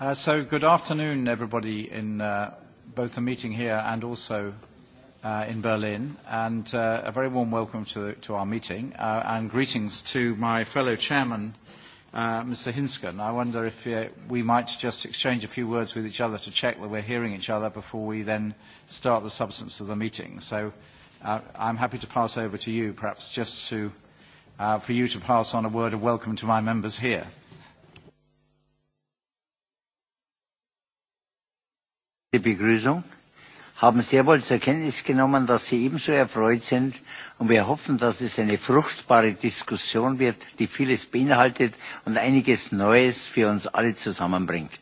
Uh, so good afternoon, everybody, in uh, both the meeting here and also uh, in Berlin, and uh, a very warm welcome to, to our meeting, uh, and greetings to my fellow chairman, uh, Mr. Hinsken. I wonder if uh, we might just exchange a few words with each other to check that we're hearing each other before we then start the substance of the meeting. So uh, I'm happy to pass over to you, perhaps just to, uh, for you to pass on a word of welcome to my members here. Die Begrüßung haben sehr wohl zur Kenntnis genommen, dass Sie ebenso erfreut sind und wir hoffen, dass es eine fruchtbare Diskussion wird, die vieles beinhaltet und einiges Neues für uns alle zusammenbringt.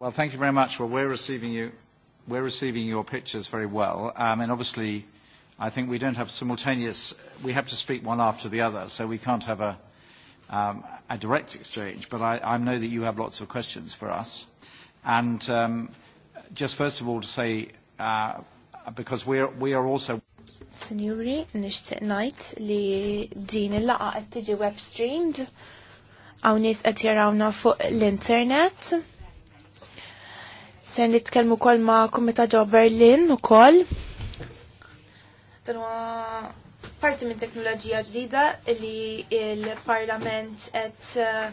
Well, thank you very much. Well, we're receiving you, we're receiving your pictures very well. Um, and obviously, I think we don't have simultaneous, we have to speak one after the other, so we can't have a, um, a direct exchange, but I, I know that you have lots of questions for us. And um, just first of all to say, uh, because we're, we are also... Signori, nishtiq najt li din il-laqa qed tiġi web streamed għaw nies qed jarawna fuq l-internet. Se nitkellmu wkoll ma' kumita ġo Berlin ukoll. kol. Dan huwa parti minn teknoloġija ġdida li il-Parlament qed uh,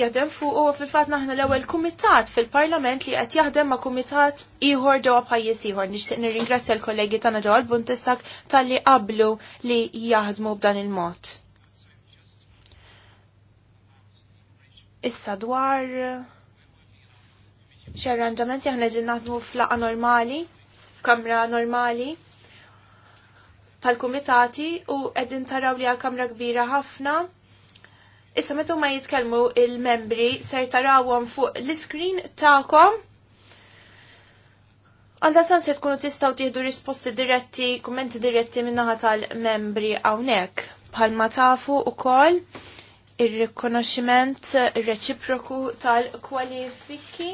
jaħdem fuq u fil-fatt naħna l-ewwel kumitat fil-Parlament li qed jaħdem ma' kumitat ieħor ġewwa pajjiż ieħor. Nixtieq nirringrazzja l-kollegi tagħna ġewwa l tal talli qablu li jaħdmu b'dan il-mod. Issa dwar xi arranġamenti aħna ġin naħdmu f'laqa normali, f'kamra normali tal-kumitati u qegħdin taraw li kamra kbira ħafna. Issa meta ma jitkellmu il-membri ser tarawhom fuq l screen tagħkom. Għanda san se tkunu tistaw tieħdu risposti diretti, kummenti diretti minnaħa tal-membri hawnhekk. Bħalma tafu ukoll ir-rikonoxximent reċiproku tal-kwalifiki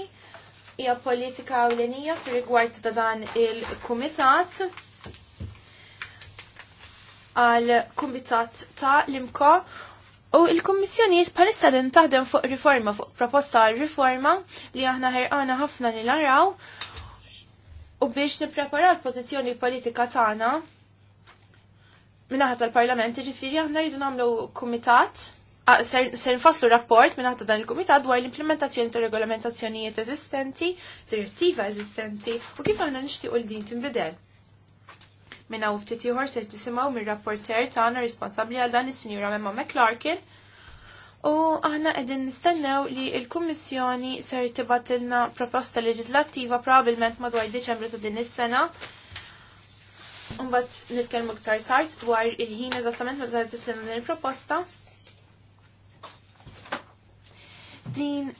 hija politika għawlenija fir rigward ta' dan il-kumitat għal kumitat ta' l-imko u il-Kummissjoni palissa din taħdem fuq riforma, fuq proposta għal riforma li aħna ħerqana ħafna li naraw u biex nipreparaw l-pozizjoni politika tagħna minnaħat tal-parlament, ġifiri aħna rridu nagħmlu kumitat ser nfasslu rapport minn dan il-Kumitat dwar l-implementazzjoni ta' regolamentazzjonijiet eżistenti, direttiva eżistenti u kif aħna nixtiequ l din tinbidel. Minna u ftit ieħor se tisimgħu mir-rapporter tagħna responsabbli għal dan is-Sinjura Memma McClarkin. U għana qegħdin nistennew li l-Kummissjoni ser tibatilna proposta leġislattiva probabbilment madwar Diċembru ta' din is-sena. Mbagħad nitkellmu iktar tard dwar il-ħin eżattament meta tisilna din il-proposta. Din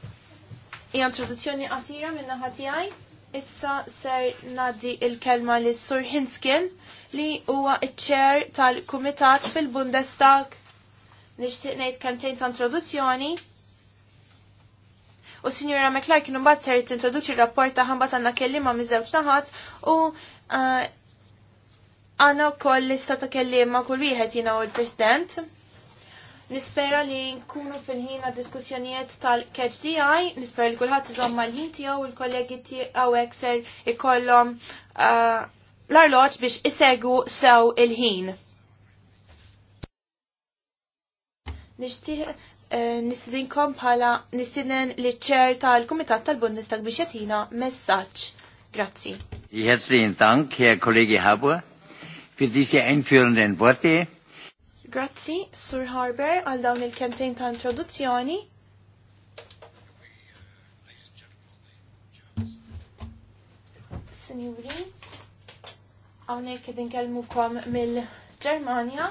hija introduzzjoni qasira minn naħa tiegħi. Issa ser nadi il-kelma li Sur Hinskin li huwa iċ-ċer tal-Kumitat fil-Bundestag. Nixtieq ngħid kemmtejn ta' introduzzjoni. U Sinjura McClark kienu mbagħad ser tintroduċi r-rapport ta' ħambat għandna kelliema minn żewġ naħat u eh, għandna wkoll lista ta' kelliema kull wieħed jiena u l-President. Nispera li nkunu fil-ħin diskussjonijiet tal-KHDI, nispera li kullħat iżomma l-ħin tiegħu u l-kollegi tiegħu ekser ikollhom uh, l-arloġ biex isegu sew il-ħin. Eh, nistidinkom bħala nistiden li ċer tal-Kumitat tal-Bundestag biex jatina messaċ. Grazzi. jintank, Dank, kollegi ħabu, fil-disja diese den Worte. Grazzi, Sur Harber, għal dawn il-kemtejn ta' introduzzjoni. Signori. Għawnek id kom mill-Germania.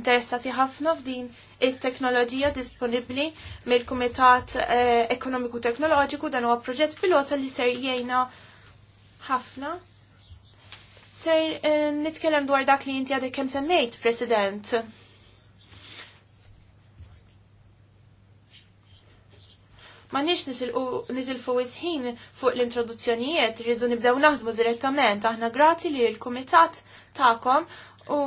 Interessati ħafna f'din il-teknoloġija disponibli mill-Kumitat eh, Ekonomiku Teknoloġiku dan huwa proġett pilota li ser jgħina ħafna. Ser eh, nitkellem dwar dak li inti għadek kemm semmejt, President Ma nix nisilfu isħin fuq l-introduzzjonijiet, rridu nibdew naħdmu direttament. Aħna grati li l-Kumitat ta'kom u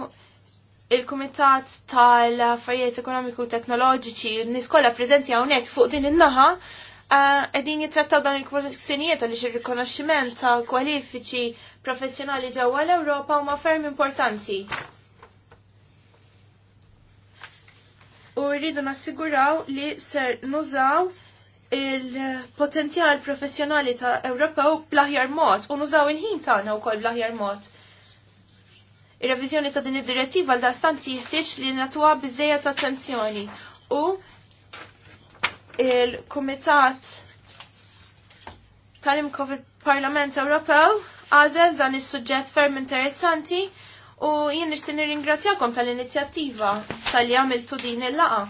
il-Kumitat tal-Affarijiet Ekonomiku Teknoloġiċi, niskola prezenzja preżenti hawnhekk fuq din in-naħa, eh, qegħdin jittrattaw dan il-kwissjonijiet għaliex ir-rikonoxximent ta' kwalifiċi professjonali ġewwa l-Ewropa huma ferm importanti. u rridu nassiguraw li ser nużaw il-potenzjal professjonali ta' Ewropew bl-aħjar mod u nużaw il-ħin tagħna wkoll bl-aħjar mod. Ir-reviżjoni ta' din id-direttiva għal stanti jeħtieġ li bizzeja ta' attenzjoni u il-Kumitat tal-imko parlament Ewropew għażel dan is-suġġett ferm interessanti u jien nixtieq nirringrazzjakom tal-inizjattiva tal-li għamiltu din il-laqa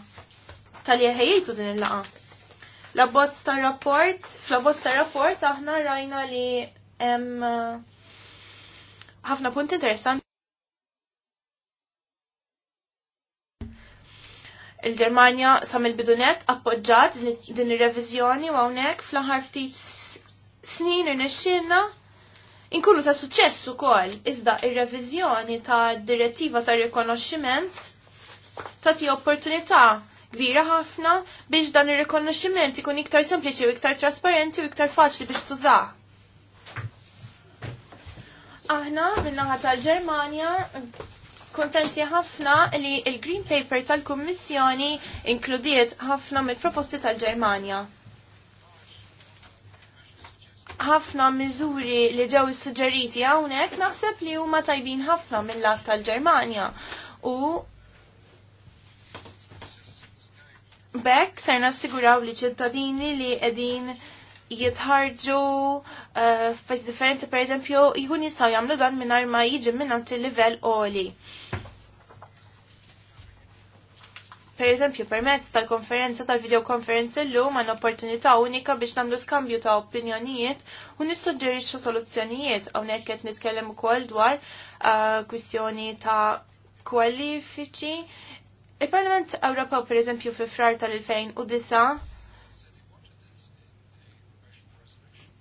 tal-li ħejjejtu din il-laqa. L-abbozz ta' rapport, fl-abbozz ta' rapport aħna rajna li hemm ħafna punt interessanti. Il-Ġermanja sam il-bidunet appoġġat din ir-reviżjoni u hawnhekk fl-aħħar ftit snin irnexxielna inkunu ta' suċess ukoll iżda ir-reviżjoni ta' direttiva ta' rikonoxximent tagħti opportunità kbira ħafna biex dan ir-rikonoxximent ikun iktar sempliċi u iktar trasparenti u iktar faċli biex tużaħ. Aħna minnaħa tal-Ġermanja kontenti ħafna li il-Green Paper tal-Kummissjoni inkludiet ħafna mill-proposti tal-Ġermanja ħafna miżuri li ġew issuġġeriti hawnhekk naħseb li huma tajbin ħafna mill-lat tal-Ġermanja. U Bekk ser nassiguraw li ċittadini li qegħdin jitħarġu uh, eh, f'pajjiż differenti pereżempju jkun jistgħu jagħmlu dan mingħajr ma jiġi mingħand il-livell qoli. Pereżempju, permezz tal-konferenza tal-videokonferenza llum għan opportunità unika biex nagħmlu skambju ta' opinjonijiet u nissuġġerixxu soluzzjonijiet hawnhekk qed nitkellem ukoll dwar uh, kwistjoni ta' kwalifiċi Il-Parlament Ewropew pereżempju fi frar tal-2009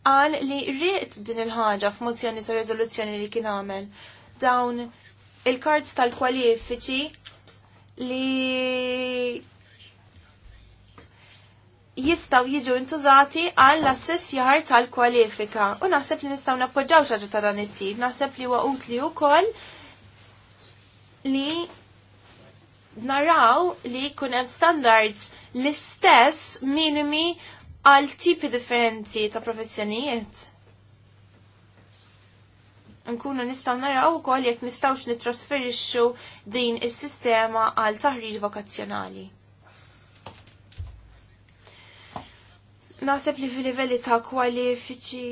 qal li rrit din il-ħaġa f'mozzjoni ta' riżoluzzjoni li kien għamel dawn il-kards tal-kwalifiċi li jistaw jiġu intużati għall assessjar tal-kwalifika. U naħseb li nistaw nappoġġaw xaġa ta' dan it-tip, naħseb li huwa utli wkoll li naraw li kunem standards l-istess minimi għal tipi differenti ta' professjonijiet. Nkunu nistaw naraw ukoll jekk nistawx nitrasferixxu din is-sistema għal taħriġ vokazzjonali. Naħseb li fil-livelli ta' kwalifiċi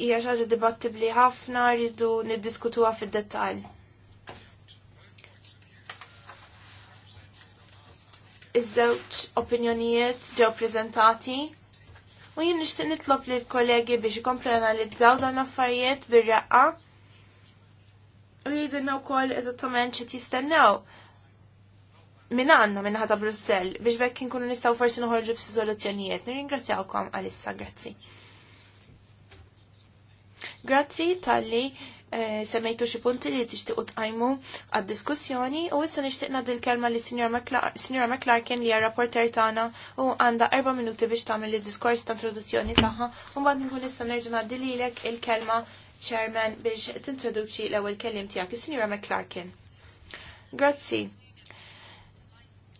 hija xi ħaġa dibattibli ħafna rridu niddiskutuha fid-dettall. iż-żewġ opinjonijiet ġew prezentati u jien nixtieq nitlob lill kollegi biex ikomplu analizzaw l affarijiet bir-raqqa u jgħidilna wkoll eżattament xi jistennew minn għandna minn ħata Brussell biex bekk inkunu nistgħu forsi noħorġu f'si soluzzjonijiet. Nirringrazzjawkom għalissa, grazzi. Grazzi tal-li Eh, semmejtu xi punti li tixtiequ tqajmu għad-diskussjoni u issa nixtieq nagħdi l-kelma li Sinjora McClarkin li hija rapporter tagħna u għandha erba' minuti biex tagħmel id-diskors ta' introduzzjoni tagħha u mbagħad nkun nista' nerġa' ngħaddi lilek il-kelma Chairman biex tintroduċi l-ewwel kelliem tiegħek, is-Sinjora McClarkin. Grazzi.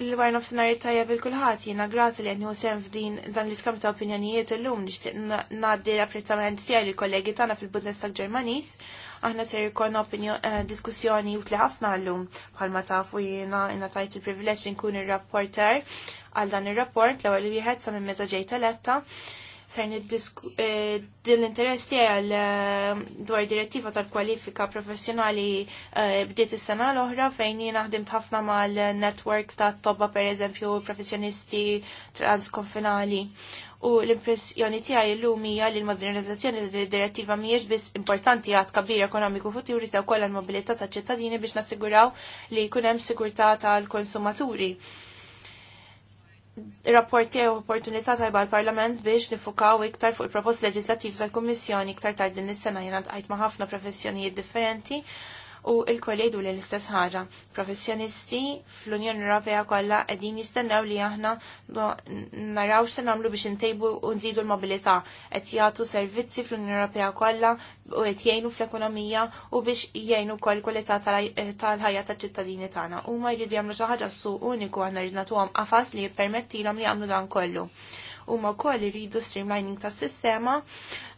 L-war nofsinari tajja bil-kulħat jina grati li għedni u sem f'din dan l-iskam ta' opinjonijiet l-lum nishtiq naddi l-apprezzament tijaj li kollegi tana fil-Bundestag Ġermanis aħna ser jkollna eh, diskussjoni utli ħafna llum bħalma tafu jiena tajt il-privileġġ nkun ir-rapporter għal dan ir-rapport l-ewwel wieħed sa minn meta ġejta letta ser eh, din l-interess tiegħi għal eh, dwar direttiva tal-kwalifika professjonali bdiet is-sena l-oħra fejn jien ħdimt ħafna mal-network ta' tobba pereżempju professjonisti transkonfinali u l-impressjoni tiegħi llum hija li l-modernizzazzjoni tad-direttiva mhijiex biss importanti għad kabir ekonomiku futuri sew kollha l-mobilità taċ-ċittadini biex nassiguraw li jkun hemm sigurtà tal-konsumaturi. Rapporti u opportunità tajba l-Parlament biex nifukaw iktar fuq il-propost leġislativ tal-Kummissjoni iktar tard din is-sena jiena tqajt ma' ħafna professjonijiet differenti u il-koll jgħidu li l-istess ħaġa. Professjonisti fl-Unjoni Ewropea kollha qegħdin jistennew li aħna naraw se nagħmlu biex intejbu u nżidu l-mobilità qed jagħtu servizzi fl-Unjoni Ewropea kollha u qed jgħinu fl-ekonomija u biex jgħinu wkoll kwalità tal-ħajja taċ-ċittadini tagħna. Huma jridu jagħmlu xi ħaġa suq uniku aħna rrid nagħtuhom qafas li jippermettilhom li jagħmlu dan kollu. Huma wkoll iridu streamlining tas-sistema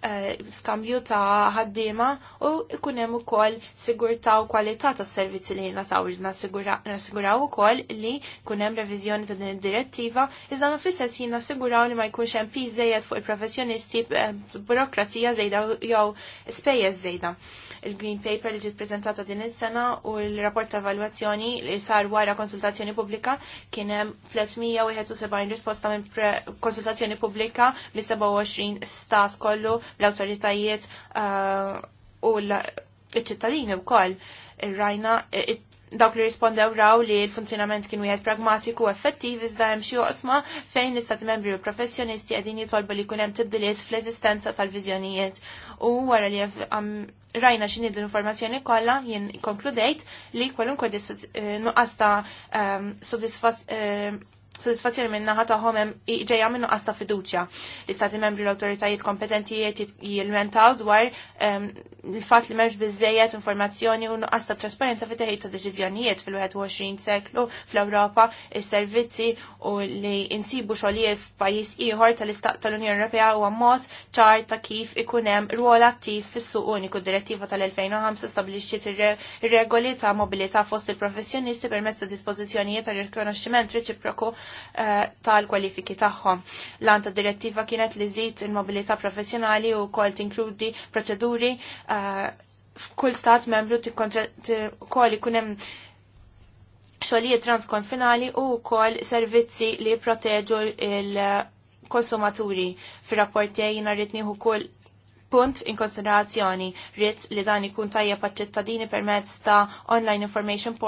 Eh, skambju ta' ħaddiema u ikun hemm ukoll sigurtà u kwalità tas servizzi li nataw nassiguraw ukoll li jkun hemm reviżjoni ta' din id-direttiva iżda ma jien nassiguraw li ma jkunx hemm piż żejjed fuq il-professjonisti eh, burokrazija żejda jew spejjeż żejda. Il-Green Paper li ġiet preżentata din is-sena u l-rapport ta' evalwazzjoni li sar wara konsultazzjoni pubblika kien hemm 371 risposta minn konsultazzjoni pubblika mis-27 stat kollu l-autoritajiet uh, u l-ċittadini u ir Rajna dawk li rispondew raw li l-funzjonament kien wieħed pragmatiku u effettiv iżda hemm xi oqsma fejn l-istati membri u professjonisti qegħdin jitolbu li jkun hemm tibdiliet fl-eżistenza tal-viżjonijiet. U wara li rajna x'inhi l-informazzjoni kollha jien konkludejt li kwalunkwe eh, nuqqas ta' ehm, eh, Sodisfazzjoni minn naħa tagħhom hemm ġejja minnu ta fiduċja. L-istati membri l-awtoritajiet kompetenti jilmentaw dwar ehm, il-fatt li m'hemmx bizzejet informazzjoni u nuqqas ta' trasparenza fi teħid ta' deċiżjonijiet fil-21 seklu fl-Ewropa is-servizzi u li insibu xogħlijiet f'pajjiż ieħor tal-Istat tal-Unjoni Ewropea huwa mod ċar ta' kif ikun hemm rwol attiv fis-suq uniku direttiva tal-2005 stabbilixxiet ir-regoli ta' mobilità fost il-professjonisti permezz ta' dispożizzjonijiet ta' rikonoxximent reċiproku Eh, tal-kwalifiki tagħhom. L-anta direttiva kienet li żid il-mobilità professjonali u kol tinkludi proċeduri eh, f'kull stat membru tikkoll ikun hemm xogħlijiet transkonfinali u wkoll servizzi li jipproteġu il-konsumaturi. Fir-rapport jiena rrid nieħu kull punt in konsiderazzjoni li dan ikun tajjeb għaċ ċittadini permezz ta' online information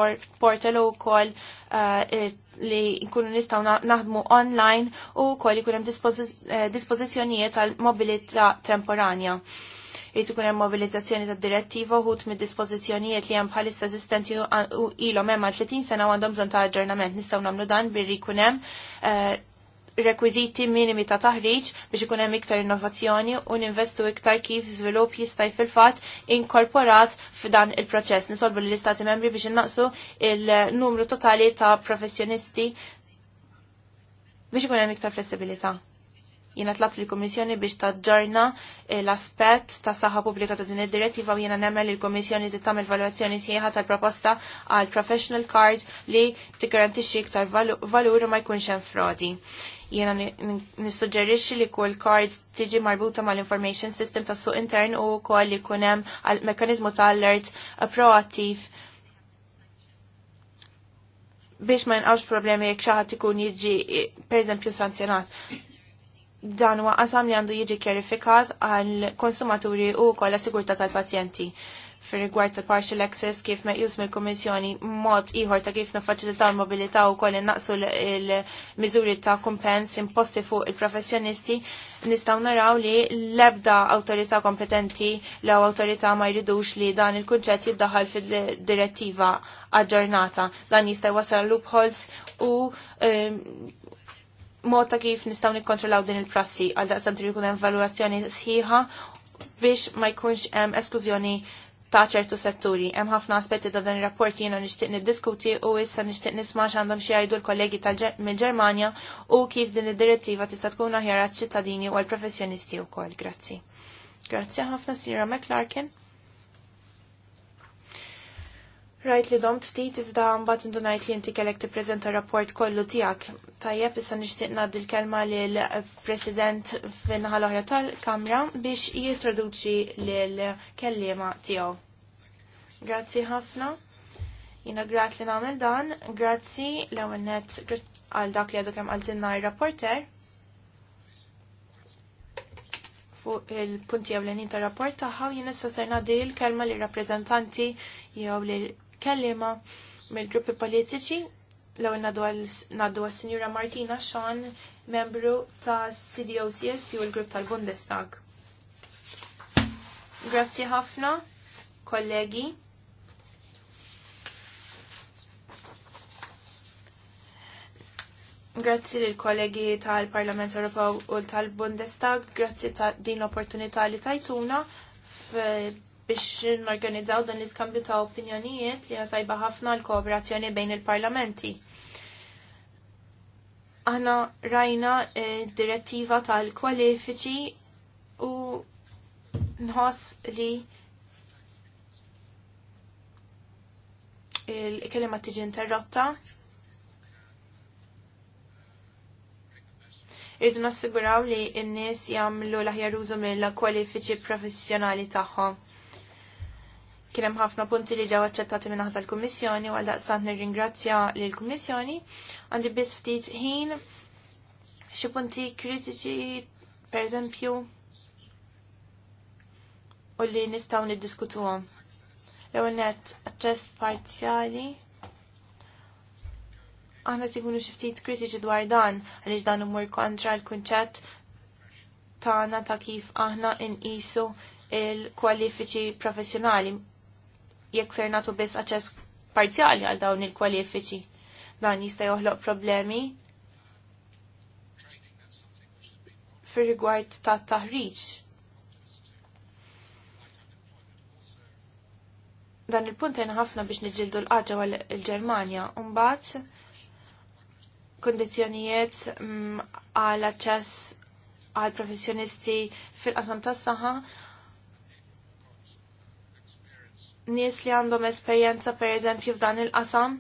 portal u wkoll uh, eh, li nkunu nistaw naħdmu online u koll ikun hemm eh, dispożizzjonijiet għal mobilità temporanja. Irid ikun hemm mobilizzazzjoni tad direttiva uħut mid-dispożizzjonijiet li hemm bħalissa eżistenti u ilhom hemm 30 sena u għandhom bżonn ta' aġġornament. Nistgħu nagħmlu dan birri jkun hemm eh, rekwiziti minimi ta' taħriġ biex ikun hemm iktar innovazzjoni u ninvestu iktar kif żvilupp jista' fil-fatt inkorporat f'dan il-proċess. Nisolbu lill-Istati membri biex innaqsu il-numru totali ta' professjonisti biex ikun hemm iktar flessibilità. Jiena tlab lill komissjoni biex taġġorna eh, l-aspett ta' saħħa pubblika ta' din id-direttiva u jiena nemmel il-Kummissjoni li tagħmel valwazzjoni sħiħa tal-proposta għal professional card li tiggarantixxi iktar valur u ma jkunx hemm frodi Jiena nissuġġerixxi li kull card tiġi marbuta mal-information system tas suq intern u wkoll li jkun hemm mekanizmu ta' alert proattiv biex ma jinqawx problemi jekk xi ħadd ikun jiġi pereżempju sanzjonat dan huwa qasam li għandu jiġi kjerifikat għal konsumaturi u kolla sigurtà tal-pazjenti fir rigward tal-partial access kif meqjus mill-Kummissjoni mod ieħor ta' kif naffaċilitaw l mobilità wkoll innaqsu l-miżuri ta' kumpens imposti fuq il-professjonisti nistgħu naraw li l-ebda awtorità kompetenti l awtorità ma jridux li dan il-kunċett jiddaħħal fid-direttiva aġġornata. Dan jista' wasal loopholes u ehm, mod ta' kif nistgħu nikkontrollaw din il-prassi għal daqstant li jkun hemm valutazzjoni sħiħa biex ma jkunx hemm esklużjoni ta' ċertu setturi. Hemm ħafna aspetti ta' dan ir-rapport jiena nixtieq niddiskuti u issa nixtieq nisma' x'għandhom xi jgħidu l-kollegi mill-Ġermanja u kif din id-direttiva tista' tkun aħjar għaċ-ċittadini u għall-professjonisti wkoll. Grazzi. Grazzi ħafna Sinjora McLarkin. Rajt li dom ftit iżda mbagħad indunajt li inti kellek tippreżenta rapport kollu tiegħek. Tajjeb issa nixtieq ngħaddi l-kelma lil President fin-naħa l-oħra tal-Kamra biex jintroduċi lill kelliema tiegħu. Grazzi ħafna. Jina grat li nagħmel dan, grazzi l-ewwel net għal dak li għadu kemm għaltilna r-rapporter fuq il-punti għawlenin ta' rapport tagħha, jien issa ser ngħaddi l-kelma li rappreżentanti jew li kellima mill-gruppi politiċi l-ewwel għal sinjura Martina Sean, membru ta' CDOCSU l-grupp tal-Bundestag. Grazzi ħafna, kollegi. Grazzi lil kollegi tal-Parlament Ewropew u tal-Bundestag, grazzi ta' din l-opportunità li tajtuna biex norganizzaw dan l-iskambju ta' opinjonijiet li tajba ħafna l-kooperazzjoni bejn il-parlamenti. Aħna rajna eh, direttiva tal-kwalifiċi u nħoss li il-kelima tiġi interrotta. Irridu nassiguraw li n-nies jagħmlu l-aħjar użu mill-kwalifiċi professjonali tagħhom Kien hemm ħafna punti li ġew aċċettati minn aħta l-Kummissjoni u daqstant nirringrazzja lill kummissjoni għandi biss ftit ħin xi punti kritiċi pereżempju u li nistgħu niddiskutuhom. L-ewwel nett aċċess parzjali aħna xi xiftit kritiċi dwar dan, għaliex dan imur kontra l-kunċett tagħna ta' kif aħna inqisu il-kwalifiċi professjonali jekk ser nagħtu biss aċċess parzjali għal dawn il-kwalifiċi. Dan jista' joħloq problemi fir-rigward ta' taħriġ. Dan il-punt jena ħafna biex niġildu l-qaġa għal il-Germania. Umbat, kondizjonijiet mm, għal aċċess għal professjonisti fil-qasam tas saħħa nies li għandhom esperjenza per eżempju f'dan il-qasam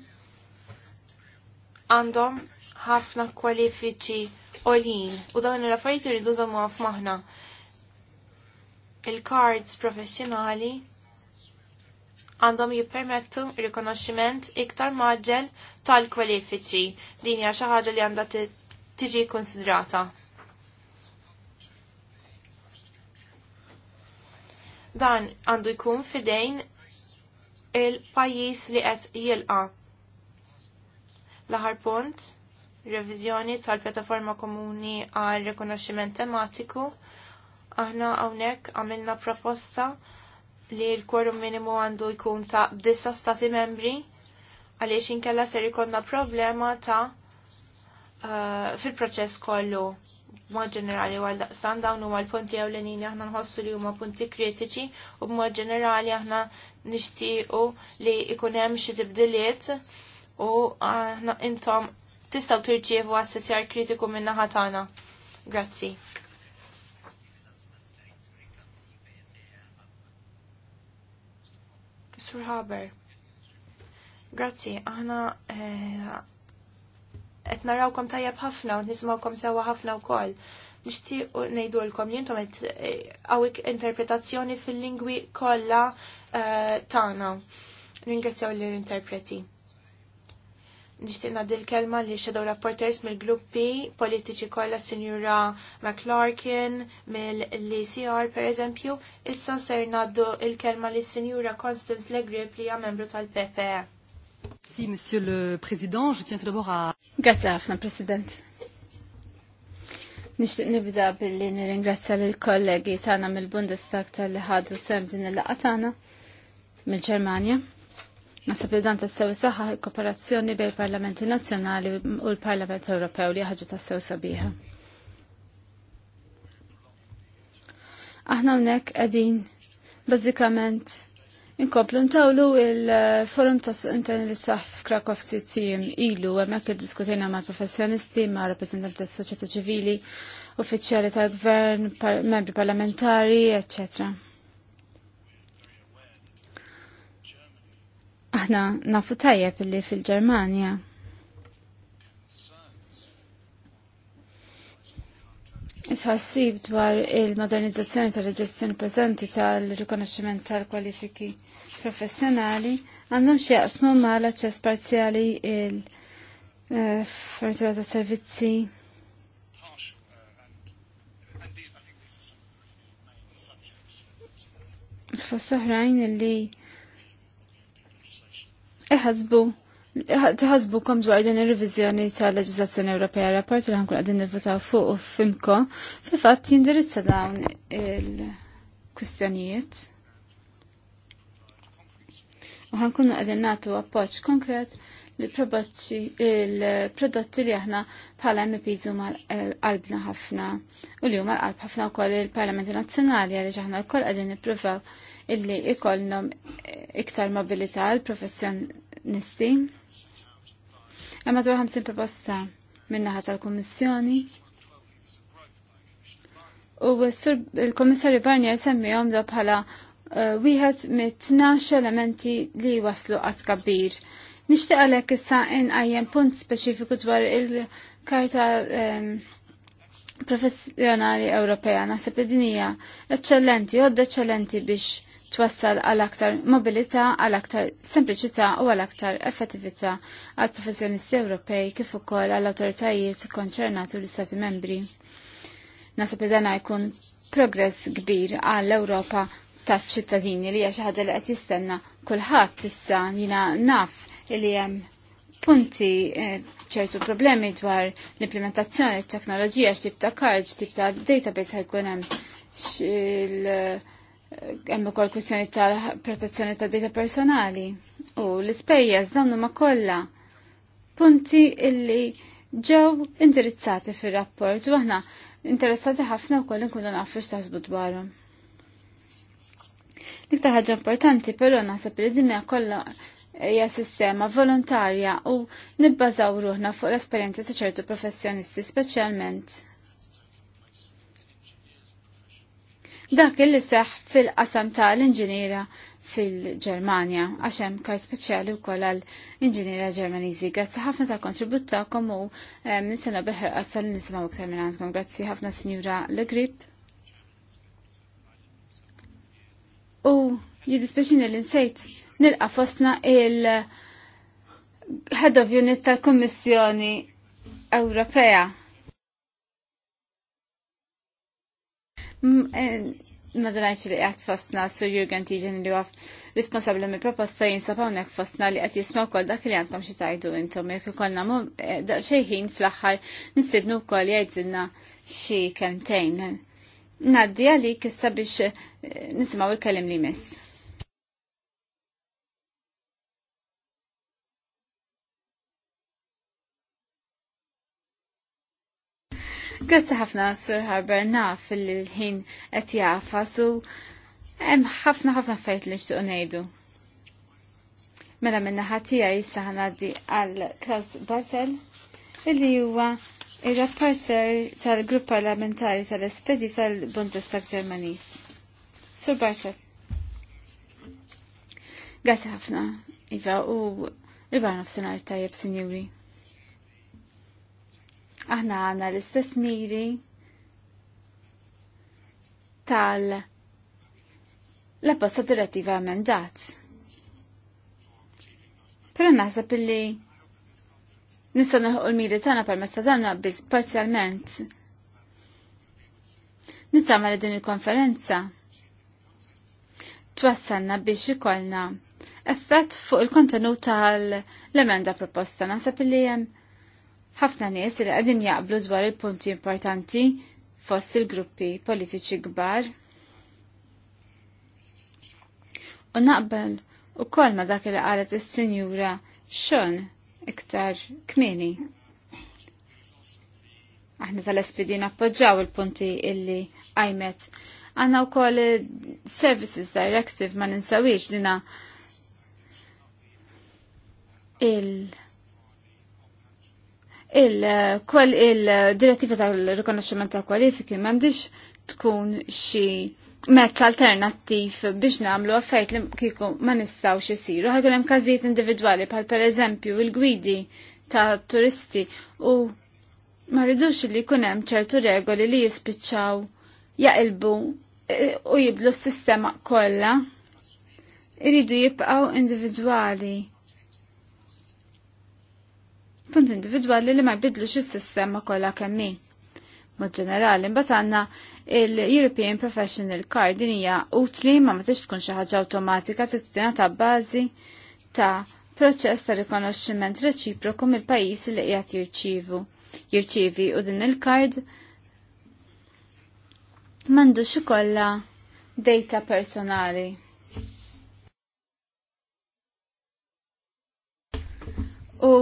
għandhom ħafna kwalifiċi olin u dawn il-affarijiet irridu għaf f'maħna. Il-cards professjonali għandhom jippermettu rikonoxximent iktar maġġel tal-kwalifiċi. Din hija xi ħaġa li għandha tiġi konsidrata. Dan għandu jkun fidejn il-pajis li qed jilqa. L-aħar punt, revizjoni tal-pjattaforma komuni għal rikonoxximent tematiku. Aħna hawnhekk għamilna proposta li l-kworum minimu għandu jkun ta' disa stati membri għaliex inkella ser jkollna problema ta' uh, fil-proċess kollu b'mod ġenerali għal daqsan dawn huma l-punti ewlenin aħna nħossu li huma punti kritiċi u b'mod ġenerali aħna nixtiequ li ikun hemm xi tibdiliet u aħna intom tistgħu tirċievu assessjar kritiku minn naħa tagħna. Grazzi. Sur Haber. Grazzi, aħna eh, qed narawkom tajjeb ħafna u nismawkom sewwa ħafna wkoll. Nixtieq ngħidulkom li intom qed eh, hawnhekk interpretazzjoni fil-lingwi kollha eh, tagħna. Ringrazzjaw l-interpreti. Nixtieq nagħdi l-kelma li shadow rapporters mill-gruppi politiċi kollha Sinjura McClarkin mill-LCR pereżempju, issa ser ngħaddu l-kelma lis Sinjura Constance Legrip li hija membru tal-PPE. Si, Monsieur le Président, je tiens tout d'abord à... Grazie ħafna, President. Nishtiq nibda billi nirringrazzja lill kollegi tagħna mill-Bundestag tal-li ħadu sem din il-laqgħa tagħna mill-Ġermanja. Nasab li dan tassew saħħa kooperazzjoni bejn parlamenti nazzjonali u l-Parlament Ewropew li ħaġa tassew sabiħa. Aħna hawnhekk qegħdin bażikament Inkomplu ntawlu il-forum ta' intern li saħ f'Krakow f'Tizzim ilu hemmhekk iddiskutejna ma' professjonisti, ma' rappreżentanti tas soċjetà ċivili, uffiċjali tal-gvern, membri parlamentari, eċċetera. Aħna nafu tajjeb li fil-Ġermanja Itħassib dwar il-modernizzazzjoni tal-leġizzjoni prezenti tal-rikonoxximent tal-kwalifiki professjonali għandhom xi jaqsmu mal aċċess parzjali il-fornitura eh, ta' servizzi fost oħrajn illi iħasbu tħasbukom dwar din ir-reviżjoni tal leġislazzjoni Ewropea rapport li ħankun qegħdin nivvotaw fuq u fimko fi fatt jindirizza dawn il-kwistjonijiet. U ħankunu qegħdin nagħtu appoġġ konkret li il-prodotti li aħna bħala MPs huma qalbna ħafna u li huma l-qalb ħafna wkoll il-Parlamenti Nazzjonali għaliex aħna wkoll qegħdin nippruvaw illi ikollhom eh, iktar mobilità l professjonisti. Hemm dwar 50 proposta min-naħa tal-Kummissjoni. U il-Kummissarju Barnier semmihom da bħala eh, wieħed mit 12 elementi li waslu għat kabbir. Nixtieq għalhekk issa inqajjem punt speċifiku dwar il-karta ehm, professjonali Ewropea naħseb li din hija eċċellenti, għodda eċċellenti biex twassal għal aktar mobilità, għal aktar sempliċità u għal aktar effettività għal professjonisti Ewropej kif ukoll għall awtoritajiet konċernati u l-Istati membri. Nasab li dana jkun progress kbir għall Ewropa taċ ċittadini li hija xi ħaġa li qed jistenna kulħadd issa jiena naf li hemm punti eh, ċertu problemi dwar l-implementazzjoni t-teknoloġija, x'tip ta' karġ, x'tip ta' database ħajkun hemm hemm ukoll kwistjoni tal-protezzjoni ta' data personali u l-ispejjeż dawn huma kollha punti illi ġew indirizzati fir-rapport u aħna interessati ħafna wkoll inkunu nafu x'taħsbu dwarhom. L-iktar ħaġa importanti però naħseb li dinja kollha hija sistema volontarja u nibbażaw ruħna fuq l-esperjenza ta' ċertu professjonisti speċjalment dak il seħ fil-qasam tal-inġiniera fil-Ġermanja, għaxem kaj speċjali u koll għal-inġiniera ġermanizi. Grazzi ħafna ta' kontributtakom u eh, minn sena l qasal u iktar minn għandkom. Grazzi ħafna Signora Le Grip. U jidispeċini l-insejt nilqa fostna il- Head of Unit tal-Kommissjoni Ewropea Eh, ma dalajċ li għat fostna Sir Jurgen Tiġen li għaf responsabli mi proposta jinsab għonek fostna li għat jismaw kol dak li għandkom xie tajdu intom jek konna eh, xejħin fl-axħar nistidnu kol jgħidzilna xie kemtejn. Naddi għalik issa biex eh, nisimaw il-kelim li miss. Għazza ħafna Sir Harber naf il-ħin qed jafa su hemm ħafna ħafna fejt li nixtieq ngħidu. Mela minna ħatija jissa ħanaddi għal Klaus Bartel illi huwa il-rapporter tal-grupp parlamentari tal-espedi tal-Bundestag Ġermanis. Sur Bartel. Għazza ħafna, Iva, u il-barna f-sinar tajjeb, sinjuri. Aħna għanna l-istess miri tal l-apposta direttiva emendat. Pero naħseb illi nista' noħu l-miri tagħna permezz ta' danna biss parzjalment. Nittama li din il-konferenza twassalna biex ikollna effett fuq il-kontenut tal-emenda proposta. Naħseb li hemm ħafna nies li qegħdin jaqblu dwar il-punti importanti fost il-gruppi politiċi kbar. U naqbel ukoll ma dak li qalet is-Sinjura xon iktar kmini. Aħna tal-SPD nappoġġaw il-punti illi għajmet. Għanna u kol Services Directive ma ninsawix dina il- il-direttiva tal-rikonoxximent ta' kwalifiki m'għandix tkun xi mezz alternattiv biex namlu affajt li kiku ma nistawx isiru. Ħajkun hemm każijiet individwali bħal pereżempju il-gwidi ta' turisti u ma rridux li jkun hemm ċertu regoli li jispiċċaw jaqilbu e, u jiblu s-sistema kollha. Iridu jibqgħu individwali punt individwali li ma jbidlux is-sistema kollha kemm Mod ġenerali, mbagħad għandna il-European Professional Card din hija utli ma ma tix tkun xi ħaġa awtomatika tina ta' bażi ta' proċess ta' rikonoxximent reċiproku mill pajis li qiegħed jirċievu. Jirċievi u din il-kard m'għandux ikollha data personali. U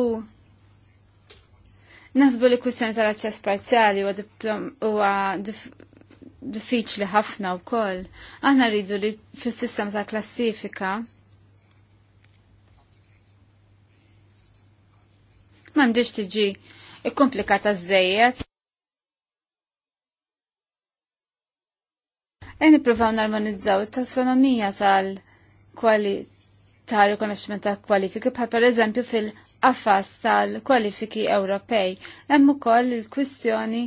Nasbu li kwistjoni tal-aċċess parzjali huwa diffiċli ħafna wkoll. Aħna rridu li fis-sistema ta' klassifika m'għandix tiġi ikkomplikata żejjed. E niprofaw narmonizzaw it-tassonomija tal-kwali ta' rikonoxximent ta' kwalifiki bħal pereżempju fil-qafas tal-kwalifiki Ewropej. Hemm ukoll il-kwistjoni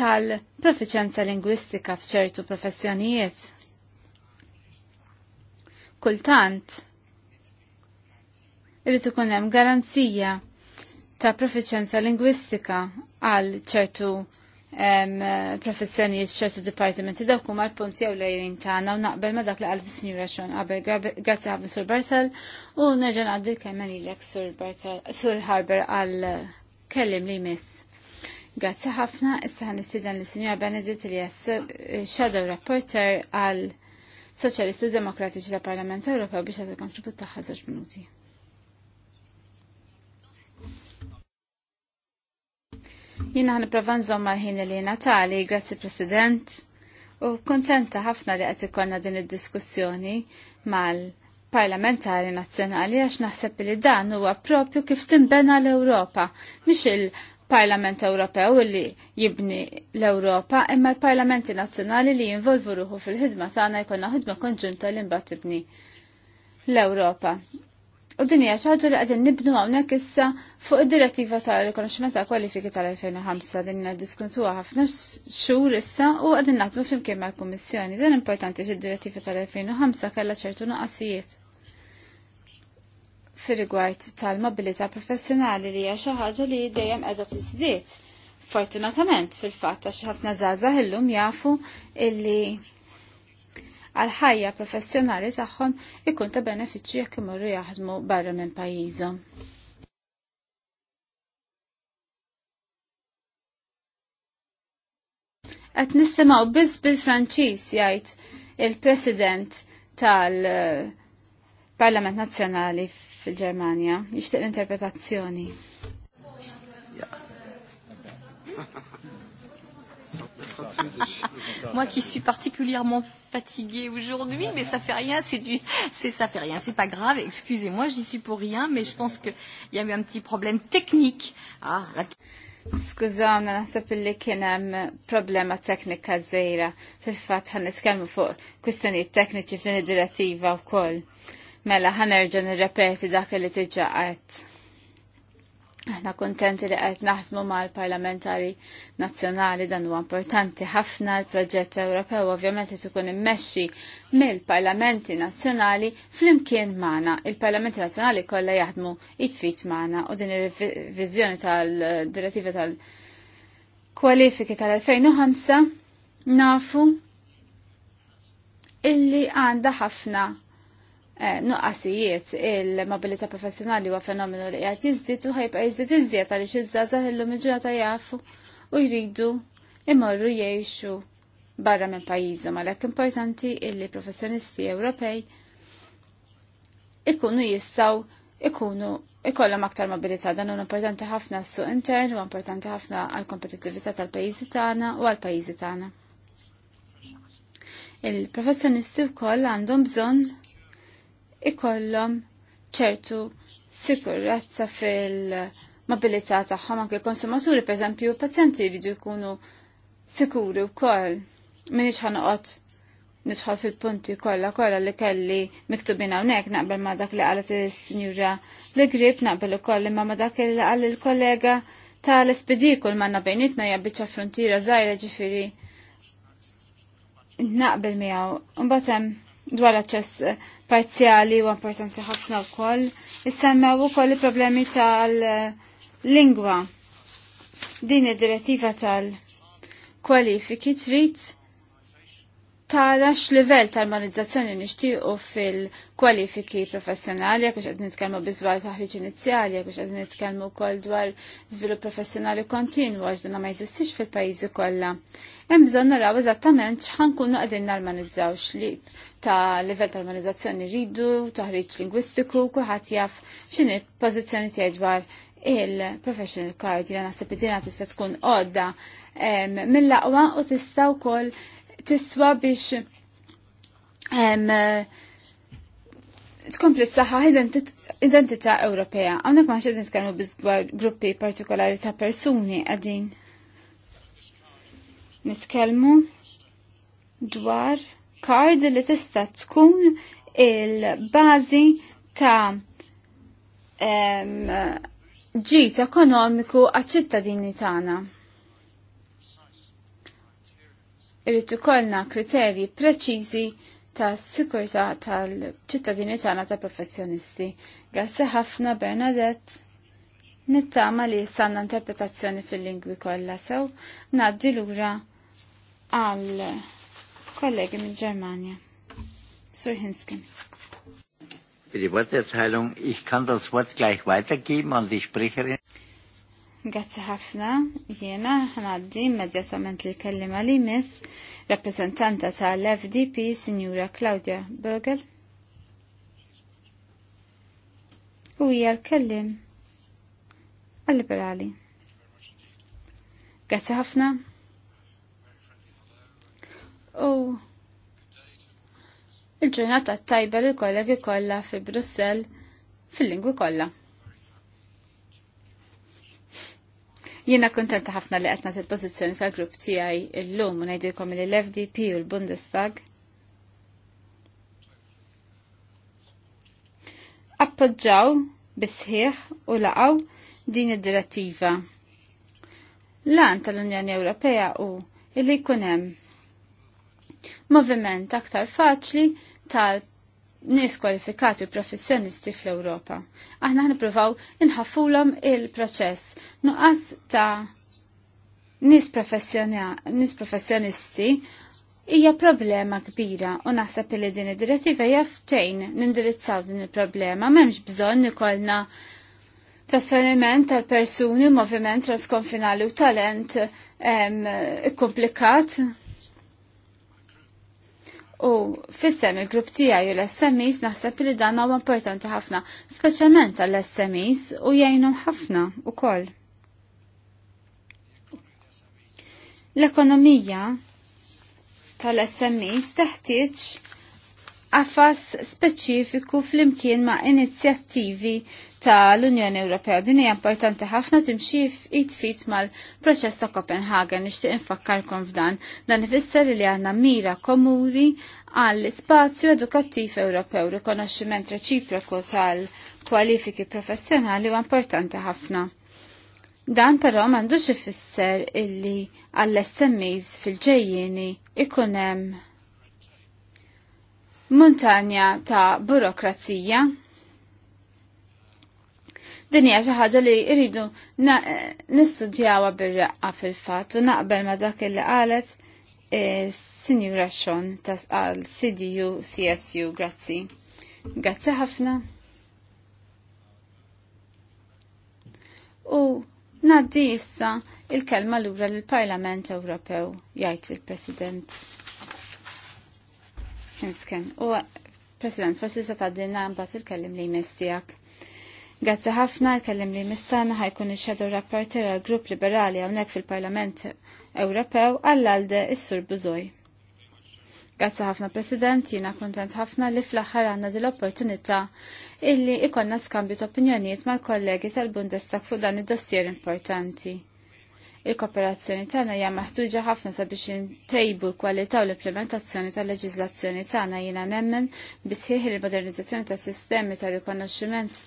tal-profiċenza lingwistika f'ċertu professjonijiet. Kultant, irrid ikun hemm garanzija ta' profiċenza lingwistika għal ċertu professjoni ċertu dipartimenti dawk huma l-punti jew lejrin tagħna u naqbel ma dak li qal is-Sinjura Xon qabel grazzi ħafna Sur Bartel u nerġa' ngħaddi l-kelma Sur Bartel Sur Harber għal kellim li miss. Grazzi ħafna, issa ħan nistieden lis-Sinjura Benedit li jess eh, Shadow Rapporter għal Soċjalisti Demokratiċi tal Parlament Ewropew biex għadu kontribut tagħha żewġ minuti. Jina għan prova nżomma ħin li Natali, grazzi President, u kontenta ħafna li għati konna din id-diskussjoni mal-parlamentari nazzjonali għax naħseb li dan huwa propju kif timbena l-Ewropa, mhix il- Parlament Ewropew li jibni l-Ewropa imma l-Parlamenti Nazzjonali li jinvolvu ruħu fil-ħidma tagħna jkollna ħidma konġunta li mbagħad tibni l-Ewropa. U din hija xi ħaġa li qegħdin nibnu hawnhekk issa fuq id-direttiva tal-rikonoxximent ta' kwalifiki tal-2005 din diskutuha ħafna xhur issa u qegħdin naħdmu flimkien mal-Kummissjoni. Din importanti x'id-direttiva tal-2005 kellha ċertu nuqqasijiet fir-rigward tal-mobilità professjonali li hija xi ħaġa li dejjem qiegħda tiżdied. Fortunatament fil-fatt għax ħafna żgħażagħ illum jafu illi għal ħajja professjonali tagħhom ikun ta' benefiċċju jekk imorru jaħdmu barra minn pajjiżhom. Qed nisimgħu biss bil-Franċiż jgħid il-President tal-Parlament Nazzjonali fil-Ġermanja, jixtieq l-interpretazzjoni. Moi qui suis particulièrement fatiguée aujourd'hui, mais ça fait rien, c'est du, c'est ça fait rien, c'est pas grave. Excusez-moi, j'y suis pour rien, mais je pense qu'il y a eu un petit problème technique. Ah, la... Skużawna, nasab li kien hemm problema teknika żejra. Fil-fatt ħan nitkellmu fuq kwistjonijiet tekniċi f'din id-direttiva wkoll. Mela ħanerġa' nirrepeti dak li tiġa qed. Aħna kontenti li qed naħdmu mal-parlamentari nazzjonali dan huwa importanti ħafna l-proġett Ewropew ovvjament se ikun immexxi mill-parlamenti nazzjonali flimkien magħna. Il-parlamenti nazzjonali kollha jaħdmu jitfit magħna u din ir-riviżjoni tal-direttiva tal-kwalifiki tal-2005 nafu illi għandha ħafna Eh, nuqqasijiet il-mobilità professjonali huwa fenomenu li qed jiżdied u ħajbqa' jiżdied iżjed għaliex iż-żgħażagħ illum il-ġurnata jafu u jridu imorru jgħixu barra minn pajjiżhom għalhekk importanti illi professjonisti Ewropej ikunu jistaw ikunu ikollhom aktar mobilità dan huwa importanti ħafna s-suq intern u importanti ħafna għal kompetittività tal-pajjiżi tagħna u għal pajjiżi tagħna. Il-professjonisti wkoll għandhom bżonn ikollhom ċertu sikurezza fil-mobilità tagħhom anke l-konsumaturi, pereżempju il-pazjenti jridu jkunu sikuri wkoll. Minix ħanoqgħod nidħol fil-punti kollha kollha li kelli miktubin hawnhekk naqbel ma' dak li qalet is-sinjura li grib naqbel ukoll imma ma' dak li qal il-kollega tal-SPD kull manna bejnietna hija biċċa frontiera żgħira ġifieri naqbel miegħu. Imbagħad hemm dwar aċċess parzjali u importanti ħafna wkoll. Issemmew ukoll il-problemi tal-lingwa. Din id-direttiva tal-kwalifiki trid tara x-livell tal-manizzazzjoni nixtiequ fil- kwalifiki professjonali, jekk qed nitkellmu bizwar taħriġ inizjali, jekk qed nitkellmu wkoll dwar żvilupp professjonali kontinu, għax dan ma jizistix fil-pajjiżi kollha. Hemm bżonn naraw eżattament x'ħankunu qegħdin narmanizzaw x'lieb ta' livell ta' normalizzazzjoni rridu, taħriġ lingwistiku, kuħat jaf x'inhi pozizjoni tiegħi dwar il-professional card li naħseb id-dina tista' tkun odda mill-laqwa u tista' wkoll tiswa biex tkompli s-saħħa identità Ewropea. Għamnek ma xedin nitkellmu dwar gruppi partikolari ta' persuni għadin. Nitkellmu dwar kard li tista' tkun il-bażi ta' ġit ekonomiku għaċ-ċittadini tagħna. Irid ikollna kriterji preċiżi ta' sikurta tal-ċittadini tagħna ta' professjonisti. Grazzi ħafna Bernadette. Nittama li sanna interpretazzjoni fil-lingwi kollha sew ngħaddi lura għal kollegi minn ġermanja Sur Hinskin. Für die Worterteilung, ich kann das Wort gleich weitergeben an die Sprecherin. Grazzi ħafna, jiena ħanaddi immedjatament li kellima li miss rappresentanta tal-FDP Sinjura Claudia Bergel. U hija l-kellim għal-liberali. Grazzi ħafna. U il-ġurnata tajba li kollegi kollha fi Brussell fil-lingwi kollha. Jiena kontenta ħafna li għetna il-pozizjoni sa' grupp tijaj il-lum u najdilkom li l-FDP u l-Bundestag. Appoġġaw bisħiħ u laqaw din id-direttiva. Lan tal-Unjoni Ewropea u illi jkun hemm moviment aktar faċli tal nis kwalifikati u professjonisti fl-Ewropa. Aħna ħniprovaw inħaffulhom il-proċess. Nuqqas ta' nis, nis professjonisti hija problema kbira u naħseb li din id-direttiva hija ftejn nindirizzaw din il-problema m'hemmx bżonn ikollna trasferiment tal-persuni, moviment transkonfinali u talent komplikat U fissem il-grupp tiegħi u l sms naħseb li dan huwa importanti ħafna, speċjalment għall sms u jgħinhom ħafna ukoll. L-ekonomija tal smis teħtieġ qafas speċifiku fl-imkien ma' inizjattivi tal-Unjoni Ewropea. Din hija importanti ħafna timxi it-fit mal-proċess ta' Copenhagen nixtieq infakkarkom f'dan. Dan ifisser li għandna mira komuni għall spazju edukattiv Ewropew, rikonoxximent reċiproku tal-kwalifiki professjonali huwa importanti ħafna. Dan però m'għandux ifisser illi għall-SMEs fil-ġejjieni ikun hemm montanja ta' burokrazija. Din hija xi ħaġa li jridu nistudjawha bir-raqqa fil-fatt u naqbel ma' dak li qalet eh, Sinjura Xon tasqal CDU CSU, grazzi. Grazzi ħafna. U naddi issa il-kelma l-ura l-Parlament Ewropew, jgħid il-President. Kinsken. U President, forsi se tgħaddilna mbagħad il-kellim li jmiss tiegħek. Grazzi ħafna l-kellim li mistana ħajkun ix-xedu rapporter għal grupp liberali hawnhekk fil-Parlament Ewropew għall-għalde is-Sur Buzoj. Grazzi ħafna President, jiena kontent ħafna li fl-aħħar għandna din l-opportunità illi ikonna skambju opinjoniet ma' mal-kollegi tal-Bundestag fuq dan id-dossier importanti. Il-kooperazzjoni tagħna hija maħtuġa ħafna sabiex intejbu l-kwalità u l-implementazzjoni tal-leġiżlazzjoni tagħna jiena nemmen sħiħ il-modernizzazzjoni tas-sistemi ta' rikonoxximent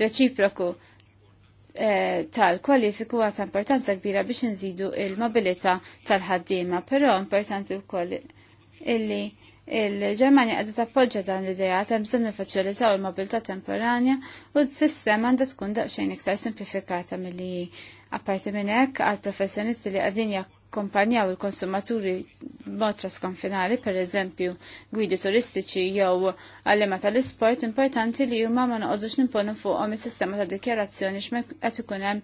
reċiproku eh, tal-kwalifiku għat importanza kbira biex nżidu il-mobilita tal-ħaddima, però importanti wkoll illi il-Ġermanja għadda tappoġġa dan l-idea ta' bżonn nifaċilitaw il-mobilità temporanja u d-sistema għandha tkun daqsxejn iktar simplifikata milli Apparti minn hekk għal professjonisti li qegħdin jak jakkompanjaw il-konsumaturi b'mod skonfinali, per eżempju, gwidi turistiċi jew għallima tal-isport, importanti li huma ma noqogħdux nimponu fuqhom is-sistema ta' dikjarazzjoni xme qed ikun hemm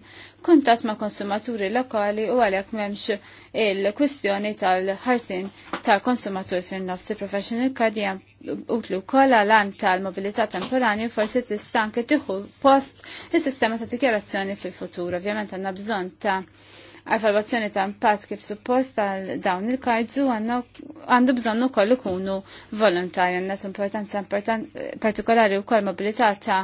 kuntatt ma' konsumaturi lokali u għalhekk m'hemmx il-kwistjoni tal-ħarsin ta' konsumatur fin nofsi il-professional card utlu kolla lan tal-mobilità temporanju forsi tista' anke tieħu post is-sistema ta' dikjarazzjoni fil-futur. Ovvjament għandna bżonn ta' għal-valvazzjoni ta' impatt kif suppost għal dawn il-kardżu għandu bżonnu kollu kunu volontarju għannet importanza partikolari u koll mobilità ta'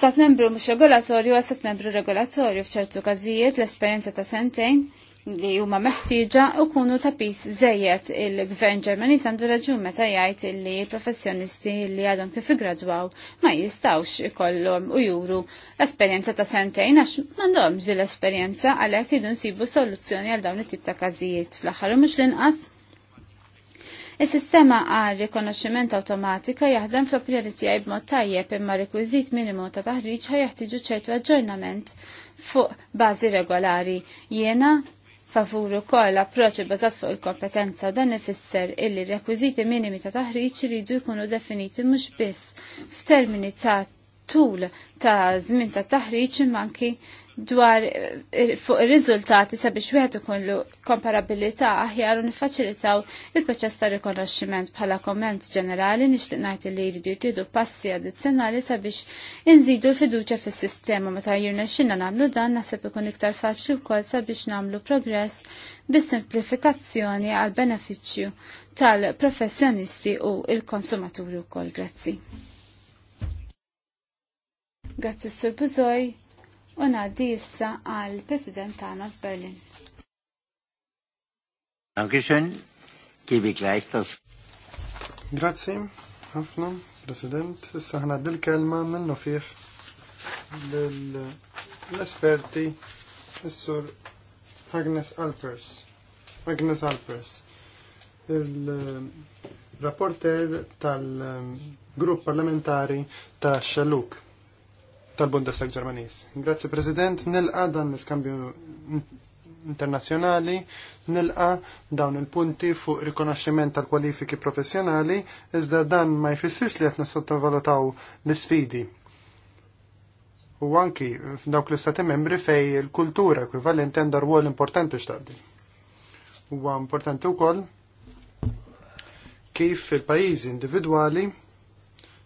stat membru mux regolatorju għal stat membru regolatorju fċertu kazijiet l-esperienza ta' sentejn li huma meħtieġa u kunu ta' zejjed żejjed il-Gvern Ġermaniż għandu raġun meta jgħid li professjonisti li għadhom kif igradwaw ma jistawx ikollhom u juru esperjenza ta' sentejn għax m'għandhomx din l-esperjenza għalhekk idu nsibu soluzzjoni għal dawn it-tip ta' każijiet fl-aħħar u mhux l-inqas Is-sistema għal rikonoxximent awtomatika jaħdem fl-opinjoni b'mod tajjeb imma rekwiżit minimu ta' taħriġ ħajjaħtiġu ċertu aġġornament fuq bażi regolari. Jiena favuru koll approċi bażat fuq il-kompetenza u dan ifisser illi rekwiżiti minimi ta' taħriġ iridu jkunu definiti mhux biss f'termini ta' tul ta' żmien ta' taħriġ manki dwar eh, eh, fuq ir-riżultati sabiex wieħed ikunlu komparabilità aħjar u niffaċilitaw il-proċess ta' rikonoxximent bħala komment ġenerali nixtieq ngħid li jridu jtiedu passi addizzjonali sabiex inżidu l-fiduċja fis-sistema meta jirna xinna nagħmlu dan naħseb ikun iktar faċli wkoll sabiex nagħmlu progress bis-simplifikazzjoni għal benefiċċju tal-professjonisti u il-konsumaturi wkoll. Grazzi. Grazzi Sur Buzoj. Una dissa al għal President tagħna f'Berlin. Dankeschön, gebe gleich das. Grazie, ħafna, President. Issa ħna dil-kelma minnu fiħ l-esperti Professor Agnes Alpers. Agnes Alpers il-rapporter tal-grupp parlamentari ta' Xaluk tal-Bundestag Ġermaniż. Grazzi President, nilqa dan l-iskambju internazzjonali, nilqa dawn il-punti fuq rikonoxximent tal-kwalifiki professjonali, iżda dan ma jfissirx li qed nissottovalutaw l-isfidi. U anki f'dawk l-istati membri fej il-kultura ekwivalenti għandha rwol importanti x'taqdi. Huwa importanti wkoll kif il-pajjiżi individwali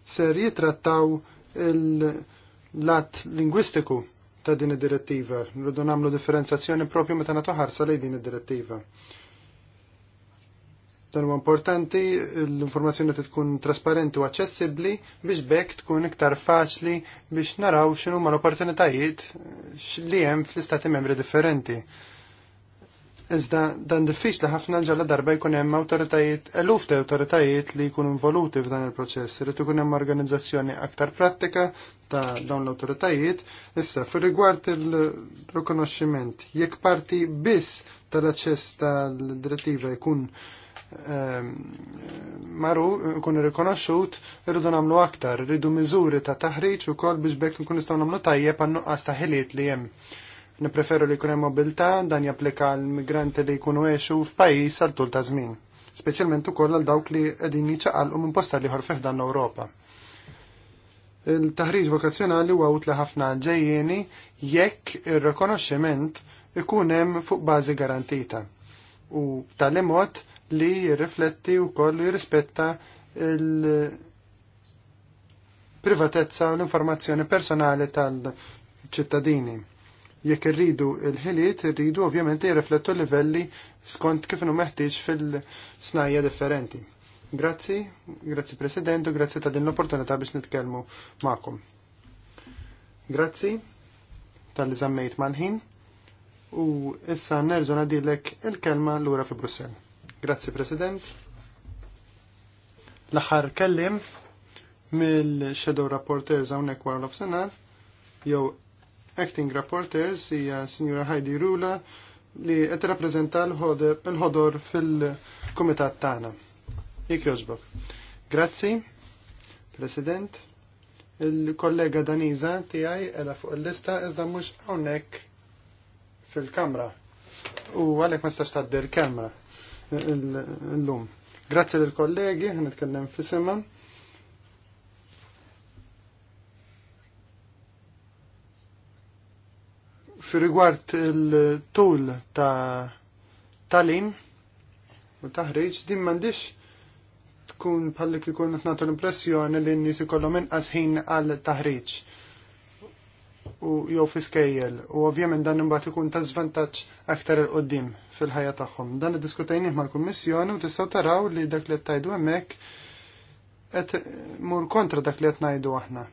ser jitrattaw il- lat lingwistiku ta' din id-direttiva, rridu namlu differenzazzjoni propju meta nagħtu ħarsa lejn din id-direttiva. Dan huwa importanti l-informazzjoni li tkun trasparenti u aċċessibbli biex bekk tkun iktar faċli biex naraw x'inhuma l-opportunitajiet li hemm fl-istati membri differenti Iżda dan diffiċli ħafna ġalla darba jkun hemm awtoritajiet, eluf ta' awtoritajiet li jkunu involuti f'dan il-proċess. Irid ikun hemm organizzazzjoni aktar prattika ta' dawn l-awtoritajiet. Issa fir rigward il-rikonoxximent, jekk parti biss tal-aċċess tal-direttiva jkun ehm, maru kun rikonoxxut irridu nagħmlu aktar, irridu miżuri ta' taħriġ ukoll biex bekk nkun nistgħu nagħmlu tajjeb għan-nuqqas ta' ħiliet li hemm Nipreferu li jkun hemm mobilità dan japplika l-migranti li jkunu għexu f'pajjiż għal tul ta' żmien, speċjalment ukoll għal dawk li qegħdin jiċċaqalqu minn posta li ħorfih dan l-Ewropa. Il-taħriġ vokazzjonali huwa utla ħafna ġejjeni jekk ir-rikonoxximent ikun hemm fuq bażi garantita u b'tali mod li jirrifletti u koll jirrispetta il-privatezza u l-informazzjoni personali tal-ċittadini jekk irridu l-ħiliet, irridu ovvjament jirriflettu l-livelli skont kif inhu meħtieġ fil-snajja differenti. Grazzi, grazzi President, u grazzi ta' din l-opportunità biex nitkellmu magħkom. Grazzi tal-li żammejt mal-ħin u issa nerġa' nadilek il-kelma lura fi Brussell. Grazzi President. L-aħħar kellim mill-Shadow Rapporters hawnhekk wara l-ofsenar jew Acting Rapporters hija Sinjura Heidi Rula li qed rappreżenta l-ħodor fil-kumitat tagħna. Ik joġbok. Grazzi, President. Il-kollega Daniza tiegħi qiegħda fuq il-lista iżda mhux hawnhekk fil-kamra. U għalhekk ma stax tgħaddi l-kamra l-lum. Grazzi lill kollegi ħanitkellem fisima Fir-rigward il-tul ta' talim u taħriġ, din m'għandix tkun bħalli kikun nagħtu l-impressjoni li n-nies ikollhom inqas ħin għal taħriġ u jew fiskejjel u ovvjament dan imbagħad ikun ta' żvantaġġ aktar il qoddim fil-ħajja tagħhom. Dan iddiskutejnih mal-Kummissjoni u tistgħu taraw li dak li tgħidu hemmhekk qed mur kontra dak li qed ngħidu aħna.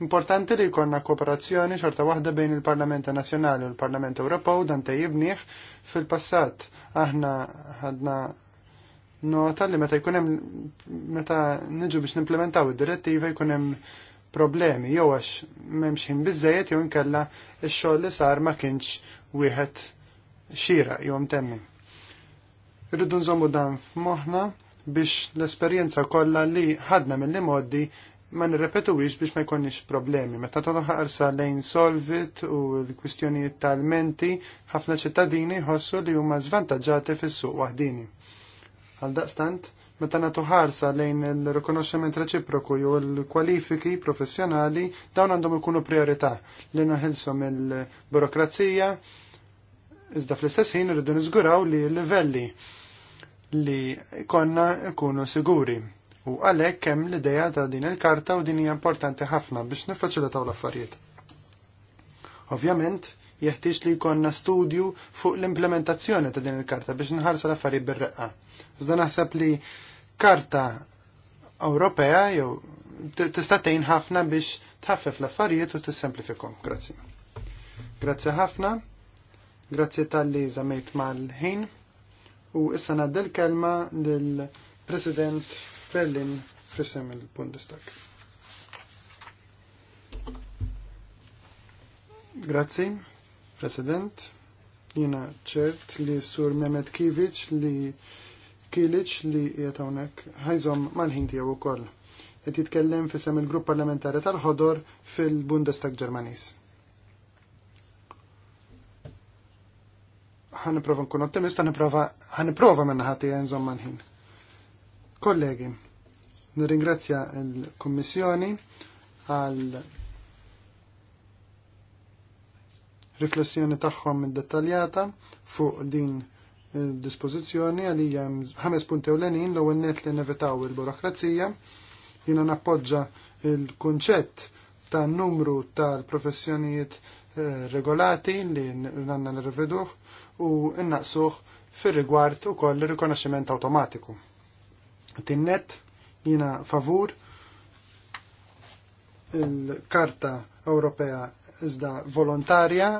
Importanti li jkollna kooperazzjoni xorta waħda bejn il-Parlament Nazzjonali u l-Parlament Ewropew dan tejjibnieh fil-passat. Aħna ħadna nota li meta jkun hemm meta niġu biex nimplementaw id-direttiva jkun hemm problemi jew għax m'hemmx ħin biżejjed jew inkella x-xogħol li sar ma kienx wieħed xira jew temmi. Irridu nżommu dan f'moħħna biex l-esperjenza kollha li ħadna mill-li moddi ma nirrepetuwix biex ma jkunniex problemi. Meta ħarsa lejn solvit u l-kwistjonijiet tal-menti, ħafna ċittadini ħossu li huma żvantaġġati fis-suq waħdini. Għal daqstant, meta nagħtu ħarsa lejn il-rikonoxximent reċiproku jew il kwalifiki professjonali dawn għandhom ikunu priorità li naħilsom il-burokrazija iżda fl-istess ħin irridu niżguraw li l-livelli li konna ikunu siguri U għalhekk hemm l-idea ta' din il-karta u din hija importanti ħafna biex niffaċilitaw l-affarijiet. Ovvjament, jeħtieġ li jkollna studju fuq l-implementazzjoni ta' din il-karta biex nħarsu l-affarijiet bir-reqqa. Iżda naħseb li karta Ewropea jew tista' tgħin ħafna biex tħaffef l-affarijiet u tissemplifikhom. Grazzi. Grazzi ħafna. Grazzi tal-li zamejt mal-ħin. U issa naddel kelma lill-President Berlin fissem il-Bundestag. Grazzi, President. Jina ċert li sur Mehmet Kivic li Kilic li jiet hawnhekk ħajżhom mal-ħin tiegħu wkoll. Qed jitkellem fisem il-Grupp Parlamentari tal-Ħodor fil-Bundestag Ġermaniż. Ħaniprova nkun ottimista, ħaniprova ħaniprova minn ħati nżomm mal-ħin. Kollegi, nirringrazzja l-Kommissjoni għal riflessjoni tagħhom dettaljata fuq din dispożizzjoni għalija ħames punti ewlenin l-ewwel net li nevitaw il-burokrazija. Jiena nappoġġa il-kunċett ta' numru tal-professjonijiet eh, regolati li nanna nirriveduh u innaqsuh fir-rigward ukoll ir-rikonoxximent awtomatiku. Tinnet jina favur il-Karta Ewropea iżda volontarja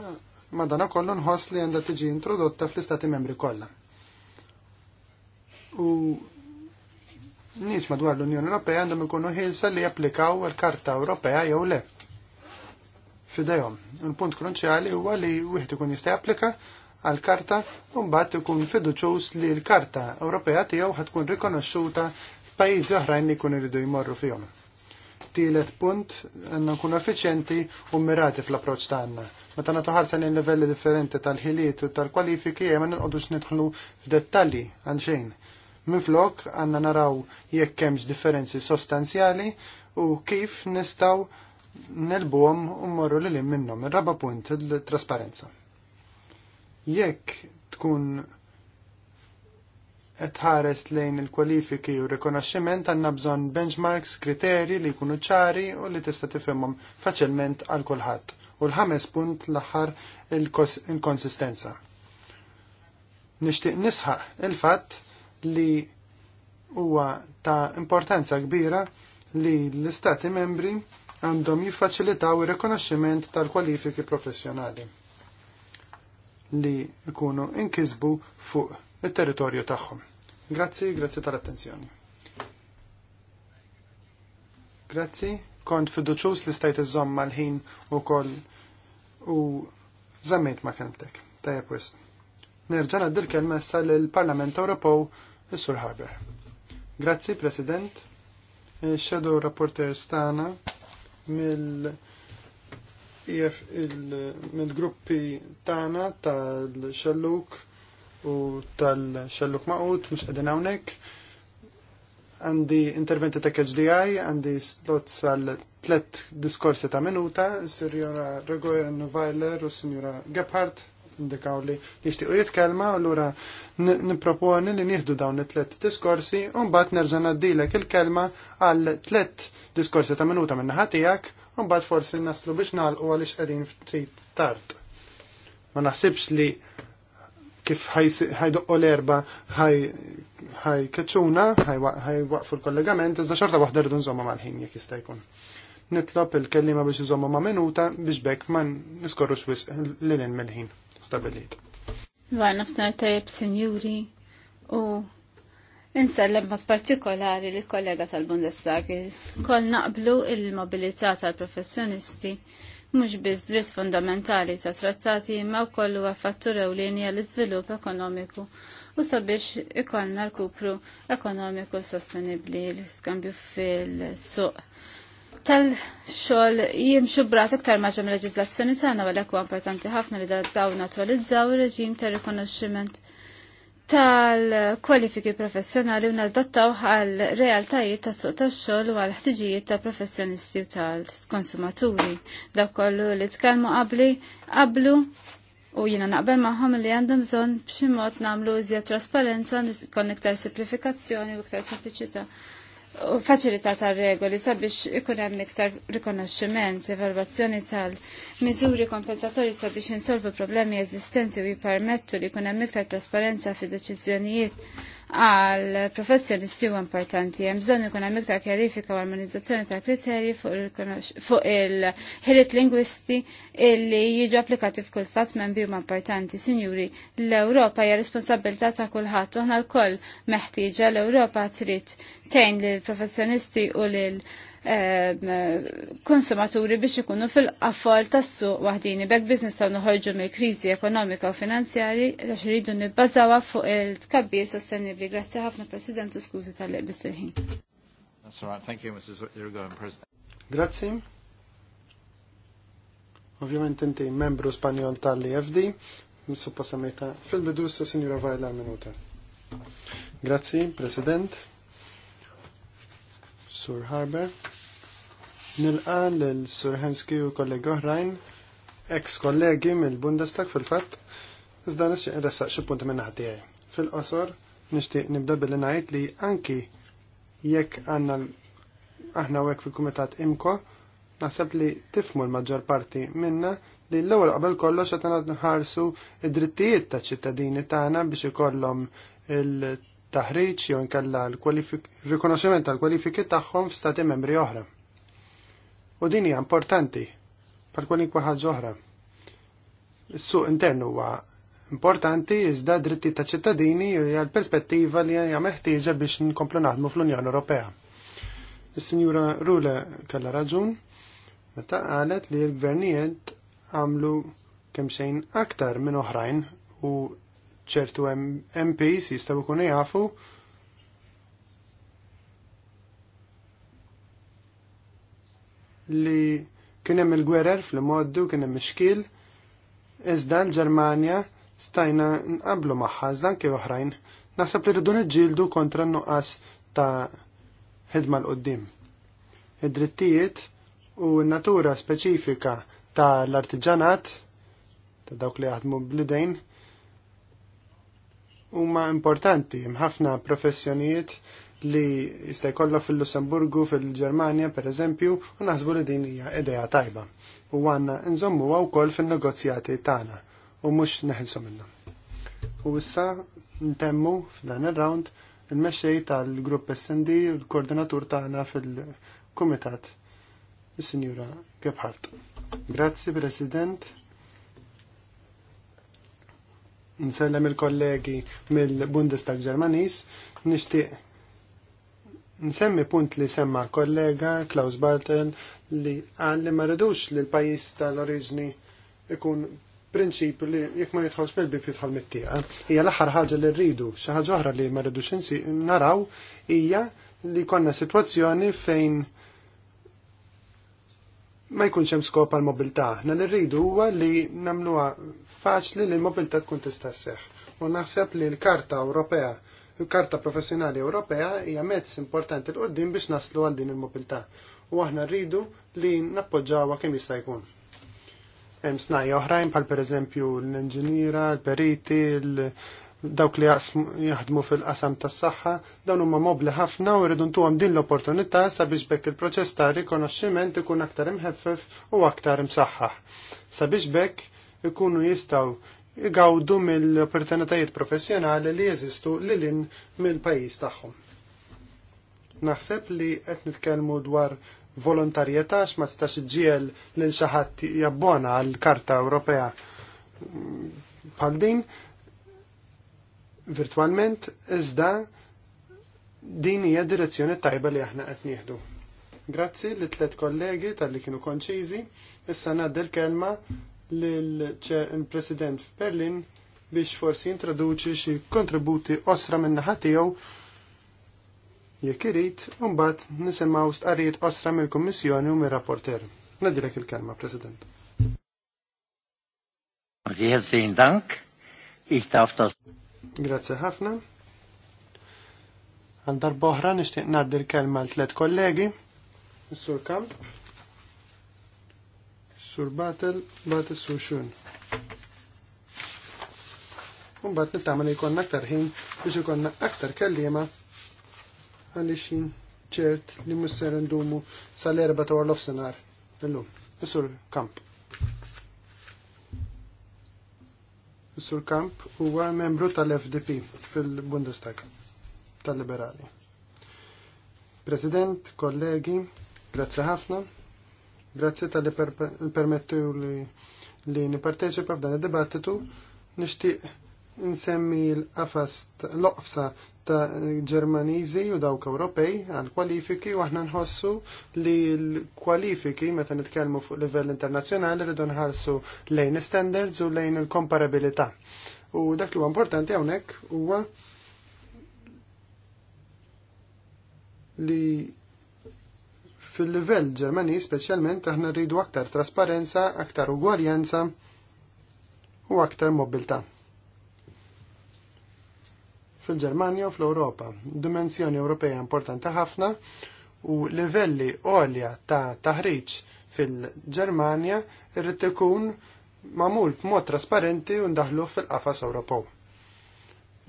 madana kollu nħoss li għandha tiġi introdotta fl-istati membri kollha. U nies madwar l-Unjoni Ewropea għandhom ikunu ħilsa li japplikaw il-Karta Ewropea jew le. Fidejhom, il-punt kruċjali huwa li wieħed ikun jista' japplika għal-karta mbagħad ikun fiduċus li l-karta Ewropea tiegħu tkun rikonoxxuta f'pajjiżi oħrajn li jkun iridu jmorru fihom. Tielet punt għandna nkun effiċjenti u mirati fl-approċċ tagħna. Meta nagħtu ħarsa il livelli differenti tal-ħiliet u tal-kwalifiki hemm ma nqogħdux nidħlu f'dettalji għal xejn. Minflok għandna naraw jekk hemmx differenzi sostanzjali u kif nistgħu nelbuhom u mmorru lil minnhom. Ir-raba punt, il-trasparenza jekk tkun qed ħares lejn il-kwalifiki u rikonoxximent għandna bżonn benchmarks, kriteri li jkunu ċari u li tista' tifhimhom faċilment għal kulħadd. U l-ħames punt l-aħħar il-konsistenza. Nixtieq nisħaq il-fatt li huwa ta' importanza kbira li l-Istati membri għandhom jiffaċilitaw ir-rikonoxximent tal-kwalifiki professjonali li jkunu inkisbu fuq il-territorju tagħhom. Grazzi, grazzi tal-attenzjoni. Grazzi, kont fiduċus li stajt iżomm mal-ħin u koll u zammejt ma' kelmtek. Tajja pwis. Nerġana għaddir kelma issa l-Parlament Ewropew is-Sur Harber. Grazzi, President. Shadow Rapporter Stana mill- Jef mill-gruppi tagħna tal-xelluk u tal-xelluk maqut mhux qegħdin hawnhekk. Għandi interventi ta' KHDI, għandi slot sal tlet diskorsi ta' minuta, Sirjora Regoer Weiler u Sinjora Gebhardt indikaw li nixtiequ jitkelma u allura nipproponi li nieħdu dawn it-tlet diskorsi u mbagħad nerġan għaddilek il-kelma għal tlet diskorsi ta' minuta minna naħa tiegħek bad forsi naslu biex nagħlqu għaliex qegħdin ftit tard. Ma naħsibx li kif ħajduqqu l-erba ħaj kaċċuna, ħaj waqfu l-kollegament, iżda xorta waħda rridu nżomma mal-ħin jekk jista' jkun. Nitlob il-kellima biex nżomma ma' minuta biex bekk ma niskorrux wisq lilin mill-ħin stabilit. Vaj nafsnar tajjeb, sinjuri, u Insellem mas partikolari li kollega tal-Bundestag kol naqblu il-mobilità tal-professjonisti mhux biss dritt fundamentali ta' trattati imma wkoll huwa u ewlieni għall iżvilupp ekonomiku u sabiex ikollna l-kupru ekonomiku sostenibbli l-iskambju fil-suq tal-xol jimxu brat iktar maġem leġizlazzjoni tagħna għal huwa importanti ħafna li dawn natwalizzaw ir-reġim ta' rikonoxximent tal-kwalifiki professjonali u nadottaw għal realtajiet ta' suq tax xogħol u għal ħtiġijiet ta' professjonisti u tal-konsumaturi. Dak kollu li tkellmu qabli qablu u jiena naqbel magħhom li għandhom bżonn b'xi mod nagħmlu iżjed trasparenza, kon iktar simplifikazzjoni u iktar sempliċità faċilità tal-regoli sabiex ikun hemm iktar rikonoxximent, evalvazzjoni tal-miżuri kompensatorji sabiex insolvu problemi eżistenti u jippermettu li jkun hemm iktar trasparenza fid deċiżjonijiet għal professjonisti u importanti. Hemm bżonn ikun hemm iktar kjarifika u armonizzazzjoni ta' kriterji fuq il-ħiliet lingwisti illi jiġu applikati f'kull stat membri huma importanti. Sinjuri, l-Ewropa hija responsabilità ta' kulħadd u aħna lkoll meħtieġa l-Ewropa trid tgħin lill professjonisti u lil konsumaturi biex ikunu fil-qaffol tassu wahdini waħdini bekk biznis ta' noħorġu mill-kriżi ekonomika u finanzjari għax rridu nibbazawa fuq il-tkabbir sostenibli. Grazie ħafna President u skużi tal-eqbis il-ħin. That's all right. Thank you, Mrs. Grazzi. inti membru Spanjol tal-EFD, supposameta fil-bidu s Signora Vajla Minuta. Grazzi, President. Sur Harber. Nilqa l-Sur Henski u kollegi oħrajn, ex-kollegi mill-Bundestag fil-fatt, iżda nixtieq nressaq xi punti minn ħadd Fil-qosor nixtieq nibda billi ngħid li anki jekk għandna aħna hekk fil-Kumitat Imko, naħseb li tifmu l-maġġor parti minna li l-ewwel qabel kollox qed nħarsu id-drittijiet taċ ċittadini tagħna biex ikollhom il taħriġ jew inkella l-rikonoxximent tal-kwalifiki tagħhom f'stati membri oħra. U din hija importanti bħal kwalinkwa ħaġa oħra. Is-suq internu huwa importanti iżda dritti ta' ċittadini hija l-perspettiva li hija meħtieġa biex nkomplu naħdmu fl-Unjoni Ewropea. Is-Sinjura Rule kellha raġun meta qalet li l-gvernijiet għamlu kemm xejn aktar minn oħrajn u ċertu MPs jistaw ikunu jafu li kienem il-gwerer fl-moddu, kienem il-xkil, iżda l ġermanja stajna nqablu maħħa, iżda anke oħrajn. Naħseb li rridu nġildu kontra n-nuqqas ta' ħidma l-qoddim. Id-drittijiet u n-natura speċifika ta' l-artiġanat, ta' dawk li jaħdmu blidejn, huma importanti, ħafna professjonijiet li jista' jkollok fil-Lussemburgu, fil-Ġermanja pereżempju, u naħsbu li din hija idea tajba. U għandna nżommuha wkoll fin-negozjati tagħna u mhux neħilsu minnha. U issa ntemmu f'dan ir-round il-mexxej tal-grupp SD u l-koordinatur tagħna fil-Kumitat, is-Sinjura Gebhardt. Grazzi President nsellem il-kollegi mill-Bundestag Ġermanis, nixtieq nsemmi punt li semma kollega Klaus Bartel li għal li ma rridux li l-pajis tal-oriġni ikun prinċip li jekk ma jitħolx bil bib jitħol mittija. tieqa Hija l-aħħar ħaġa li rridu, xi ħaġa oħra li ma rridux naraw hija li konna sitwazzjoni fejn ma jkunx hemm skop għal mobilità. Aħna li rridu huwa li nagħmluha faċli li l-mobilità tkun tista' sseħħ. U naħseb li l-Karta Ewropea l karta professjonali Ewropea hija mezz importanti l-qoddim biex naslu għal din il-mobilità u aħna rridu li nappoġġawha kemm jista' jkun. Hemm snajja oħrajn bħal pereżempju l-inġiniera, l-periti, dawk li jaħdmu fil-qasam tas-saħħa, dawn huma mobli ħafna u rridu ntuhom din l-opportunità sabiex bekk il-proċess ta' rikonoxximent ikun aktar imħeffef u aktar imsaħħaħ. Sabiex bekk ikunu jistaw igawdu mill-opportunitajiet professjonali li jeżistu li lin mill-pajis tagħhom. Naħseb li qed nitkellmu dwar volontarjetà x'ma stax iġiel lil xi ħadd jabbona għall karta Ewropea bħal din virtualment iżda din hija direzzjoni tajba li aħna qed nieħdu. Grazzi li tliet kollegi tal-li kienu konċiżi, issa ngħaddi l-kelma l-President f'Berlin biex forsi introduċi xi kontributi osra minna ħatijaw jekk irid u mbagħad nisimgħu stqarrijiet osra mill-Kummissjoni u mir-rapporter. Nadilek il-kelma, President. Herzlichen Dank. Grazie ħafna. Għandar boħra nishtiq naddir kelma l-tlet kollegi. Sur Kamp sur Batel, Batel sur Xun. Unbat nittama li jkonna naktar ħin biex ikon aktar kellima għalli xin ċert li musser ndumu sal-erba ta' warlof senar. Illum, Sur Kamp. Sur Kamp huwa membru tal-FDP fil-Bundestag tal-Liberali. President, kollegi, grazie ħafna. Grazzi tal-li permettu li, li niparteċipa f'dan id-dibattitu. Nixtieq nsemmi l afast l-oqfsa ta' Ġermaniżi u dawk Ewropej għal kwalifiki u aħna nħossu li l-kwalifiki meta nitkellmu fuq livell internazzjonali rridu nħarsu lejn standards u lejn il-komparabilità. U dak li huwa importanti hawnhekk huwa li fil-livell Ġermani speċjalment aħna rridu aktar trasparenza, aktar ugwaljanza u aktar mobilità. Fil-Ġermanja u fl-Ewropa, dimensjoni Ewropea importanti ħafna u livelli għolja ta' taħriġ fil-Ġermanja irrid ikun mamul b'mod trasparenti u ndaħlu fil-qafas Ewropew.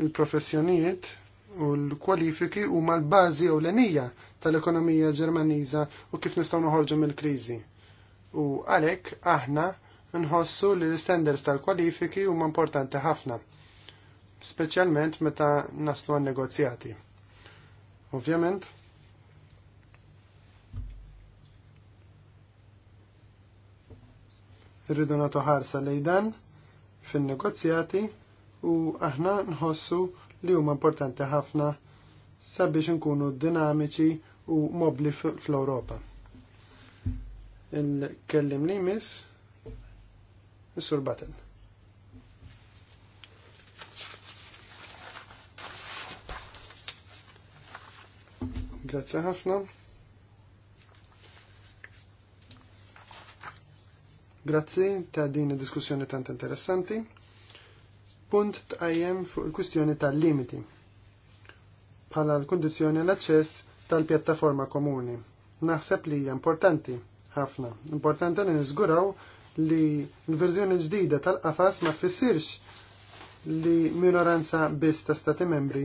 Il-professjonijiet u l-kwalifiki huma l-bażi tal-ekonomija Ġermaniża u kif nistgħu noħorġu mill-kriżi. U għalhekk aħna nħossu li l-standards tal-kwalifiki huma importanti ħafna, speċjalment meta naslu għan negozjati. Ovvjament, irridu nagħtu ħarsa lejdan fin-negozjati u aħna nħossu li huma importanti ħafna sabiex nkunu dinamiċi u mobli fl-Europa. Il-kellim li mis, il-sur Batten. Grazie ħafna. Grazzi ta' din diskussjoni tant interessanti. Punt jem fuq il-kwistjoni tal-limiti. Bħala l kondizjoni l-aċċess tal-pjattaforma komuni. Naħseb li hija importanti ħafna. Importanti li niżguraw li l-verżjoni ġdida tal-qafas ma tfissirx li minoranza biss ta' stati membri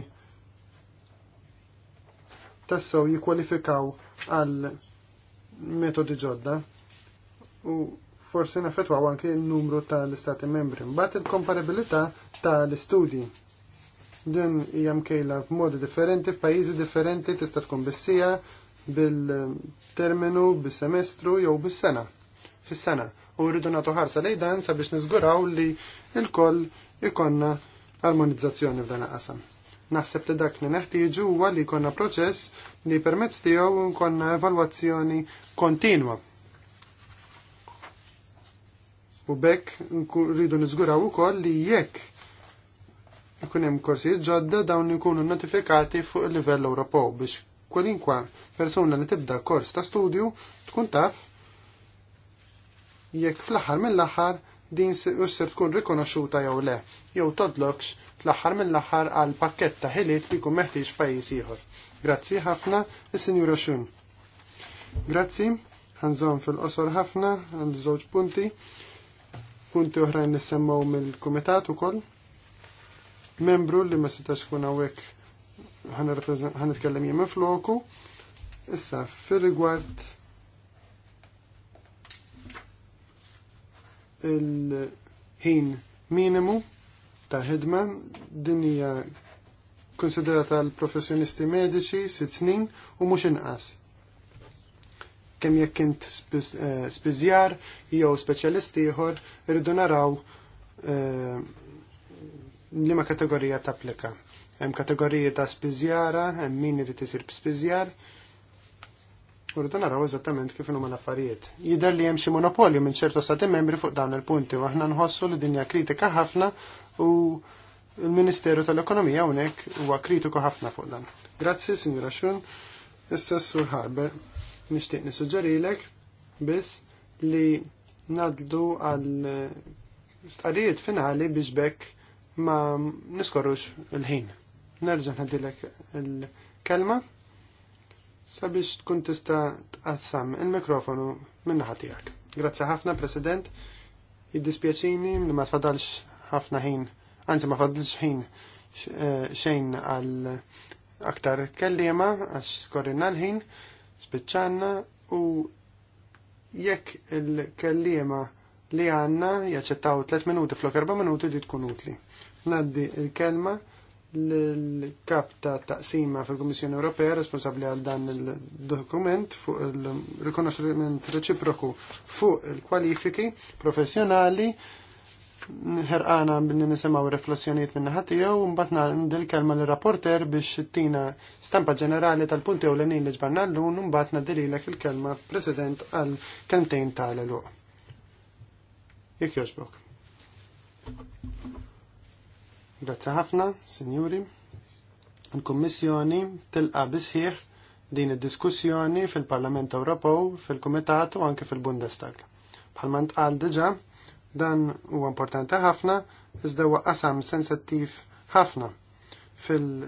tassew jikwalifikaw għal metodi ġodda u forsi nafetwaw anke n-numru tal-istati membri. Mbagħad il-komparabilità tal-istudji din hija mkejla b'modi differenti, f'pajjiżi differenti tista' tkun bissija bil-terminu, bil semestru jew bis-sena. Fis-sena. U rridu natu ħarsa lejn dan sabiex niżguraw li il koll ikonna armonizzazzjoni f'dan qasam. Naħseb li dak li neħtieġu huwa li jkollna proċess li permezz tiegħu nkollna evalwazzjoni kontinwa. U bekk rridu niżguraw ukoll li jekk ikun hemm korsijiet ġodda dawn ikunu notifikati fuq il-livell Ewropew biex kwalinkwa persuna li tibda kors ta' studju tkun taf jekk fl-aħħar mill-aħħar din issir tkun rikonoxxuta jew le, jew todlokx fl-aħħar mill-aħħar għal pakkett ta' ħiliet li jkun meħtieġ pajjiż ieħor. Grazzi ħafna, is-Sinjura Xun. Grazzi, ħanżon fil-qosor ħafna għal żewġ punti, punti oħrajn semmaw mill-kumitat ukoll membru li ma setax kun hawnhekk għan itkellem jien floku. Issa fir-rigward il-ħin minimu ta' ħidma din hija konsiderata l-professjonisti medici sitt snin u mhux inqas. Kemm jekk int eh, spiżjar jew speċjalisti ieħor irridu naraw eh, Nima kategorija ta' Hemm kategoriji ta' spiżjara, hemm min irid isir b'spiżjar. U rridu naraw eżattament kif huma l-affarijiet. Jidher li hemm xi monopolju minn ċertu stati membri fuq dawn il-punti u aħna nħossu li dinja kritika ħafna u il-Ministeru tal-Ekonomija hawnhekk huwa kritiku ħafna fuq dan. Grazzi, Sinjura Xun. Issa Sur Harber, nixtieq nisuġġerilek biss li nadlu għal stqarijiet finali biex bekk ma niskorrux il-ħin. Nerġa' ħaddilek il-kelma sabiex tkun tista' tqassam il-mikrofonu minna ħatijak. tiegħek. Grazzi ħafna, President. Jiddispjaċini li ma tfadalx ħafna ħin, anzi ma fadalx ħin eh, xejn għal aktar kellima għax skorrinna l-ħin, spiċċanna u jekk il-kellima li għanna jaċċettaw 3 minuti flok 4 minuti li tkun utli. Naddi il-kelma l-kap ta' taqsima fil komissjoni Ewropea responsabli għal dan il-dokument fuq il-rikonoxximent reċiproku fuq il-kwalifiki professjonali ħerqana billi nisimaw riflessjoniet minna ħatijaw un batna ndil kelma l-rapporter biex tina stampa ġenerali tal-punti u l-enin li ġbarna l-lun un batna dililek il-kelma president għal kantejn tal-eluq. Jek joġbok. Grazzi ħafna, sinjuri. Il-Kommissjoni tilqa bisħieħ din id-diskussjoni fil-Parlament Ewropew, fil-Kumitat u anke fil-Bundestag. Bħalma ntqal diġà, dan huwa importanti ħafna, iżda huwa qasam sensittiv ħafna fil-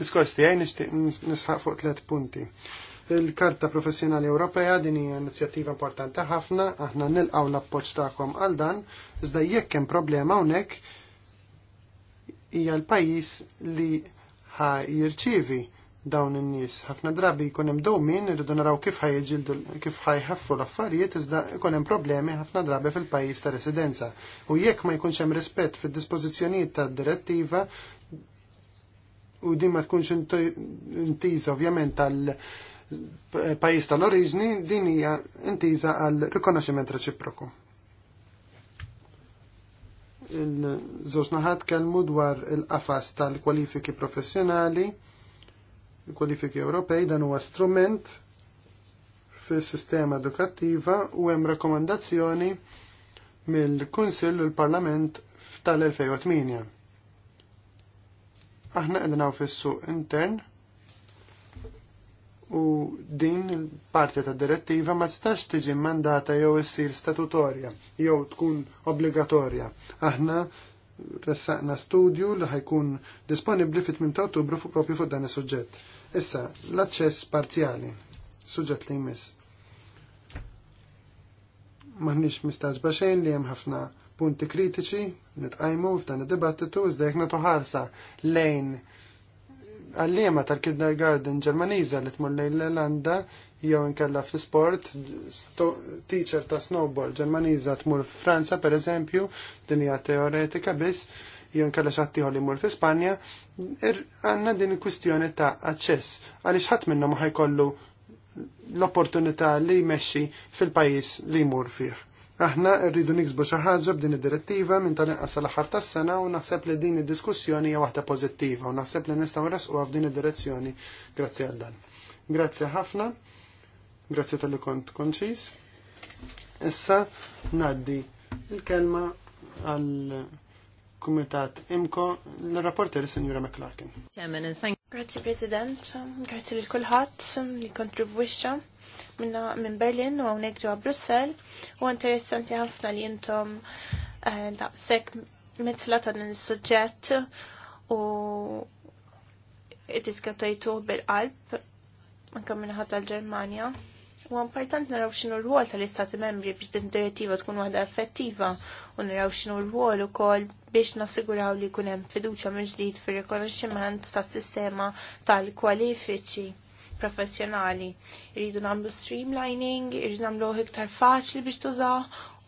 Diskors tiegħi nixtieq nisħaq fuq tliet punti. Il-Karta Professjonali Ewropea din hija inizjattiva importanti ħafna, aħna nilqgħu l-appoġġ tagħkom għal dan, iżda jekk hemm problema hawnhekk hija l-pajjiż li ħa jirċievi dawn in-nies. Ħafna drabi jkun hemm dowmin irridu naraw kif ħajġildu kif ħajħaffu l-affarijiet iżda jkun hemm problemi ħafna drabi fil-pajjiż ta' residenza. U jekk ma jkunx hemm rispett fid-dispożizzjonijiet tad-direttiva u din ma tkunx intiża ovvjament tal- pajjiż tal-oriġni din hija intiża għal rikonoxximent reċiproku. Il-żewġ naħat kelmu dwar il-qafas tal-kwalifiki professjonali, il-kwalifiki Ewropej dan huwa strument fis-sistema edukattiva u hemm rakkomandazzjoni mill-Kunsill u l-Parlament tal-2008. Aħna qegħdin fis-suq intern u din il-parti ta' direttiva ma tistax tiġi mandata jew issir statutorja jew tkun obbligatorja. Aħna ressaqna studju li ħajkun disponibli fit-8 ta' Ottubru fuq propju fuq dan is-suġġett. Issa, l-aċċess parzjali, suġġett li jmiss. Maħniex mistaġba xejn li hemm ħafna punti kritiċi nitqajmu f'dan id-dibattitu iżda jekk nagħtu ħarsa lejn għallima tal-kindergarten ġermaniza li tmur lejn l-Irlanda jew inkella fl-sport, teacher ta' snowboard ġermaniza tmur Franza per eżempju, din hija teoretika biss, jew inkella xattiħor li mur fi Spanja, għanna din il-kwistjoni ta' aċċess għaliex ħadd minnhom ħajkollu l-opportunità li jmexxi fil-pajjiż li jmur fih. Aħna rridu niksbu xi ħaġa b'din id-direttiva minn tal-inqas l-aħħar tas-sena u naħseb li din id-diskussjoni hija waħda pożittiva u naħseb li nistgħu nresquha f'din id-direzzjoni grazzi għal dan. Grazzi ħafna. Grazzi tal-li kont konċis. Issa ngħaddi l kelma għal Kumitat Imko l-rapporter Signora McClarkin. Chairman, and thank Grazie President, grazie lil kulħadd li kontribwixxa minn Berlin u hawnhekk ġewwa Brussell u interessanti ħafna li intom eh, daqshekk mitla ta' din is-suġġett u id-diskatajtu bil-qalb anke minħat tal-Ġermanja. U importanti naraw xinu l-wol tal-Istati membri biex din direttiva tkun waħda effettiva u naraw xinu l-wol ukoll biex nassiguraw li jkun hemm fiduċja mill ġdid fir-rikonoxximent tas-sistema tal-kwalifiċi professjonali. Irridu nagħmlu streamlining, irridu nagħmlu iktar faċli biex tużaw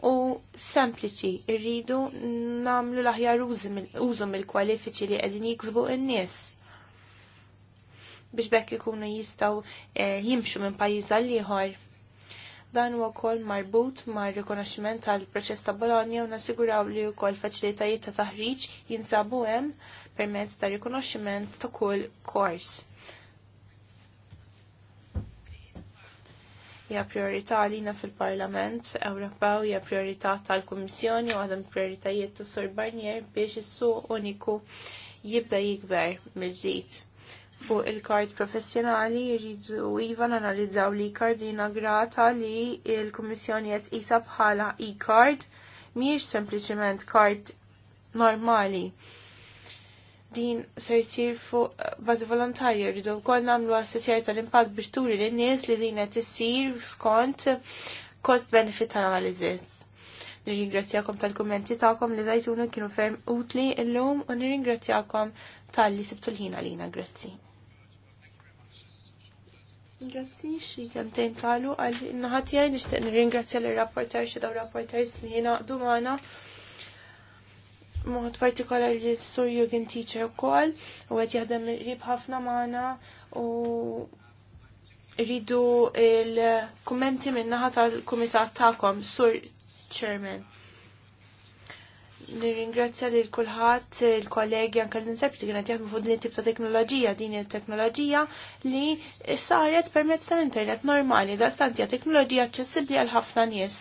u sempliċi. Irridu nagħmlu l-aħjar użu mill-kwalifiċi li qegħdin jiksbu n-nies biex bekk ikunu jistaw eh, jimxu minn pajjiż għal Dan huwa wkoll marbut mar rikonoxximent tal-proċess ta' Bologna u nasiguraw li wkoll faċilitajiet ta' taħriġ jinsabu hemm permezz ta' rikonoxximent ta' kull kors. hija priorità għalina fil-Parlament Ewropew hija priorità tal-Kummissjoni u għadhom prioritajiet tas Sur Barnier biex is-suq uniku jibda jikber mill-ġdid. Fuq il-kart professjonali jridu iva analizzaw li kard grata li l-Kummissjoni qed isa bħala e kard mhijiex sempliċement kart normali din ser jisir fuq eh, bażi volontarja rridu wkoll nagħmlu assessjar tal-impatt biex turi n nies li din qed issir skont cost benefit analysis. Nirringrazzjakom tal-kummenti tagħkom li dajtuna kienu ferm utli llum u nirringrazzjakom tal-li sibtu l-ħin għalina, grazzi. Grazzi, xie kemtejn talu, għal naħatijaj nishtiq nirringrazzja l-rapporter xie daw rapporters li jiena għadu mod partikolari sur Jürgen Teacher kol u qed jaħdem rib ħafna maħna u rridu il-kummenti min-naħa tal-kumitat tagħkom sur Chairman. Nirringrazzja lil kulħadd il-kollegi anke l-insepti kienet jaħdmu fuq din tip ta' teknoloġija, din it-teknoloġija li saret permezz tal-internet normali, da' stantija teknoloġija aċċessibbli għal ħafna nies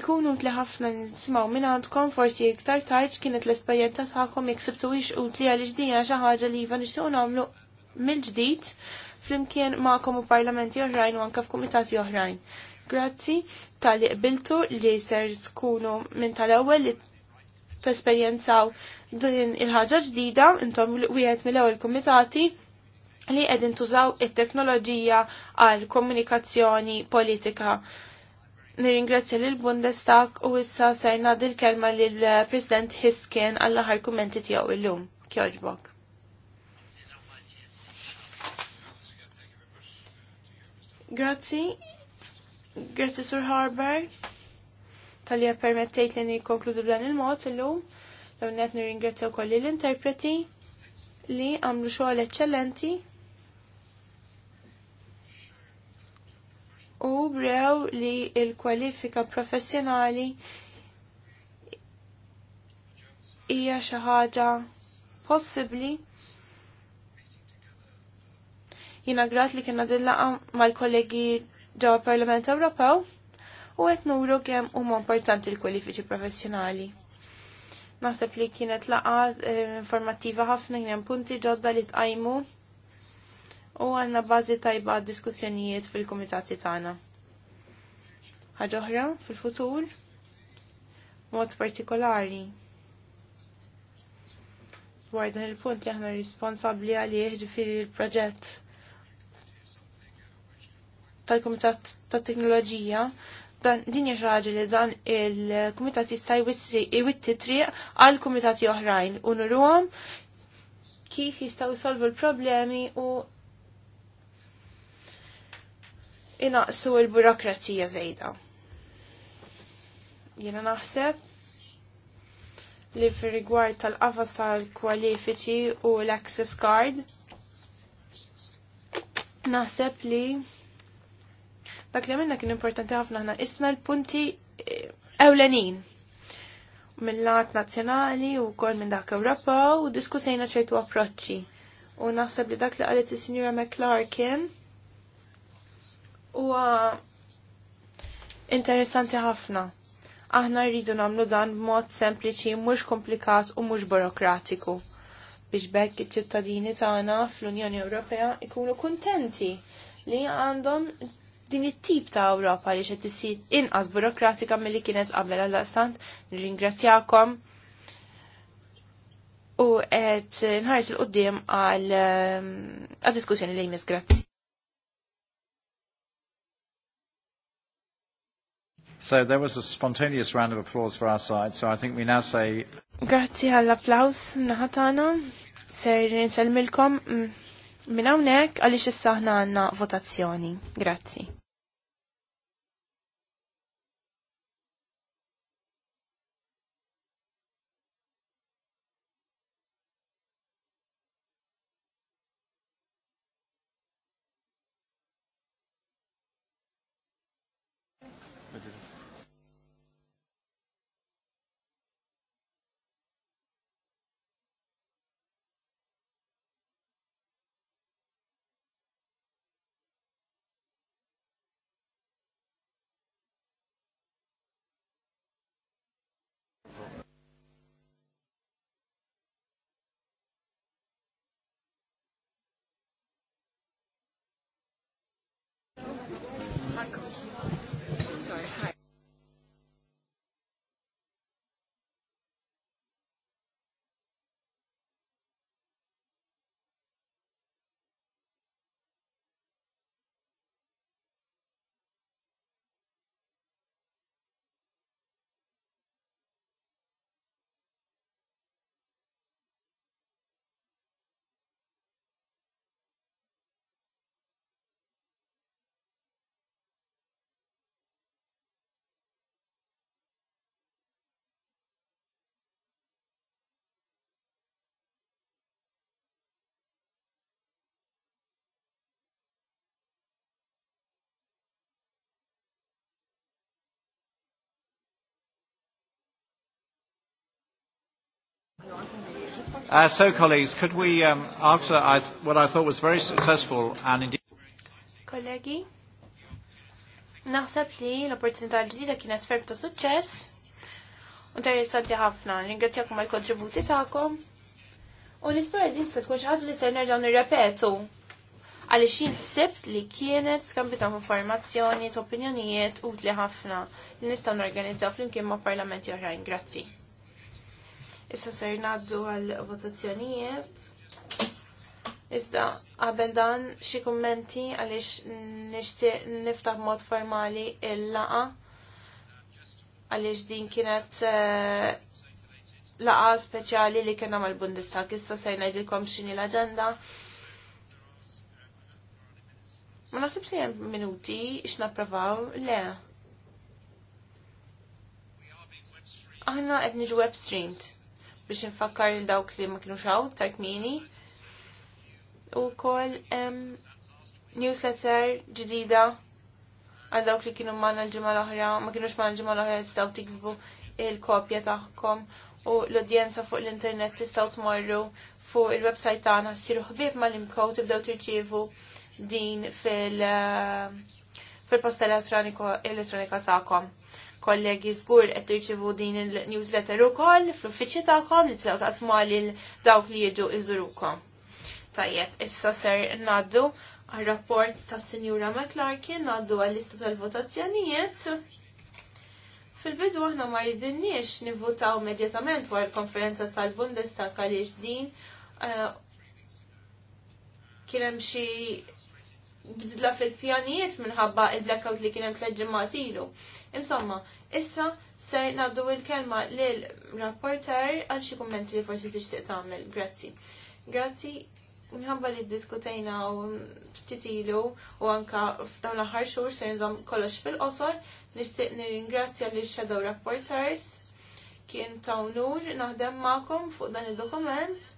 ikunu utli ħafna nismaw minn għandkom forsi iktar tarġ kienet l-esperjenza tagħkom jeksibtu sibtuwix utli għal din xi ħaġa li iva nixtiequ nagħmlu mill-ġdid flimkien magħkom u parlamenti oħrajn u anke f'kumitati oħrajn. Grazzi tal-li qbiltu li ser tkunu minn tal-ewwel li tesperjenzaw din il-ħaġa ġdida intom wieħed mill-ewwel kumitati li qegħdin tużaw it-teknoloġija għal komunikazzjoni politika Nirringrazzja lil Bundestag u issa sajna dil kelma lil eh, President Hisken għall aħar kummenti tiegħu illum. Kjoġbok. Grazzi. Grazzi Sur Harber tal-li permettejt li nikonkludu b'dan il-mod illum. Dawn qed nirringrazzja wkoll lill-interpreti li għamlu xogħol eċċellenti u brew li il-kwalifika professjonali hija xi ħaġa possibbli. Jiena grat li kienna dillaqa mal-kollegi ġewwa Parlament Ewropew u qed nuru kemm huma importanti l-kwalifiċi professjonali. Naħseb li kienet laqa eh, informattiva ħafna kien punti ġodda li tqajmu u għanna bazi tajba diskussjonijiet fil-komitati tagħna. Ħaġoħra fil-futur mod partikolari dwar dan il-punt li aħna responsabbli għalih ġifieri l-proġett tal-Kumitat tat-Teknoloġija dan din jaxraġi li dan il-Kumitat jista' witti triq għal kumitati oħrajn u kif jistgħu solvu l-problemi u inaqsu l-burokrazija żejda. Jiena naħseb li fir-rigward tal-qafas tal-kwalifiċi u l-access card naħseb li dak li għamilna kien importanti ħafna ħna isna l-punti eh, ewlenin mill-lat nazzjonali u kol minn dak Ewropa u diskutejna ċertu approċċi. U naħseb li dak li għalet il-Sinjura McClarkin huwa interessanti ħafna. Aħna rridu nagħmlu dan b'mod sempliċi, mhux komplikat u mhux burokratiku biex bekk iċ-ċittadini tagħna fl-Unjoni Ewropea jkunu kuntenti li għandhom din it-tip ta' Ewropa li xed tisir inqas burokratika milli kienet qabel għal stant nirringrazzjakom u qed nħares il qudiem għal ehm, diskussjoni li jmiss grazzi. So there was a spontaneous round of applause for our side, so I think we now say... Grazzi għall-applaus naħatana, ser nselmilkom mm, minn hawnhekk għaliex issa aħna votazzjoni. Grazzi. D'accord. Uh, so, colleagues, could we, um, after I th what I thought was very successful and indeed... Colleghi, naħseb li l-opportunità ġdida kienet ferm ta' suċċess u interessanti ħafna. Ringrazzjakom għal kontributi ta'kom. U l-ispera din se tkun xi ħaġa li se nerġgħu nirrepetu għaliex jien ħsibt li kienet skambi ta' informazzjoni, ta' opinjonijiet utli ħafna li nistgħu norganizzaw flimkien ma' parlamenti oħrajn. Grazzi. Issa ser naddu għal votazzjonijiet. Iżda qabel dan xi kummenti għaliex nixtieq niftaħ mod formali il-laqa għaliex din kienet eh, laqa speċjali li kena mal-Bundestag. Issa ser ngħidilkom x'inhi l-aġenda. Ma naħsibx li hemm minuti x'napprovaw, le. Aħna qed niġu web streamed biex nfakkar il dawk li ma kienu xaw, ta' kmini. U kol um, newsletter ġdida għal dawk li kienu manna l-ġimma l-oħra, ma kienux manna l-ġimma l-oħra jistaw tiksbu il-kopja taħkom u l-udjenza fuq l-internet tistaw tmorru fuq il-websajt tagħna ssiru ħbieb mal-imkow tibdew tirċievu din fil- eh, fil-posta elettronika tagħkom kollegi żgur qed tirċivu din il-newsletter ukoll fl-uffiċċju tagħkom li tilgħu taqsmu lil dawk li jiġu iżurukom. Tajjeb, issa ser ngħaddu għal-rapport ta' Sinjura McClarkin ngħaddu għal-lista tal-votazzjonijiet. Fil-bidu aħna ma jidinniex nivvutaw immedjatament wara l-konferenza tal-Bundestag għaliex din eh, kien hemm xi bidla fil-pjanijiet minħabba il-blackout li kienem tleġġimmat ilu. Insomma, issa ser naddu il-kelma l-rapporter għal xi kummenti li forsi tixtieq tagħmel. Grazzi. Grazzi minħabba li diskutejna u ftit ilu u anka f'dawn l-aħħar xhur ser nżomm kollox fil-qosor, nixtieq nirringrazzja lil shadow rapporters kien ta' nur naħdem magħkom fuq dan id-dokument.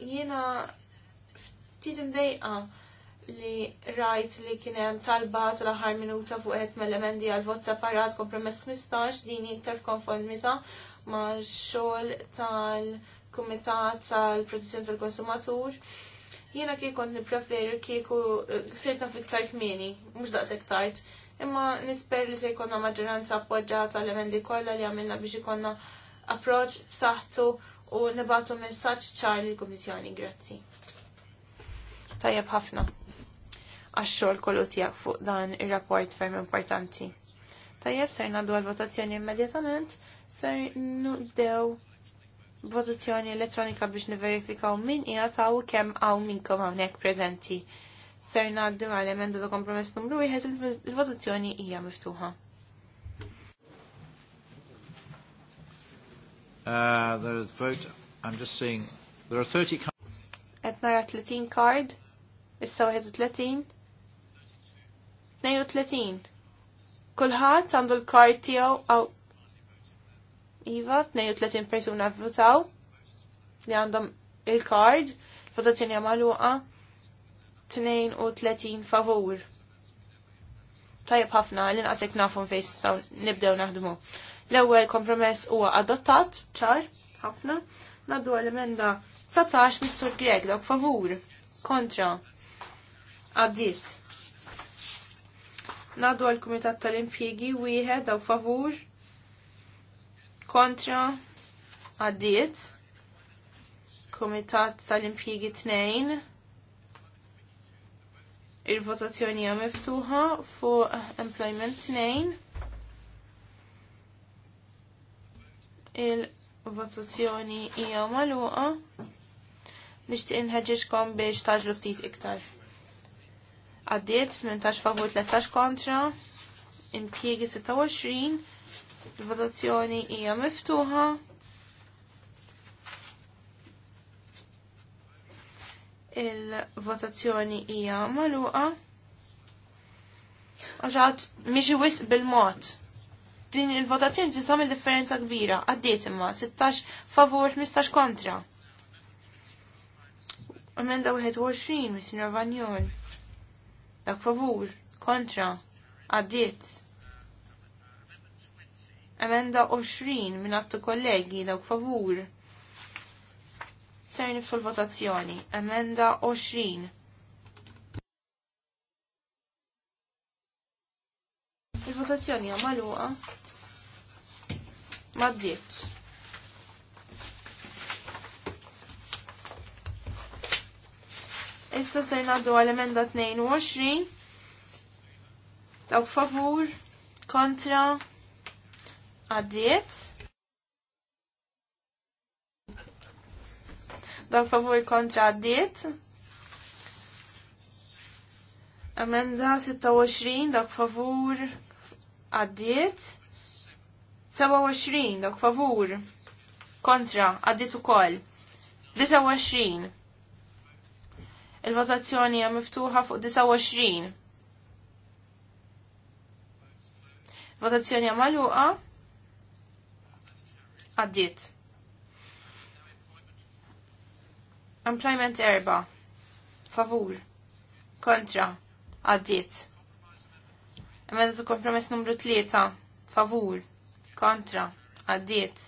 Jiena ftit imdejqa li rajt li kienem talba tal-aħħar minuta fuq qed mill-emendi għal vot separat kompromess 15 din iktar f'konformità ma' xogħol tal-Kumitat tal protezzjon tal-Konsumatur. Jiena kieku kont nippreferi eh, kieku sirtna f'iktar iktar kmieni, mhux daqshekk tard. Imma nisper li se jkollna maġġoranza appoġġata l-emendi kollha li għamilna biex ikonna approċ b'saħħtu u nibatu messaġġ ċar il kummissjoni Grazzi. Tajjeb ħafna għaxxol xogħol kollu tiegħek fuq dan ir-rapport ferm importanti. Tajjeb ser naddu għal votazzjoni immedjatament ser nuddew votazzjoni elettronika biex niverifikaw min taw kem għaw minkom għawnek prezenti. Ser naddu għal emendu ta' kompromess numru jħed il-votazzjoni hija miftuħa. Uh, there is vote. I'm just seeing there are 30 cards. Etna 30 card. Issa 31. 32. Kulħadd għandu l-kart tiegħu għaw Iva, 32 persuna votaw li għandhom il-kard, votazzjoni għamaluqa 32 favur. Tajab ħafna, l-inqasek nafhom fejn saw nibdew naħdmu. L-ewwel kompromess huwa adottat, ċar, ħafna, naddu għal-emenda 16 mis-sur Greg, dawk favur, kontra, għaddit. Nadu għal kumitat tal-impjegi wieħed daw favur kontra għaddiet. Kumitat tal-impjegi tnejn. Il-votazzjoni hija miftuħa fuq employment tnejn. Il-votazzjoni hija magħluqa. Nixtieq inħeġġixkom biex taġlu ftit iktar għaddiet 18 favur 13 kontra impjiegi 26 il-votazzjoni hija miftuħa il-votazzjoni hija magħluqa għaxat miexi wisq bil-mod din il-votazzjoni tista' tagħmel differenza kbira għaddiet imma 16 favur 15 kontra Amenda 21 mis-Sinjor Vanjon dak favur kontra għaddiet. Emenda 20 minn għattu kollegi dak favur. Ser fil l-votazzjoni. Emenda 20. Il-votazzjoni għamalu ma' Maddiet. Issa ser naddu għal-emenda 22. Dawk favur, kontra, għaddiet. Dawk favur, kontra, għaddiet. Emenda 26, dawk favur, għaddiet. 27, dawk favur, kontra, għaddiet u koll. 29, Il-votazzjoni hija miftuħa fuq 29. Votazzjoni hija magħluqa. Għaddiet. Employment erba. Favur. Kontra. Għaddiet. Emenda kompromess numru 3. Favur. Kontra. Għaddiet.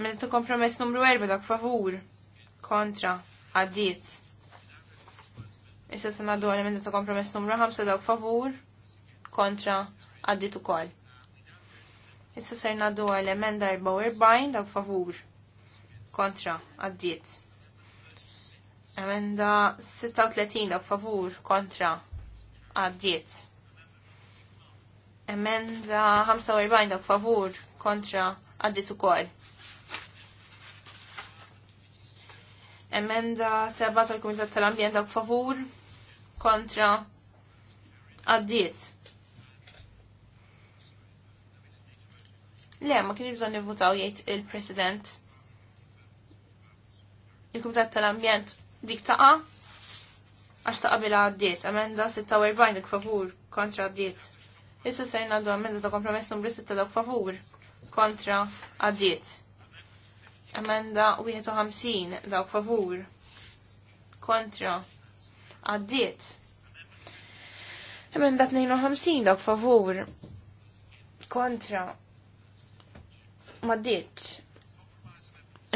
Emenda kompromess numru 4 dak favur kontra għaddiet. Issa se ngħaddu għal ta' kompromess numru 5 dawk favur kontra għaddiet ukoll. Issa se ngħaddu għal-emenda 44 dawk favur kontra għaddiet. Emenda 36 dawk favur kontra għaddiet. Emenda 45 dawk favur kontra għaddiet ukoll Emenda seba tal-Kumitat tal-Ambjent dak favur kontra għaddiet. Le, ma kien bżon nivvutaw jgħid il-President. Il-Kumitat tal-Ambjent dik taqa għax taqa bila għaddiet. Emenda 46 dik favur kontra għaddiet. Issa sejna għaddu emenda ta' kompromess numru 6 dak favur kontra għaddiet. Emenda 51 dawk favur kontra għaddiet. Emenda 52 dawk favur kontra ma ditx.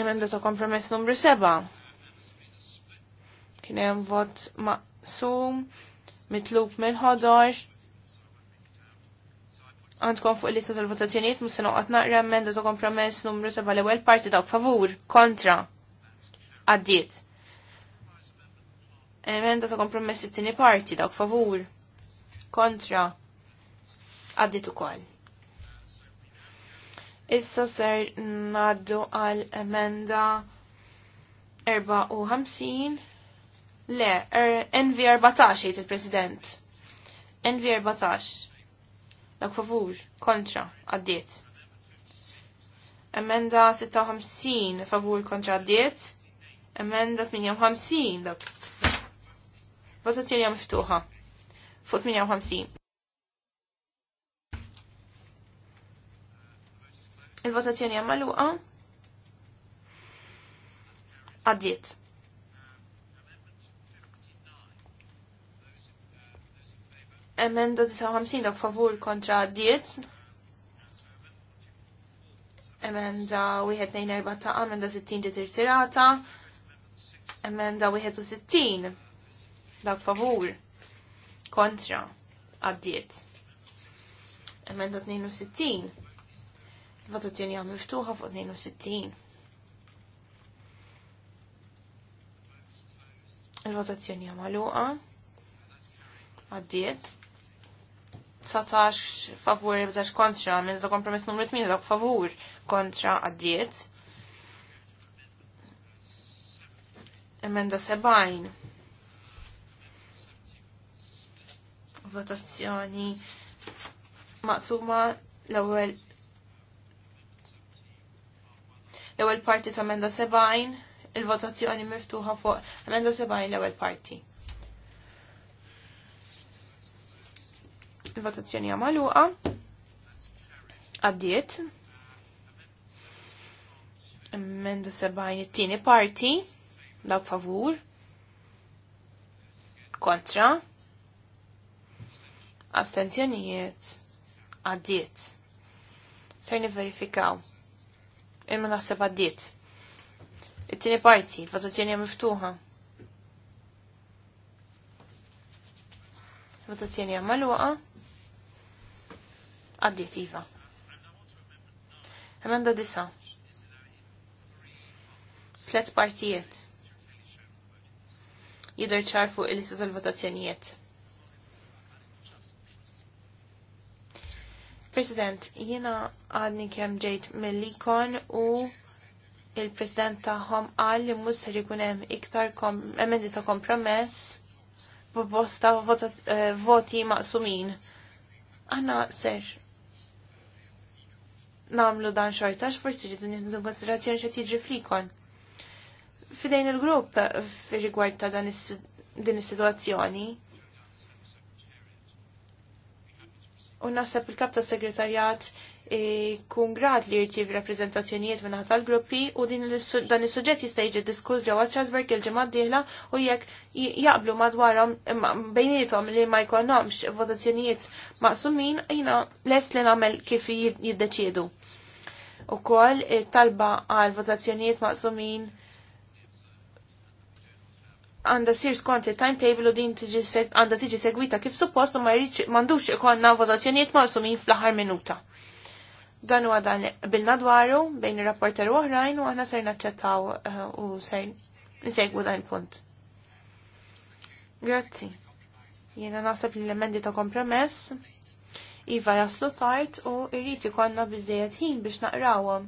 Emenda ta' kompromess numru 7. Kien hemm vot maqsum mitlub minn ħodox għandkom fuq il-lista tal-votazzjoniet mus se noqgħod naqra emenda ta' kompromess numru 7 l-ewwel parti ta' favur kontra għaddiet. Emenda ta' kompromess it-tieni parti ta' favur kontra għaddiet ukoll. Issa ser naddu għal emenda 54 le, er, NV 14 il-President. NV 14 Dak favur kontra għaddiet. Emenda 56 favur kontra għaddiet. Emenda 58 dak. Votazzjoni miftuħa. Fuq 58. Il-votazzjoni għamaluqa għaddiet. Emenda 59 dak favur kontra diet. Emenda 124 ta' emenda 60 ġiet irtirata. Emenda 61 dak favur kontra għaddiet. Emenda 62. Il-votazzjoni għam miftuħa fuq 62. Il-votazzjoni għam għaluqa. Għaddiet. 19 favur 19 kontra minn za kompromess numru 8 dak favur kontra għaddiet. Emenda 70. Votazzjoni maqsuma l-ewwel l-ewwel parti ta' emenda 70 il-votazzjoni miftuħa fuq emenda 70 l-ewwel parti. il-votazzjoni għamaluqa. Għaddiet. Emenda 70 it-tieni parti. Dawk favur. Kontra. Astenzjonijiet. Għaddiet. Ser verifikaw. Imma naħseb għaddiet. It-tieni parti, il-votazzjoni miftuħa. votazzjoni għamma l Addittiva. Emenda disa. Tlet partijiet. Jider ċar fuq il-lista tal-votazzjonijiet. President, jiena għadni kem ġejt mill-ikon u il-president taħħom għal li mus ser jkunem iktar emendi ta' kompromess b'bosta eh, voti maqsumin. Aħna ser namlu dan xortax, forsi ġidu nieħdu konsiderazzjoni xa tiġi flikon. Fidejn il-grupp rigward ta' din is-sitwazzjoni. U naħseb il-kap ta' segretarjat e, kun grad li jirċiv rappresentazzjonijiet minn tal-gruppi u dan is-suġġett jista' jiġi diskuss ġewwa Strasburg il-ġimgħa d-dieħla u jekk jaqblu madwarhom bejnietom li ma jkollhomx votazzjonijiet maqsumin jiena lest li nagħmel kif jiddeċiedu u kol il-talba għal votazzjonijiet maqsumin għanda sir skont il-timetable u din għanda tiġi segwita kif suppost u ma jridx mandux ikonna votazzjonijiet maqsumin fl-aħħar minuta. Dan huwa dan bilna dwaru bejn ir-rapporter u oħrajn u għana ser naċċettaw eh, u ser nsegwu dan il-punt. Grazzi. Jiena naħseb l-emendi ta' kompromess iva jaslu tard u irriti ikollna biżejjed ħin biex naqrawhom.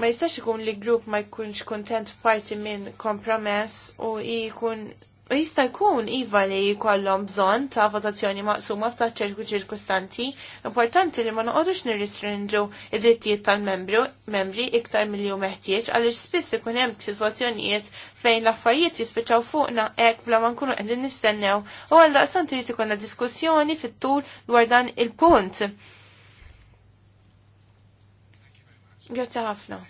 Ma jistax ikun li grupp ma jkunx kontent parti minn kompromess u jkun jista' jkun iva li jkollhom bżonn ta' votazzjoni maqsuma ta' ċerku ċirkustanti, importanti li ma noqogħdux nirristrinġu id-drittijiet tal-membru membri iktar milli hu meħtieġ għaliex spiss ikun hemm sitwazzjonijiet fejn l-affarijiet jispiċċaw fuqna hekk bla ma nkunu qegħdin nistennew u għal daqsan trid ikollna diskussjoni fit-tul dwar dan il-punt. Grazzi ħafna.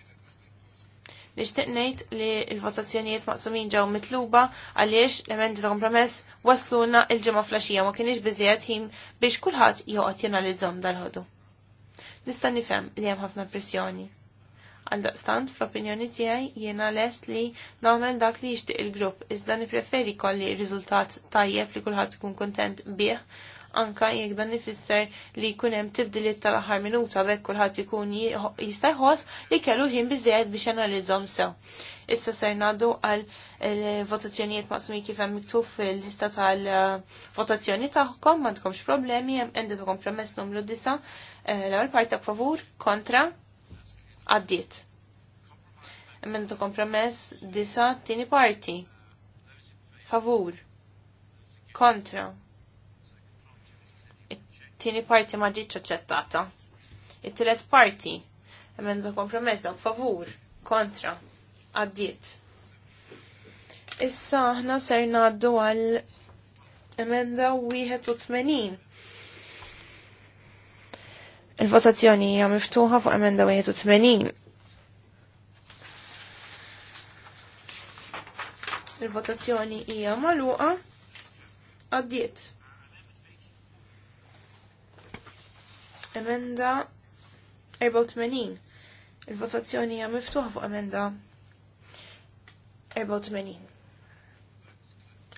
Nixtieq ngħid li l-votazzjonijiet maqsumin ġew mitluba għaliex l-emendi ta' kompromess wasluna l-ġimgħa flaxija ma kienx biżejjed ħin biex kulħadd joqgħod jenalizzhom dal-ħodu. Nista' nifhem li hemm ħafna pressjoni. Għaldaqstant, fl-opinjoni tiegħi jiena lest li nagħmel dak li jixtieq il-grupp, iżda nippreferi kolli riżultat tajjeb li kulħadd tkun kontent bih anka jekk dan ifisser li jkun hemm tibdiliet tal-aħħar minuta b'hekk kulħadd ikun jista' jħoss li kellu ħin biżejjed biex analizzhom sew. Issa ser ngħaddu għal votazzjonijiet maqsmi kif hemm miktub fil-lista tal-votazzjoni tagħkom m'għandkomx problemi hemm endet kompromess numru disa eh, l-ewwel parti favur kontra għaddiet emenda kompromess disa tini parti. Favur. Kontra tini tieni parti ma ġietx aċċettata. It-tielet parti emenda kompromess dawk favur kontra għaddiet. Issa aħna ser ngħaddu għal emenda 81. Il-votazzjoni hija miftuħa fuq emenda 81. il-votazzjoni hija magħluqa għaddiet. Emenda 84. Il-votazzjoni hija miftuħa fuq emenda 84.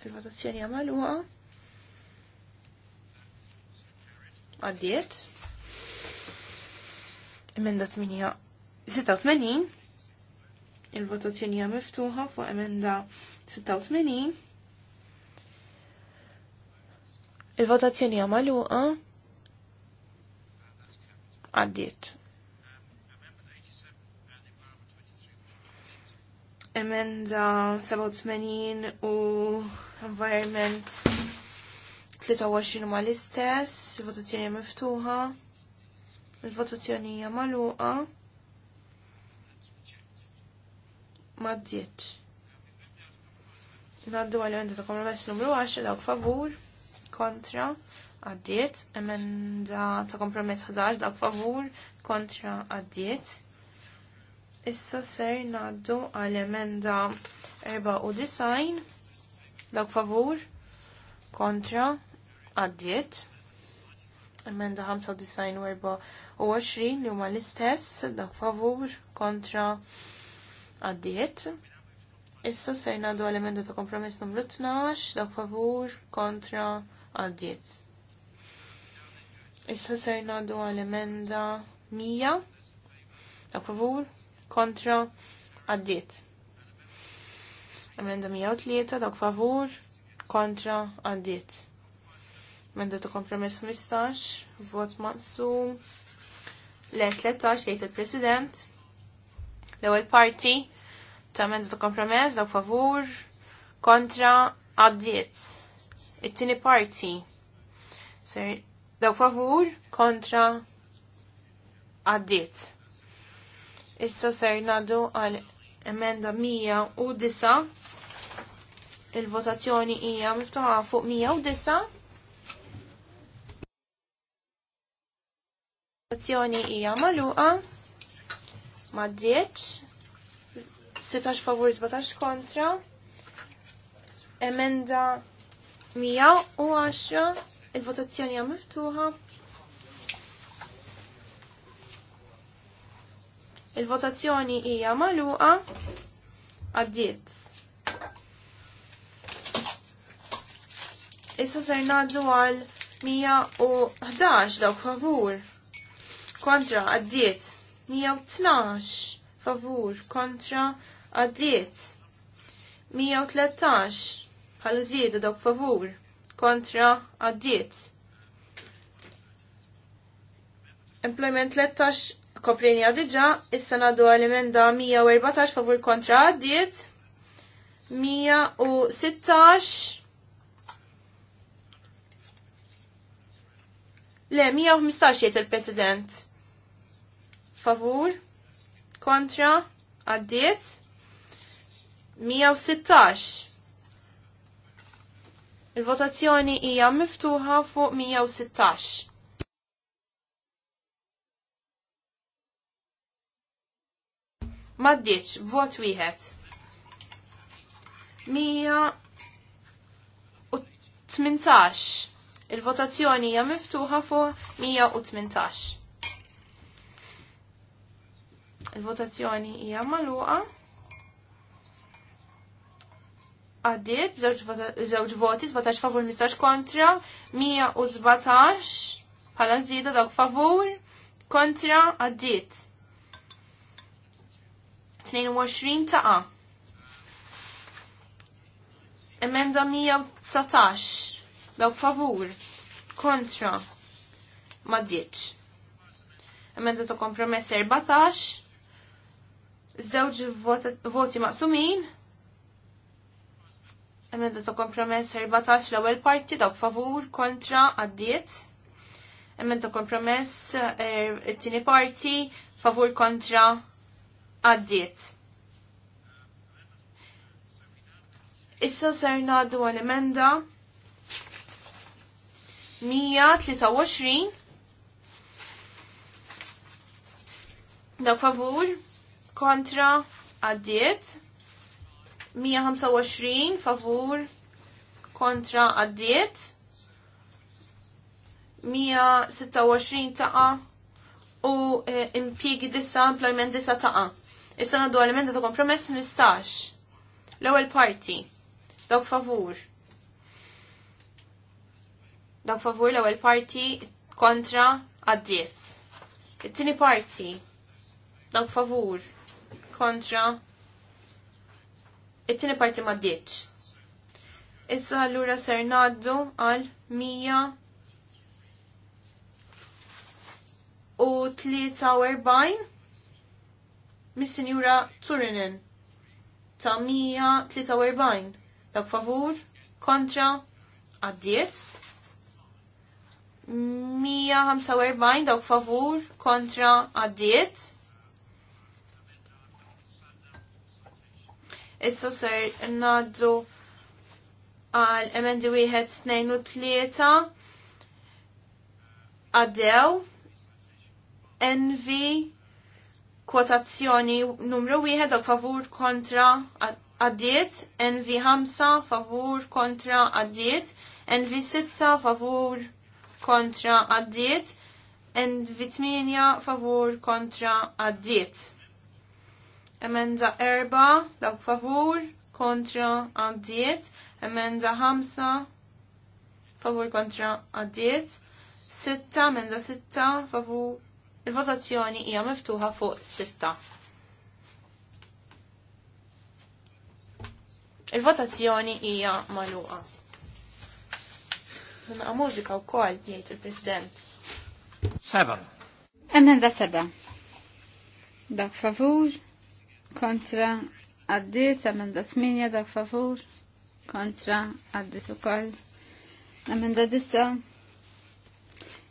Il-votazzjoni hija magħluqa. Għaddiet. Emenda 8 86 il-votazzjoni hija miftuħa fuq emenda 86 il-votazzjoni hija magħluqa għaddiet. Emenda 87 u environment 23 ma l-istess, il-votazzjoni miftuħa, il-votazzjoni hija magħluqa ma ddietx. Naddu għal-emenda ta' kompromess numru 10 dawk favur kontra għaddiet, emenda ta' kompromess 11 da' favur kontra għaddiet. Issa ser naddu għal emenda 94 da' favur kontra għaddiet. Emenda 95 u 24 li huma l-istess da' favur kontra għaddiet. Issa ser naddu għal emenda ta' kompromess numru 12 da' favur kontra għaddiet Issa ser nadu għal emenda Mija ta' favur kontra għaddit. Emenda tlieta, ta' favur kontra għaddit. Emenda ta' kompromess 15, vot maqsum. Le 13 jgħid il-President. L-ewwel parti ta' emenda ta' kompromess ta' favur kontra għaddit. It-tieni parti ser Daw favur kontra għaddit. Issa ser nadu għal emenda 109. Il-votazzjoni hija miftuħa fuq 109. Votazzjoni hija maluqa ma' 10. 16 favur 17 kontra. Emenda 110 il-votazzjoni hija miftuħa. Il-votazzjoni hija magħluqa għaddiet. Issa ser naddu għal 111 dawk favur. Kontra għaddiet. 112 favur kontra għaddiet. 113 bħal żiedu dawk favur kontra għaddiet. Employment lettax koprini għadġa, issa naddu għal-emenda 114 favur kontra għaddiet, 116 Le, 115 jiet il-President. Favur, kontra, għaddiet, 116. Il-votazzjoni hija miftuħa fuq 116. Maddiċ, vot wieħed. 118. Il-votazzjoni hija miftuħa fuq 118. Il-votazzjoni hija magħluqa għaddiet zewġ voti 17 favur 15 kontra, 117 bħala nżida dawk favur kontra għaddiet. 22 taqa. Emenda 119 dawk favur kontra ma ddietx. Emenda ta' kompromess 14 żewġ voti maqsumin Emenda ta' kompromess 14 l-ewwel parti dawk favur kontra għaddiet. Emenda ta' kompromess er, it-tieni parti favur kontra għaddiet. Issa ser ngħaddu għal emenda 123 Dak favur kontra għaddiet 125 favur kontra għaddiet 126 taqa u eh, impiegi disa employment disa taqa issa naddu għalimenta ta' kompromess 15 l-ewel parti dawk favur dawk favur l-ewel parti kontra għaddiet it-tini parti dawk favur kontra it-tieni parti ma ddietx. Issa allura ser naddu għal 143 mis-Sinjura Turinen ta' 143 dak favur kontra għaddiet 145 dak favur kontra għaddiet Issa ser naddu għal emendi wieħed snejn u tlieta għaddew NV kwotazzjoni numru wieħed għal favur kontra għaddiet, NV 5 favur kontra għaddiet, NV 6 favur kontra għaddiet, NV 8 favur kontra għaddiet. Emenda erba, dak favur, kontra għaddiet. Emenda ħamsa, favur kontra għaddiet. Sitta, emenda sitta, favur. Il-votazzjoni hija miftuħa fuq sitta. Il-votazzjoni hija maluqa. Naqa' mużika wkoll jgħid il-President. Seven: Emenda seba. Dak favur kontra għaddit emenda 8 dak favur kontra għaddit ukoll. Emenda dissa,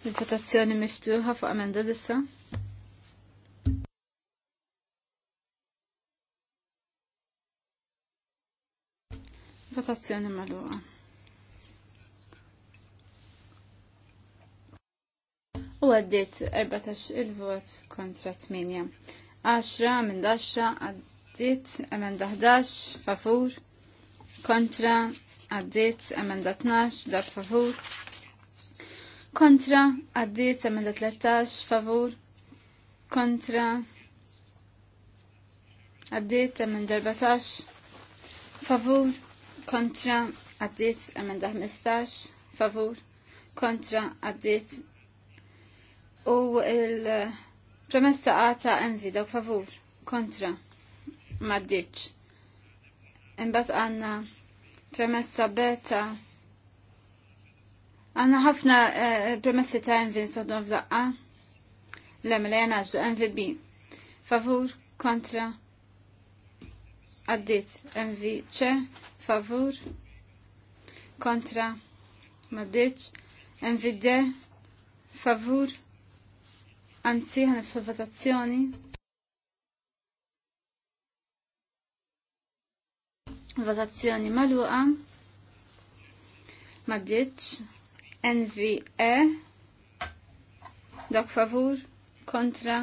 il-votazzjoni miftuħa fuq emenda disa. Votazzjoni maluqa. U għaddit 14 il-vot kontra 8. Ashra minn 10 għaddit emenda 11 fafur kontra għaddit emenda 12 dak fafur kontra għaddit emenda 13 favur kontra għaddit emenda 14 favur kontra għaddit emenda 15 favur kontra għaddit u il- Premessa għata envi daw favur kontra maddiċ. Imbat għanna premessa beta. Għanna ħafna eh, premessi ta' envi nsodon f'daqqa. Lem li mela, janaġdu NVB. Favur kontra għaddit envi ċe favur kontra maddiċ. de, favur Anzi, għan nifsu votazzjoni. Votazzjoni maluqa. Maddiċ. NVE. Dak favur. Kontra.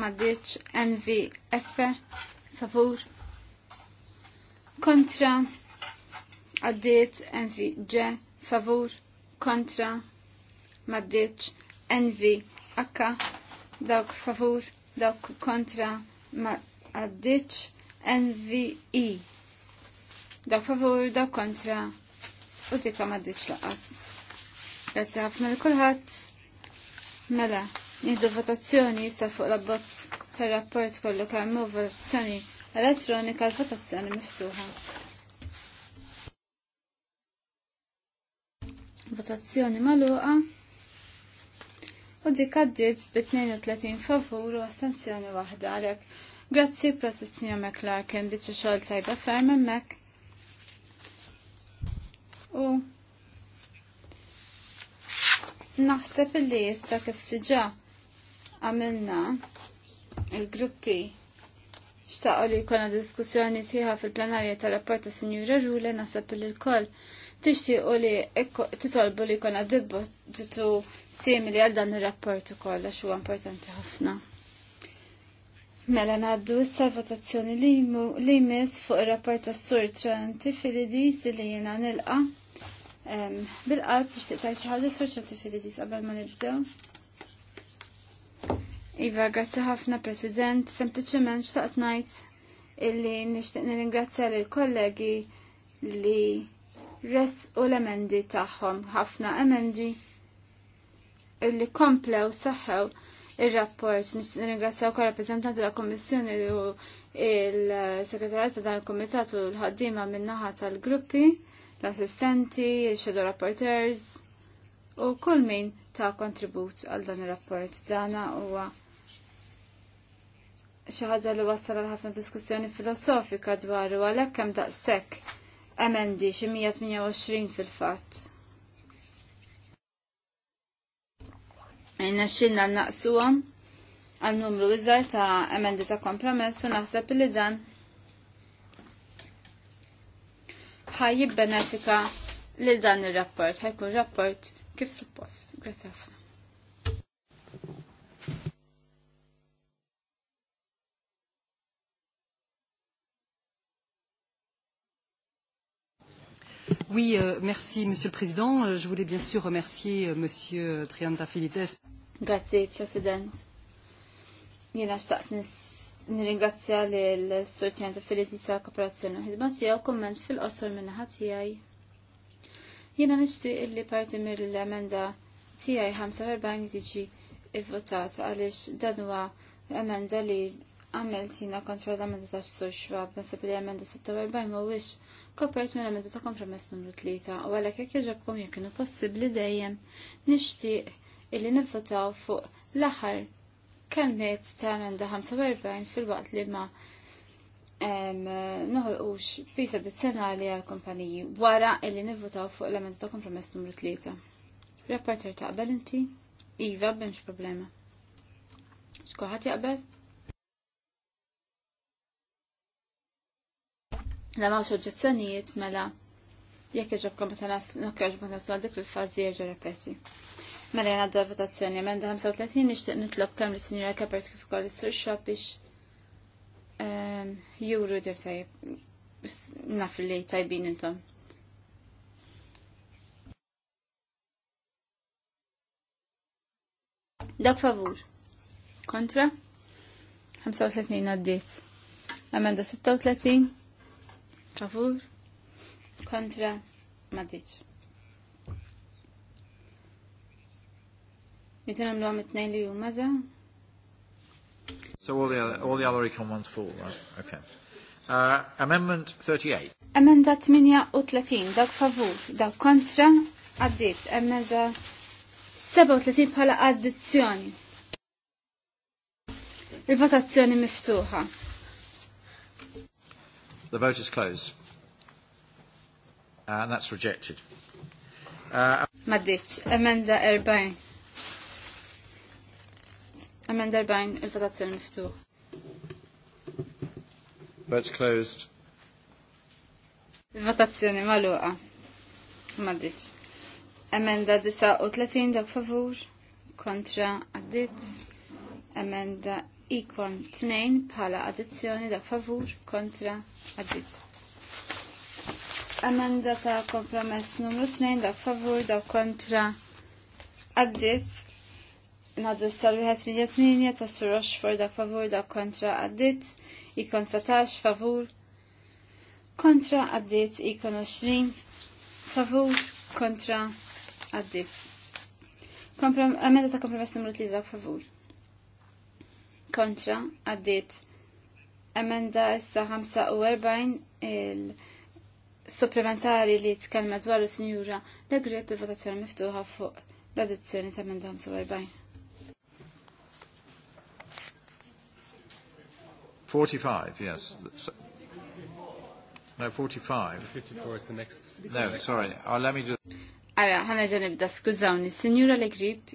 Maddiċ. NVF. Favur. Kontra. Għaddiet. NVG. Favur. Kontra. Maddiċ. NVF akka dawk favur, dawk kontra ma għaddiċ NVE. Dawk favur, dawk kontra u tikka ma għaddiċ laqas. Grazie ħafna li kulħadd. Mela, nieħdu votazzjoni sa fuq l bozz tar-rapport kollu kemm votazzjoni elettronika l-votazzjoni miftuħa. Votazzjoni maluqa u dik għaddiet b 32 favur u astenzjoni waħda għalek. Grazzi Prosizzjoni McClarkin biċċa xogħol tajba ferm hemmhekk. U naħseb illi issa kif siġa għamilna il-gruppi xtaqo li jkollna diskussjoni sħiħa fil-plenarja tal-rapport ta' Sinjura Rule naħseb li l-koll tixtiequ li titolbu li jkollna dibbu ġitu simili għal dan ir-rapport ukoll għax huwa importanti ħafna. Mela ngħaddu s votazzjoni li jmiss fuq ir-rapport tas-sur Trantifilidis li jiena nilqa' bil qad tixtieq tgħid xi ħaġa sur Trantifilidis qabel ma nibdew. Iva, grazzi ħafna President, sempliċement xtaqt ngħid illi nishtiq nirringrazzja l kollegi li res u l-emendi tagħhom ħafna emendi illi komplew saħħew il-rapport. Ringrazzaw kol rappresentanti ta' kommissjoni u il-segretarjat ta' dan il-komitat u l-ħaddima minnaħa tal-gruppi, l-assistenti, il-shadow rapporteurs u kull min ta' kontribut għal dan il-rapport. Dana huwa xaħġa li wassal għal ħafna diskussjoni filosofika dwar u għalhekk hemm daqshekk emendi xi 128 fil-fatt. Naxxinna naqsuhom għal numru iżgħar ta' emendi ta' kompromess u naħseb li dan ħajib benefika lil dan ir-rapport, ħajkun rapport kif suppost. Grazie. Oui, euh, merci Monsieur le Président. Euh, je voulais bien sûr remercier euh, Monsieur euh, Triantafilides. Grazie, President. Jena xtaqt nirringrazzja l sur Triantafilides ta' kooperazzjoni ħidma tiegħu komment fil-qosor minn ħadd tiegħi. Jiena nixtieq illi parti mill-emenda tiegħi 45 tiġi i-votat għalix danwa l emenda li għamil jina kontra l-amenda ta' s xwab, b'nasib li amenda 46 ma' wix kopert minn amenda ta' kompromess numru 3, u għalek jek jġobkom jek kienu possibli dejjem nishti illi nifvotaw fuq l-axar kalmiet ta' amenda 45 fil-waqt li ma' noħolqux pisa addizzjonali għal kumpaniji wara illi nivvotaw fuq l-amenda ta' kompromess numru 3. Rapporter taqbel inti? Iva, b'hemmx problema. X'koħat jaqbel? La mawx oġġezzjonijiet mela jekk iġobkom meta nokkeġ meta naslu dik il-fażi jerġa' repeti. Mela jena għaddu votazzjoni emenda 35 nixtieq nitlob kemm lis-Sinjura Kapert kif ukoll is-Sur biex ehm, juru dir tajb naf li tajbin intom. Dak favur. Kontra? 35 għaddiet. Amenda 36 favur kontra maddiċ. Nitu namlu għam it-nejn li jumma So all the, other, all the other econ ones fall, right? Okay. Uh, amendment 38. Emenda 38, dak favur, dak kontra, għaddit. Emenda 37 bħala addizzjoni. Il-votazzjoni miftuħa. The vote is closed. And that's rejected. Uh, Maddiċ, emenda Amenda Emenda 40, il-votazzjoni miftu. Vote's closed. Votazzjoni maluqa. Maddiċ. Emenda 39 dak favur kontra għaddit. Emenda ikon tnejn bħala addizzjoni da favur kontra addizz. Amanda ta' kompromess numru tnejn dak favur da kontra għaddit. Nadu sal-188 ta' Sir for dak favur da kontra addizz. Ikon satax favur kontra addizz. Ikon 20 favur kontra addizz. Amanda ta' kompromess numru tnejn da favur kontra għaddit emenda issa 45 il-supplementari li tkellmet dwar is-sinjura la grip votazzjoni miftuħa fuq l-addizzjoni ta' emenda 45. 45, yes. No, 45. 54 is the next. No, sorry. Oh, let me do... Ara, ħana ġa nibda, skużawni, Signora Legrip,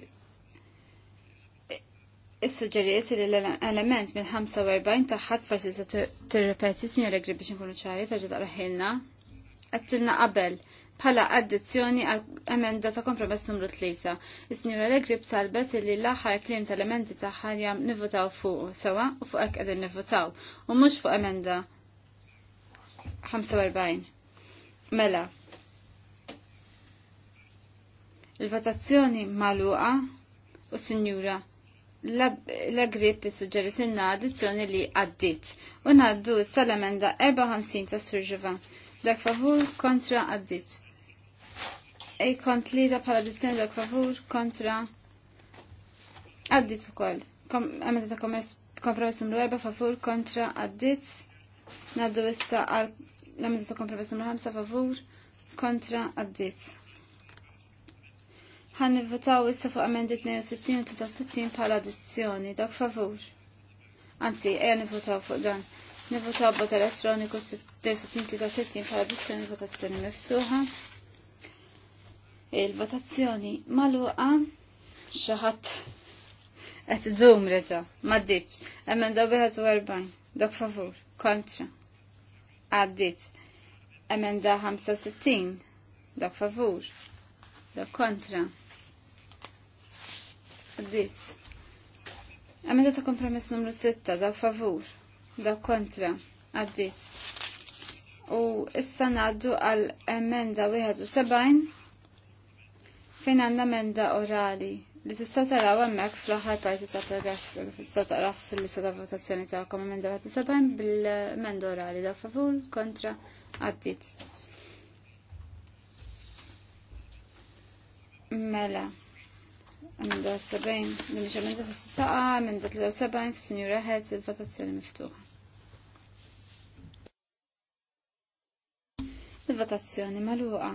Is-suġġerijiet li l-element minn 45 taħħat forsi se tirrepeti sinjor Egri biex nkunu ċari tarġa' ħilna, għattilna qabel bħala addizzjoni għal emenda ta' kompromess numru 3. Is-sinjora Legri talbet li l-aħħar klim tal-elementi ta' jam nivvotaw fuq sewa u fuq hekk qegħdin nivvotaw u mhux fuq emenda 45. Mela, il-votazzjoni maluqa u sinjura l-agrip inna addizzjoni li għaddit. Unaddu sal-emenda 54 ta' surġiva. Dak favur kontra għaddit. Ej kont li da pala addizzjoni dak favur kontra għaddit u koll. Emenda ta' kompromess numru 4 favur kontra għaddit. Naddu issa għal l-emenda ta' kompromess numru 5 favur kontra għaddit. Għan nivvotaw issa fuq amendi 62 u 63 bħala addizzjoni, dak favur. Anzi, eja nivvotaw fuq dan. Nivvotaw bot elettroniku 63 bħala addizzjoni votazzjoni miftuħa. Il-votazzjoni maluqa xaħat qed idum reġa' m'għaddiċ. Emenda 41 dak favur kontra. Għaddit. Emenda 65 dak favur dak kontra Għaddit. Għamenda ta' kompromess numru 6, daw favur, daw kontra, għaddit. U issa naddu għal emenda 71 fejn għandna emenda orali li tista' taraw hemmhekk fl-aħħar parti sa' paragraf tista' taraw fil-lista ta' votazzjoni tagħkom emenda 71 bil-emenda orali daw favur kontra għaddit. Mela emenda 70, minix emenda 76, emenda 73, signora Heads, il-votazzjoni miftuħ. Il-votazzjoni maluqa.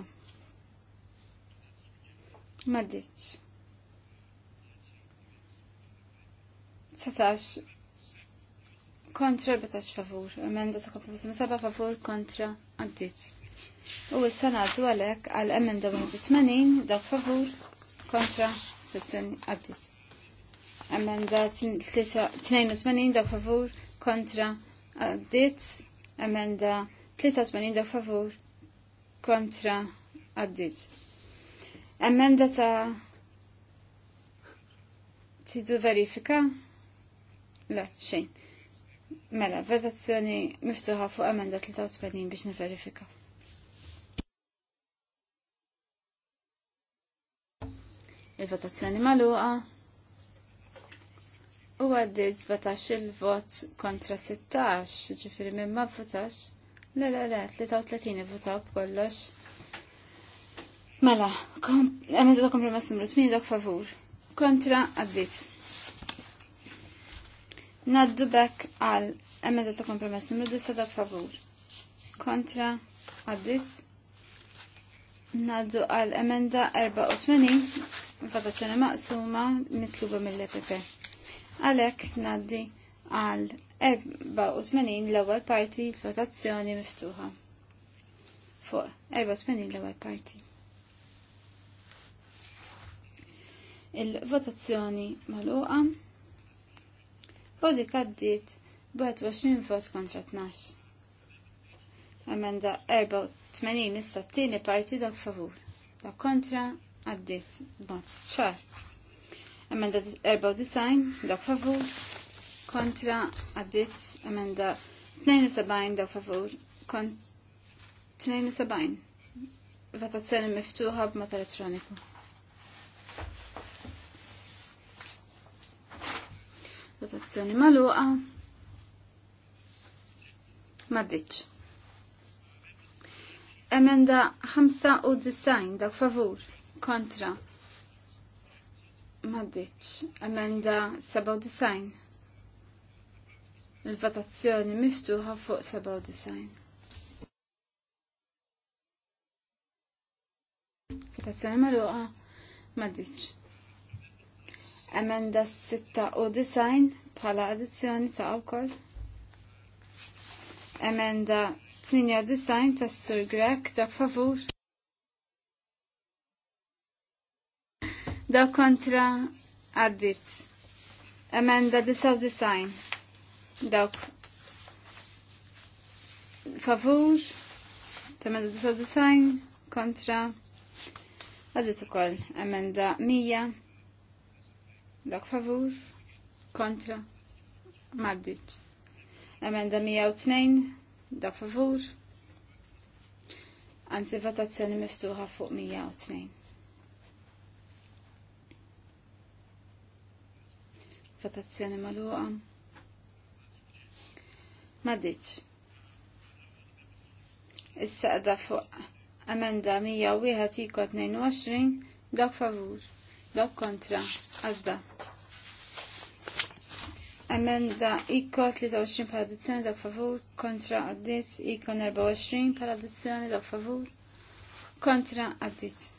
Maddiċ. 19 kontra l-bataċ favur, emenda ta' kompromissu saba' favur kontra għaddiċ. U s-sanatu għalek għal emenda 80 dak favur kontra Sezzjoni għaddit. Emenda 82 da favur kontra għaddit. Emenda 83 da favur kontra għaddit. Emenda ta' tidu verifika? Le, xejn. Mela, vedazzjoni miftuħa fuq emenda 83 biex niverifika. verifika il-votazzjoni maluqa. U għaddit 17 il-vot kontra 16, ġifiri minn ma votax. Le, le, le, 33 votaw b'kollox. Mela, għamet dok kompromess numru 8 dok favur. Kontra għaddit. Naddu bekk għal emenda ta' kompromess numru 10 dok favur. Kontra għaddit. Naddu għal emenda 84 votazzjoni maqsuma mitluba mill-EPP. Għalek naddi għal 84 l-ewwel parti votazzjoni miftuħa. Fuq 84 l-ewwel parti. Il-votazzjoni magħluqa. Bodi kaddit b'21 vot kontra 12. Emenda 84 issa t-tieni parti dak favur. Dak kontra għaddit bat ċar. Emenda 94 daw favur kontra għaddit emenda 72 daw favur kontra 72 votazzjoni miftuħa b'mod elettroniku. Votazzjoni maluqa. Maddiċ. Emenda 95 daw favur kontra maddiċ emenda 97 il-votazzjoni miftuħa fuq 97 votazzjoni maluqa maddiċ emenda 96 bħala addizzjoni ta' awkoll. emenda 98 tas-sur Grek ta' favur Da kontra għaddit. Emenda 99 Dok. favur tamenda 99 kontra għaddit ukoll emenda Mija. Dok, favur kontra maddiċ. Emenda tnejn. Dok, favur Anzi votazzjoni miftuħa fuq Mija u tnejn. Votazzjoni maluqa. diċ. Issa għada fuq amenda 101 jiko 22 dawk favur, dawk kontra, għadda. Amenda li 23 pala addizzjoni dawk favur, kontra għaddit, jiko 24 pala addizzjoni dawk favur, kontra għaddit.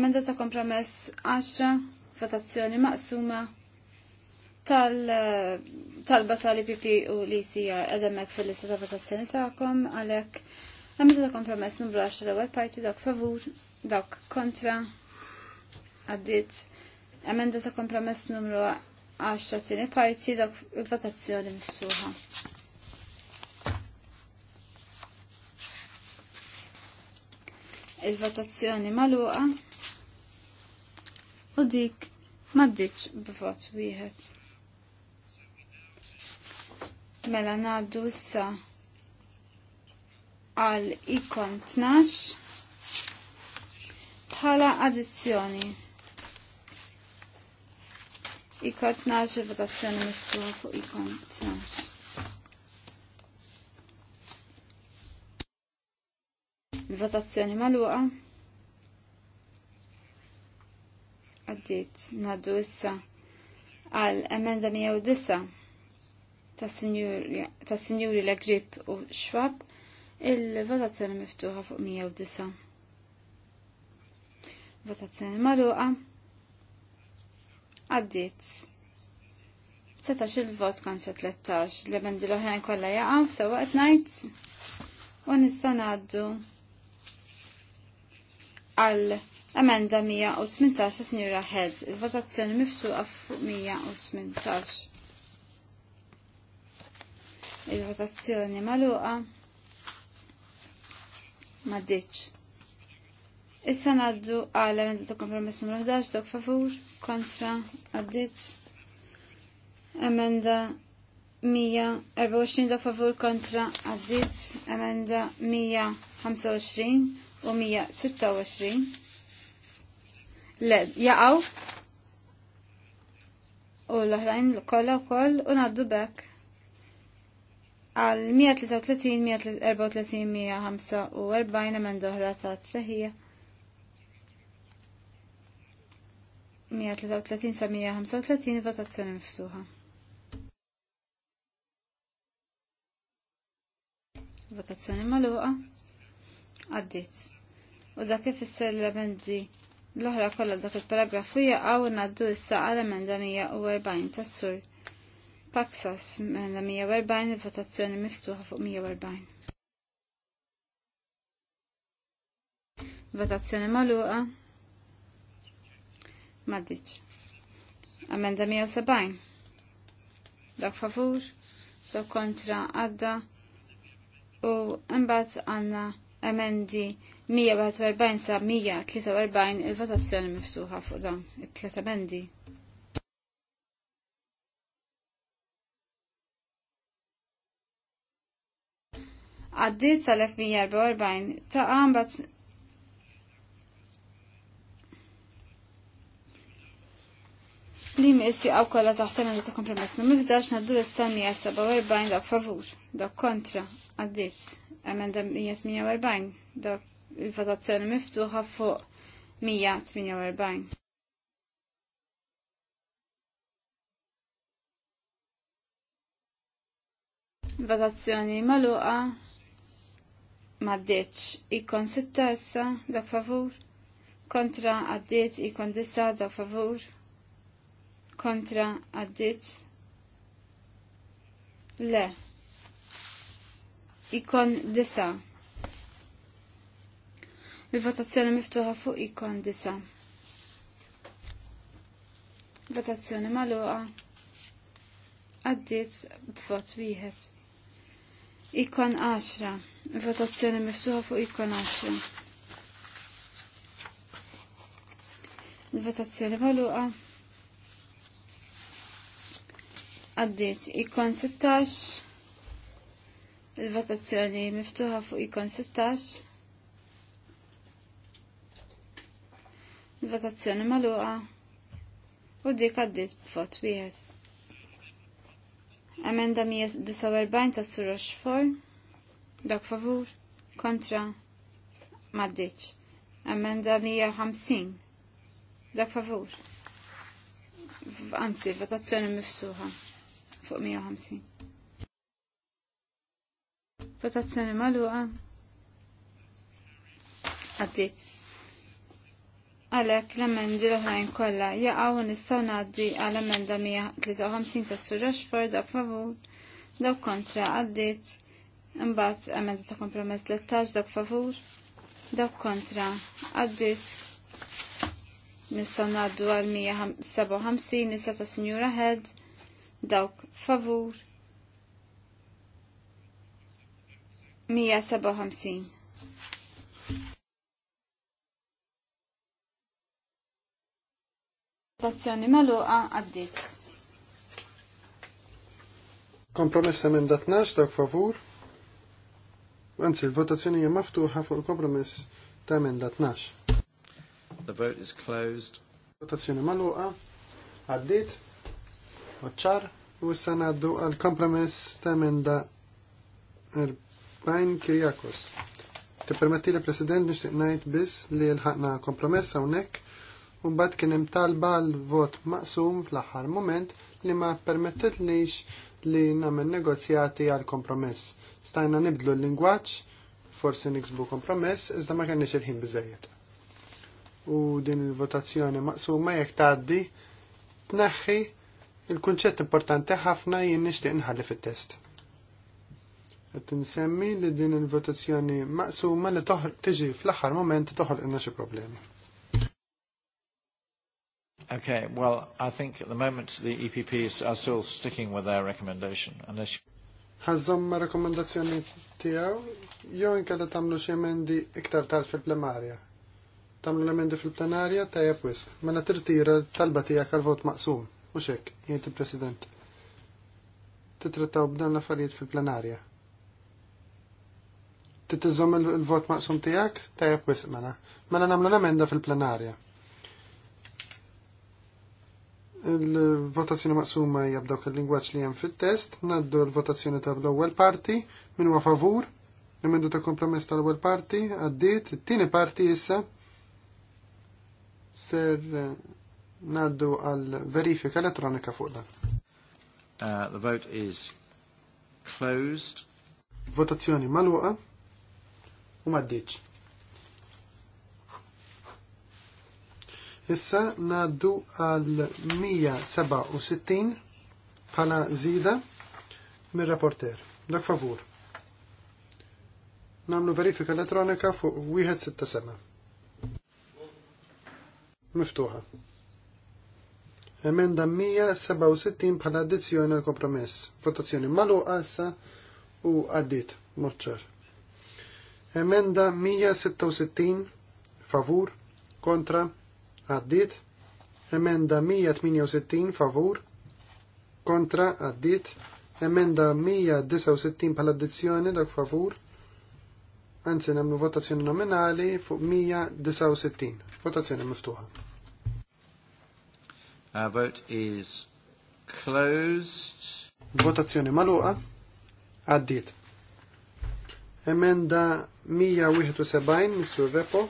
Amenda ta' kompromess 10 votazzjoni maqsuma tal-talba tal-IPP u l-ICR edemek fil-lista ta' votazzjoni ta'kom għalek għamil ta' kompromess numru 10 l-ewel parti dak favur, dak kontra għaddit emenda ta' kompromess numru 10 tini parti dak votazzjoni mifsuħa. Il-votazzjoni maluqa u dik maddiċ b'vot wieħed. Mela ngħaddu issa għal ikon tnax bħala addizzjoni. Ikon 12 votazzjoni miftuħa fuq ikon il Votazzjoni maluqa. għaddit naddu issa għal emenda 109 ta' sinjuri la grip u xwab il-votazzjoni miftuħa fuq 109. Votazzjoni maluqa għaddit. Setax il-vot konċa 13 li bendi l-oħrajn kolla jaqaw sewa waqt najt u nista' ngħaddu għal Amenda 118 Sinjura Head. Il-votazzjoni miftuqa fuq 118. Il-votazzjoni maluqa ma ditx. Issa naddu għal emenda ta' kompromess numru 11 dok favur kontra għaddit. Emenda 124 dok favur kontra għaddit. Emenda 125 u 126. Le, jaqaw u l-oħrajn kollha koll u naddu bekk għal 133, 134, 145 emenda oħra ta' tleħija. 133 sa 135 votazzjoni mifsuħa. Votazzjoni maluqa. Għaddit. U dak kif l-emendi l-oħra kollha dak il-paragrafu jaqgħu ngħaddu issa għal emenda 140 tas-sur. Paksas emenda 140 il-votazzjoni miftuħa fuq 140. Votazzjoni magħluqa. Maddiċ. Amenda 170. Dak favur, dak kontra għadda u imbagħad għandna emendi 141 sa 143 il-votazzjoni miftuħa fuq dan it-tlet emendi. Għaddit sa 144 ta' għambat li missi għaw kolla taħsena li ta' kompromess numru 11 naddu l-istanni għas 47 dak favur, dak kontra, għaddit. Emenda 148, dak il-votazzjoni miftuħa fuq 148. Votazzjoni maluqa maddeċ ikon sitta issa dak favur kontra għaddiet ikon disa dak favur kontra għaddiet le ikon disa. Il-votazzjoni miftuħa fuq ikon disa. Votazzjoni maluqa għaddiet b'vot wieħed. Ikon 10. Votazzjoni miftuħa fuq ikon 10. Il-votazzjoni maluqa għaddiet ikon 16 Il-votazzjoni miftuħa fuq ikon 16. Il-votazzjoni maluqa u dik għaddit b'vot wieħed. Emenda 149 ta' Sur Rochefort. Dak favur kontra maddiċ. Emenda 150. Dak favur. Anzi, votazzjoni miftuħa fuq 150. Votazzjoni maluqa. Għaddit. Għalek l-emendi l-oħrajn kolla jaqaw nistaw naddi għal emenda 153 tassu Sur Rashford dak favur, dak kontra għaddit. Imbagħad emenda ta' kompromess 13 dak favur, dak kontra għaddit. Nistaw naddu għal 157 nista ta' Sinjura Head dawk favur 157. Votazzjoni maluqa għaddit. Kompromess emendat nax dak favur. Anzi, l-votazzjoni hija maftuħa fuq il-kompromess ta' emendat nax. The vote is closed. Votazzjoni maluqa għaddit. Oċċar u s-sanaddu għal kompromess ta' emenda Rajn Kirjakos. Tippermetti li President nixtieq ngħid biss li l-ħakna kompromess hawnhekk u mbagħad kien hemm talba għal vot maqsum fl-aħħar moment li ma lix li nagħmel negozjati għal kompromess. Stajna nibdlu l-lingwaġġ, forsi niksbu kompromess, iżda ma kenniex il-ħin biżejjed. U din il-votazzjoni maqsuma jekk tgħaddi tneħħi il-kunċett importanti ħafna jien nixtieq nħalli fit-test qed insemmi li din il-votazzjoni maqsuma li tiġi fl-aħħar moment toħol inna xi problemi. Okay, well, I think at the moment the EPPs are still sticking with their recommendation. Unless ma rekomendazzjoni tijaw, jo inkella tagħmlu xi emendi iktar tard fil-plenarja. Tamlu l-emendi fil-plenarja jepwis, ma la tirtira talba tijak għal-vot maqsum. Mhux hekk, il-President. Titrattaw b'dan l-affarijiet fil-plenarja titizzom il-vot maqsum tijak, tajab wisq mela. Mela namlu l-emenda fil-plenarja. Il-votazzjoni maqsuma jabdaw il-lingwaċ li jem fil-test, naddu l-votazzjoni ta' l-ewwel parti, minn huwa favur, l-emendu ta' kompromess tal-ewwel parti, għaddit, it-tieni parti issa ser eh, naddu għal verifika elettronika fuq dan. Uh, the vote is closed. Votazzjoni maluqa u maddiċ. Issa naddu għal 167 bħala zida mir rapporter Dak favur. Namlu verifika elettronika fuq 167. Miftuħa. Emenda 167 bħala addizzjoni għal kompromess. Votazzjoni maluqa issa u għaddit moċċar. Emenda 166 favur kontra għaddit. Emenda 168 favur kontra għaddit. Emenda 169 pal addizzjoni dak favur. Anzi, namlu votazzjoni nominali fuq 169. Votazzjoni miftuħa. Our vote is closed. Votazzjoni maluqa. Għaddit. Emenda 171 Missur Repo.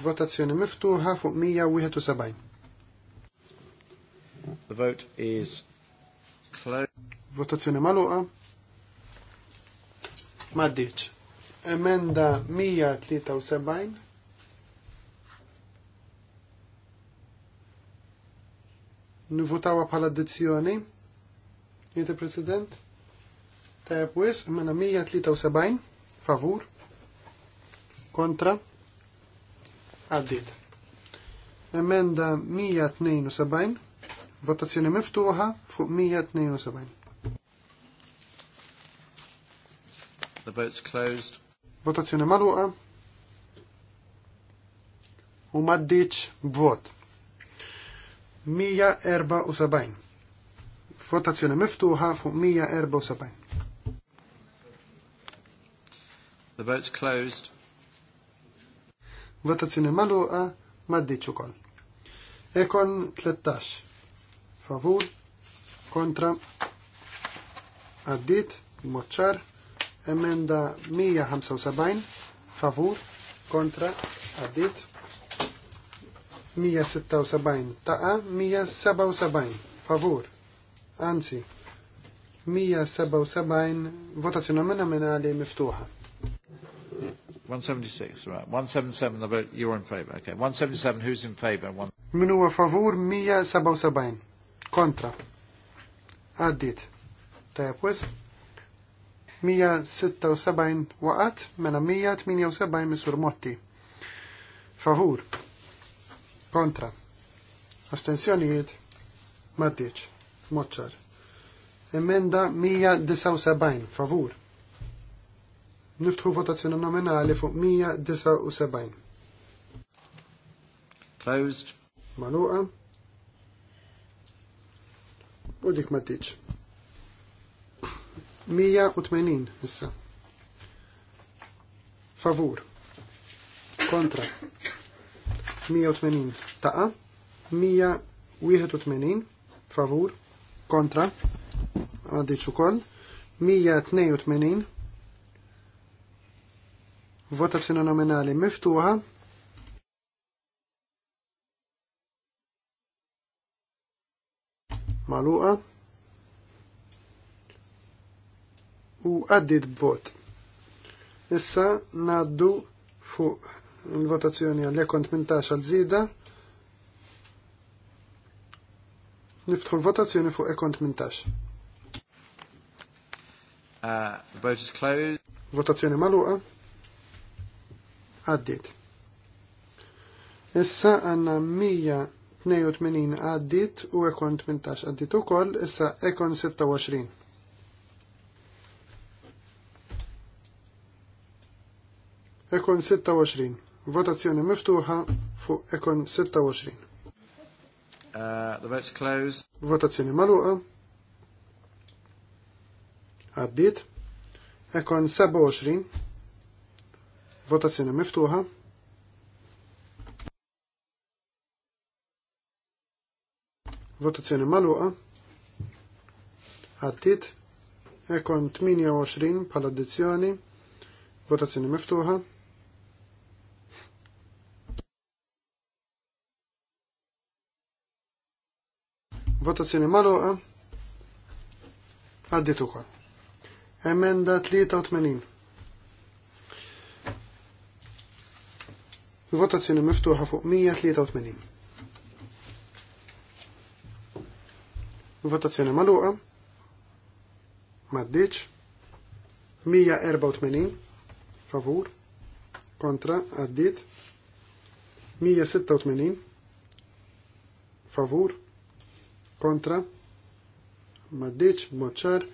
Votazzjoni miftuħa fuq 171. The vote is closed. Votazzjoni maluqa. Maddiċ. Emenda 173. nivutawa pala addizzjoni, jieti president, ta' jabwis, mena 173, favur, kontra, għaddit. Emenda 172, votazzjoni miftuħa fuq 172. The vote's closed. Votazzjoni maluqa. U maddiċ vot. 174. Votazzjoni miftuħa fuq 174. The vote's closed. Votazzjoni maluqa maddiċ ukoll. Ekon 13. Favur, kontra, għaddit, moċċar, emenda 175, favur, kontra, għaddit, 176, taqa 177, favur, anzi, 177, votazzjoni nominali miftuħa right. 177, the vote, you're in favour. Okay, 177, who's in favour? Minu huwa favor, 177. Kontra. Addit. Tajab wis. 176 waqat, mela 178 misur Motti. Favur. Kontra. Astenzjonijiet. Maddiċ. Moċċar. Emenda 179. Favur. Niftħu votazzjoni nominali fuq 179. Closed. Maluqa. U dik ma tiġ. 180 issa. Favur. Kontra. 180 taqa. 181 favur. Kontra. Għaddiċu ukoll. 182 Votazzjoni nominali miftuħa. Maluqa. U għaddit b'vot. Issa naddu fuq il-votazzjoni għal ekon 18 għal zida. Niftħu l-votazzjoni fuq ekon 18. Uh, vote is closed. Votazzjoni maluqa għaddit. Issa għanna 182 għaddit u ekon 18 għaddit u koll, issa ekon 26. Ekon 26. Votazzjoni miftuħa fuq ekon 26. Uh, the vote's closed. Votazzjoni maluqa. Għaddit. Ekon 27. Votazzjoni miftuħa. Votazzjoni maluqa. Għattit. Ekon 28 bħala addizzjoni. Votazzjoni miftuħa. Votazzjoni maluqa. Għaddit ukoll. Emenda 83. Votazzjoni miftuħa fuq 183. Votazzjoni maluqa. Maddiċ. 184. Favur. Kontra. għaddit 186. Favur. Kontra. Maddiċ. Moċċar.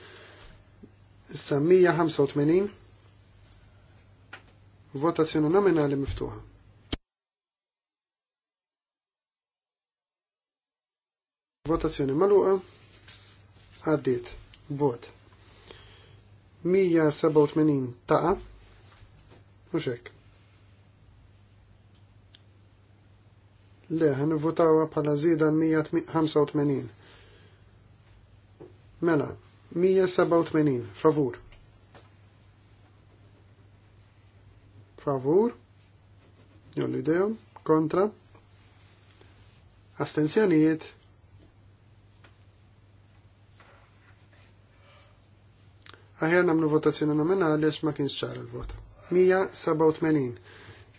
Issa 185. Votazzjoni nominali miftuħa. Votazzjoni maluqa. Għaddiet. Vot. 187 taqa. muxek hekk. Le, għan votawa pala zida 185. Mela, 187, favur. Favur. Jolli dejom, kontra. Astenzjonijiet. Aħjar namlu votazzjoni nominali għax ma kienx ċara l-vot. 187.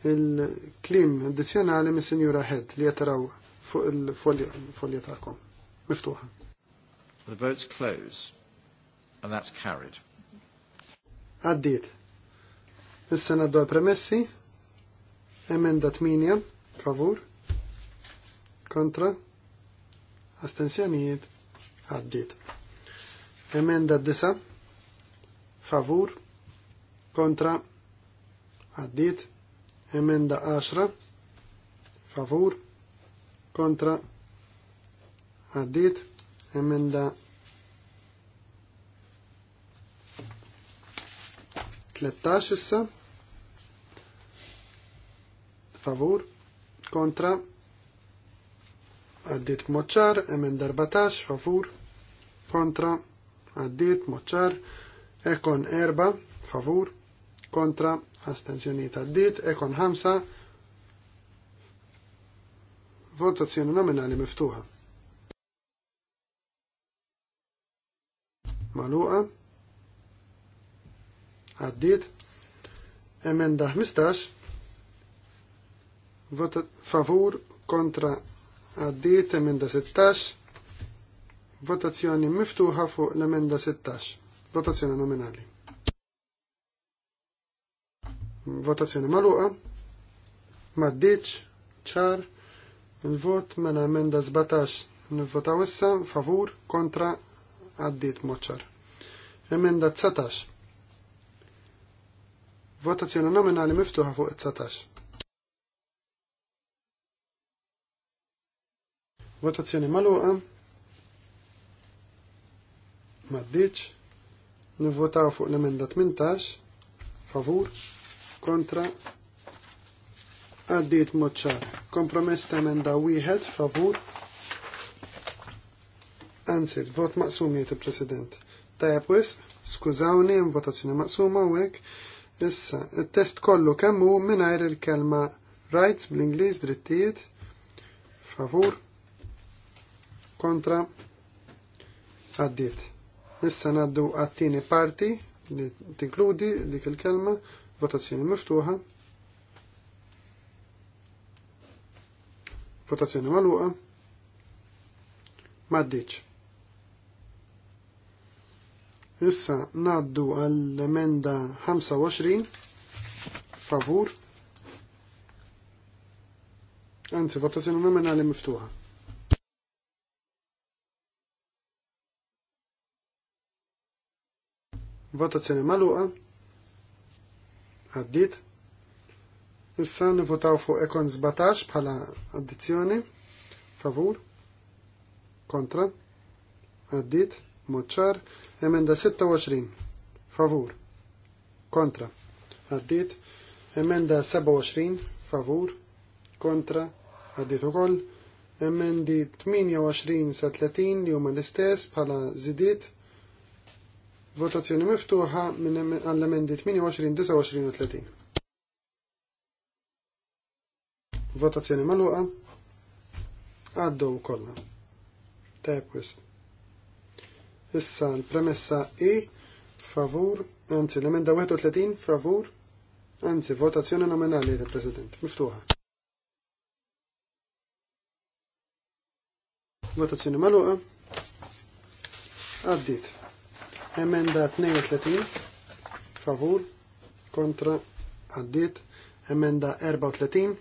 Il-klim addizzjonali mis sinjura Head li jataraw fuq il-folja tagħkom. Miftuħa. The vote's close and that's carried. Għaddit. Issa naddu premessi Emenda 8. Favur. Kontra. Astensjonijiet. Għaddit. Emenda 9 favur kontra għaddit emenda 10 favur kontra għaddit emenda 13 issa favur kontra għaddit moċar emenda 14 favur kontra għaddit moċar Ekon erba, favur, kontra, astenzjoniet għaddit. Ekon ħamsa, votazzjoni nominali miftuħa. Maluqa, għaddit. Emenda 15, vota favur, kontra, għaddit. Emenda 16, votazzjoni miftuħa fuq l-emenda 16 votazzjoni nominali. Votazzjoni maluqa, maddiċ, ċar, il-vot mela emenda 17 nivvotaw issa favur kontra għaddit moċar. Emenda tzatax. Votazzjoni nominali miftuħa fuq tzatax. Votazzjoni maluqa. Maddiċ. Nivvotaw fuq l-emenda 18 favur kontra għaddit moċċar. Kompromess ta' emenda wieħed favur Anzi, vot maqsum jiet il-President. Tajab wis, skużawni, votazzjoni maqsuma u hekk. Issa, il-test kollu kemmu mingħajr il-kelma rights bl inglis drittijiet. Favur. Kontra. għaddit. Issa naddu għattini parti li tinkludi dik il-kelma, votazzjoni miftuħa, votazzjoni maluqa, maddiċ. Issa naddu għall-emenda 25, favur, anzi votazzjoni nominali miftuħa. Votazzjoni maluqa. Għaddit. Issa nivotaw fuq ekon 17 bħala addizzjoni. Favur. Kontra. Għaddit. Moċċar. Emenda 26. Favur. Kontra. Għaddit. Emenda 27. Favur. Kontra. Għaddit ukoll. Emendi 28 sa 30 li huma l-istess bħala zidiet Votazzjoni miftuħa minn għall-emendi 28, 29 30. Votazzjoni maluqa. Għaddu kolla Tepwis. Issa l-premessa I favur, anzi l-emenda 31 favur, anzi votazzjoni nominali del President. Miftuħa. Votazzjoni maluqa. Għaddit. Emenda 32 favur kontra għaddit. Emenda 34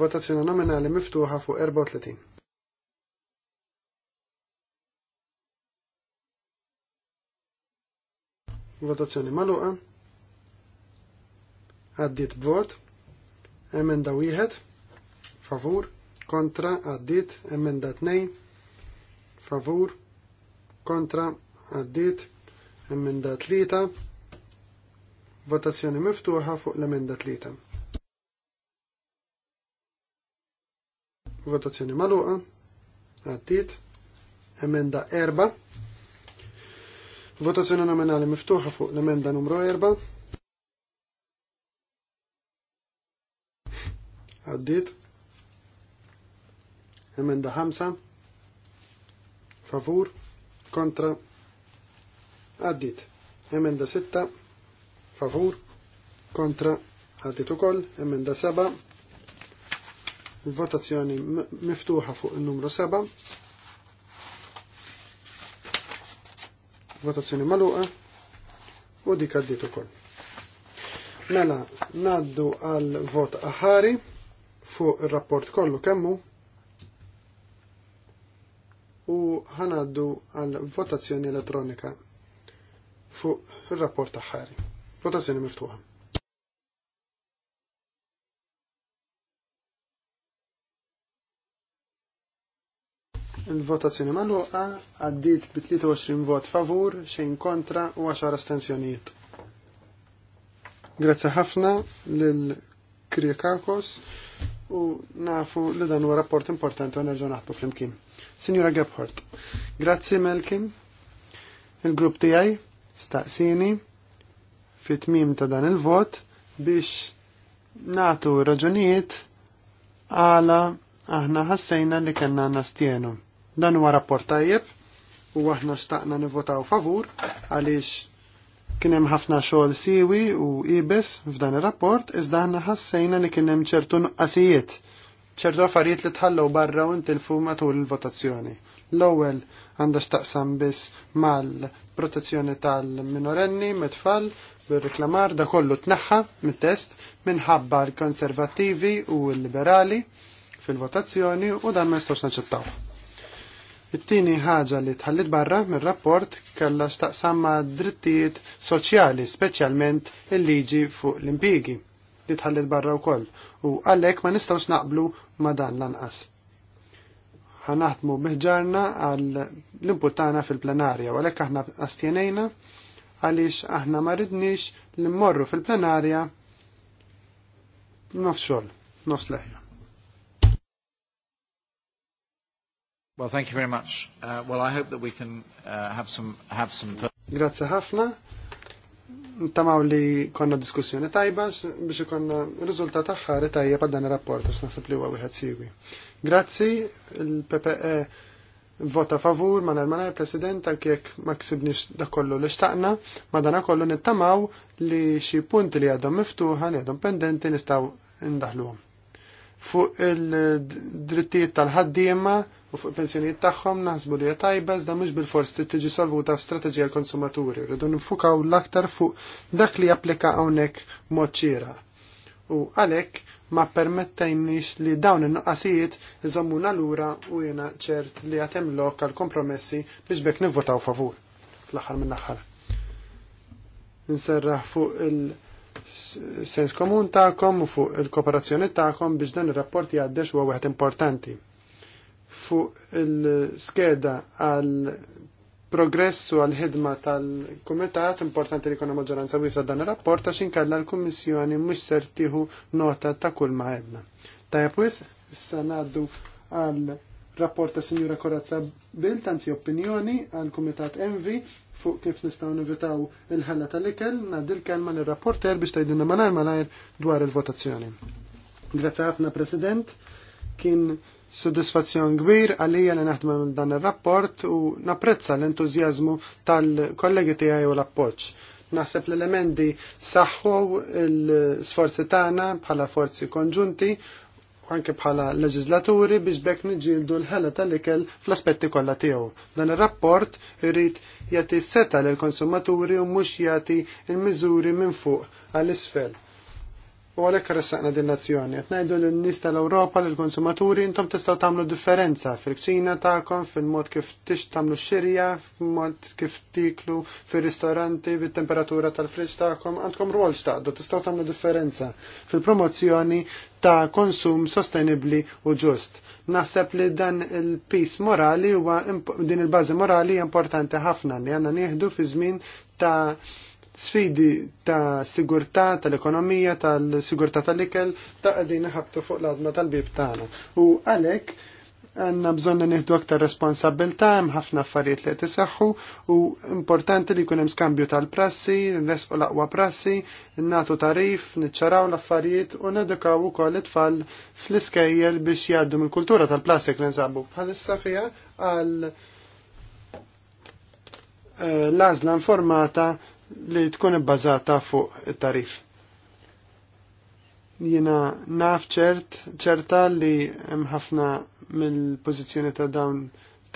votazzjoni nominali miftuħa fuq 34. Votazzjoni maluqa. Għaddit b'vot. Emenda wieħed favur kontra għaddit emenda 2 favur kontra għaddit emenda tlita. votazzjoni miftuħa fuq l-emenda tlita. Votazzjoni maluqa, għaddit emenda erba, votazzjoni nominali miftuħa fuq l-emenda numru erba, għaddit emenda ħamsa, favur, kontra, għaddit. Emenda 6, favur, kontra, għaddit ukoll. Emenda 7, votazzjoni miftuħa fuq il-numru 7. Votazzjoni maluqa u dik għaddit ukoll. Mela, naddu għal vot aħari fuq il-rapport kollu kemmu u ħanaddu għal votazzjoni elettronika fuq il-rapport taħħari. Votazzjoni miftuħa. Il-votazzjoni magħluqa għaddiet bi 23 vot favur, xejn kontra u 10 astensjonijiet. Grazzi ħafna lil Kriakakos u nafu li dan huwa rapport importanti u nerġgħu naħdu flimkien. Signora Gebhardt, grazzi Melkin. il-grupp tiegħi staqsini fit-tmim ta' dan il-vot biex natu raġunijiet għala aħna ħassejna li kena nastienu. Dan huwa rapport tajjeb u aħna xtaqna nivotaw favur għaliex kien hemm ħafna xogħol siwi u ibes f'dan ir-rapport iżda aħna ħassejna li kien hemm ċertu nuqqasijiet, ċertu affarijiet li tħallew barra u ntilfu matul il-votazzjoni. L-ewwel għandha x'taqsam biss mal-protezzjoni tal-minorenni, mit-tfal, bir reklamar da kollu tneħħa mit-test minħabba l konservattivi u l-liberali fil-votazzjoni u dan ma jistgħux naċċettaw. It-tieni ħaġa li tħallit barra mir-rapport kellha x'taqsam ma' drittijiet soċjali, speċjalment il-liġi fuq l impjiegi li tħallit barra wkoll u għalhekk ma nistgħux naqblu ma' dan lanqas ħanaħdmu biħġarna għal l-imputana fil-plenarja, u għalhekk aħna astjenejna għaliex aħna ma ridniex li mmorru fil-plenarja nofs xogħol, nofs leħja. Well, thank you very much. Uh, well, I hope that we can uh, have some have some. Grazie ħafna. Ntamaw li konna diskussjoni tajba biex ikonna riżultat aħħar tajja pa dan ir-rapport għax naħseb li huwa wieħed sigwi. Grazzi, il-PPE vota favur ma nar president anke ma ksibniex da kollu li xtaqna, ma dana kollu nittamaw li xi punti li għadhom miftuħa li għadhom pendenti nistgħu ndaħluhom. Fuq il-drittijiet tal-ħaddiema u fuq pensjonijiet tagħhom naħsbu li hija tajba iżda mhux bil-fors tiġi solvuta f'strateġija l-konsumaturi, rridu nfukaw l-aktar fuq dak li japplika hawnhekk mod ċira. U għalhekk ma permettajniex li dawn il nuqqasijiet iżommuna lura u jena ċert li għatem lok għal kompromessi biex bekk nivvotaw favur fl-aħħar mill-aħħar. Nserraħ fuq il- sens komun ta'kom u fuq il-kooperazzjoni ta'kom biex dan il-rapport jgħaddex huwa wieħed importanti. Fuq il-skeda għal progressu għal ħidma tal-Kumitat importanti li kuna maġġoranza wisa dan ir-rapport għax inkella l-Kummissjoni mhux sertiħu nota ta' kull maħedna. Ta' jepwis, wis, issa ngħaddu għal rapport ta' Sinjura Korazza Bil, tanzi opinjoni għal Kumitat Envi fuq kif nistgħu nivitaw il ħalla tal-ikel ngħaddi l-kelma l rapporter biex tgħidilna malajr malajr dwar il-votazzjoni. Grazzi ħafna President, kien Soddisfazzjon kbir għalija li naħdem dan ir-rapport u napprezza l-entużjażmu tal-kollegi tiegħi u l-appoġġ. Naħseb l-elementi saħħu l-sforzi tagħna bħala forzi konġunti u anke bħala leġislaturi biex bekk niġildu l-ħela tal-ikel fl-aspetti kollha tiegħu. Dan ir-rapport irid jagħti seta lill konsumaturi u mhux jagħti l-miżuri minn fuq għall-isfel u għalhekk ressaqna din nazzjoni. Qed ngħidu lin tal-Ewropa lill-konsumaturi intom tistgħu tagħmlu differenza fil ksina tagħkom, fil-mod kif tix tagħmlu xirja, fil-mod kif tiklu fir-ristoranti, bit-temperatura tal-friġġ tagħkom, għandkom rwol x'taqdu, tistgħu tagħmlu differenza fil-promozzjoni ta' konsum sostenibli u ġust. Naħseb li dan il-pis morali huwa din il-bażi morali importanti ħafna li għandna nieħdu fi żmien ta' sfidi ta' sigurtà tal-ekonomija, tal-sigurtà tal-ikel, ta' għedin ħabtu fuq l-adma tal-bib tagħna. U għalhekk għanna bżonn nieħdu aktar responsabilità hemm ħafna affarijiet li qed u importanti li jkun hemm skambju tal-prassi, nresqu l-aqwa prassi, nagħtu tarif, niċċaraw l-affarijiet u nedukaw ukoll it-tfal fl-iskejjel biex jgħaddu mill-kultura tal-plastik li nsabu bħalissa fiha għal eh, l-għażla informata li tkun ibbażata fuq it-tarif. Jiena naf ċert, ċerta li hemm ħafna mill-pożizzjoni ta' dawn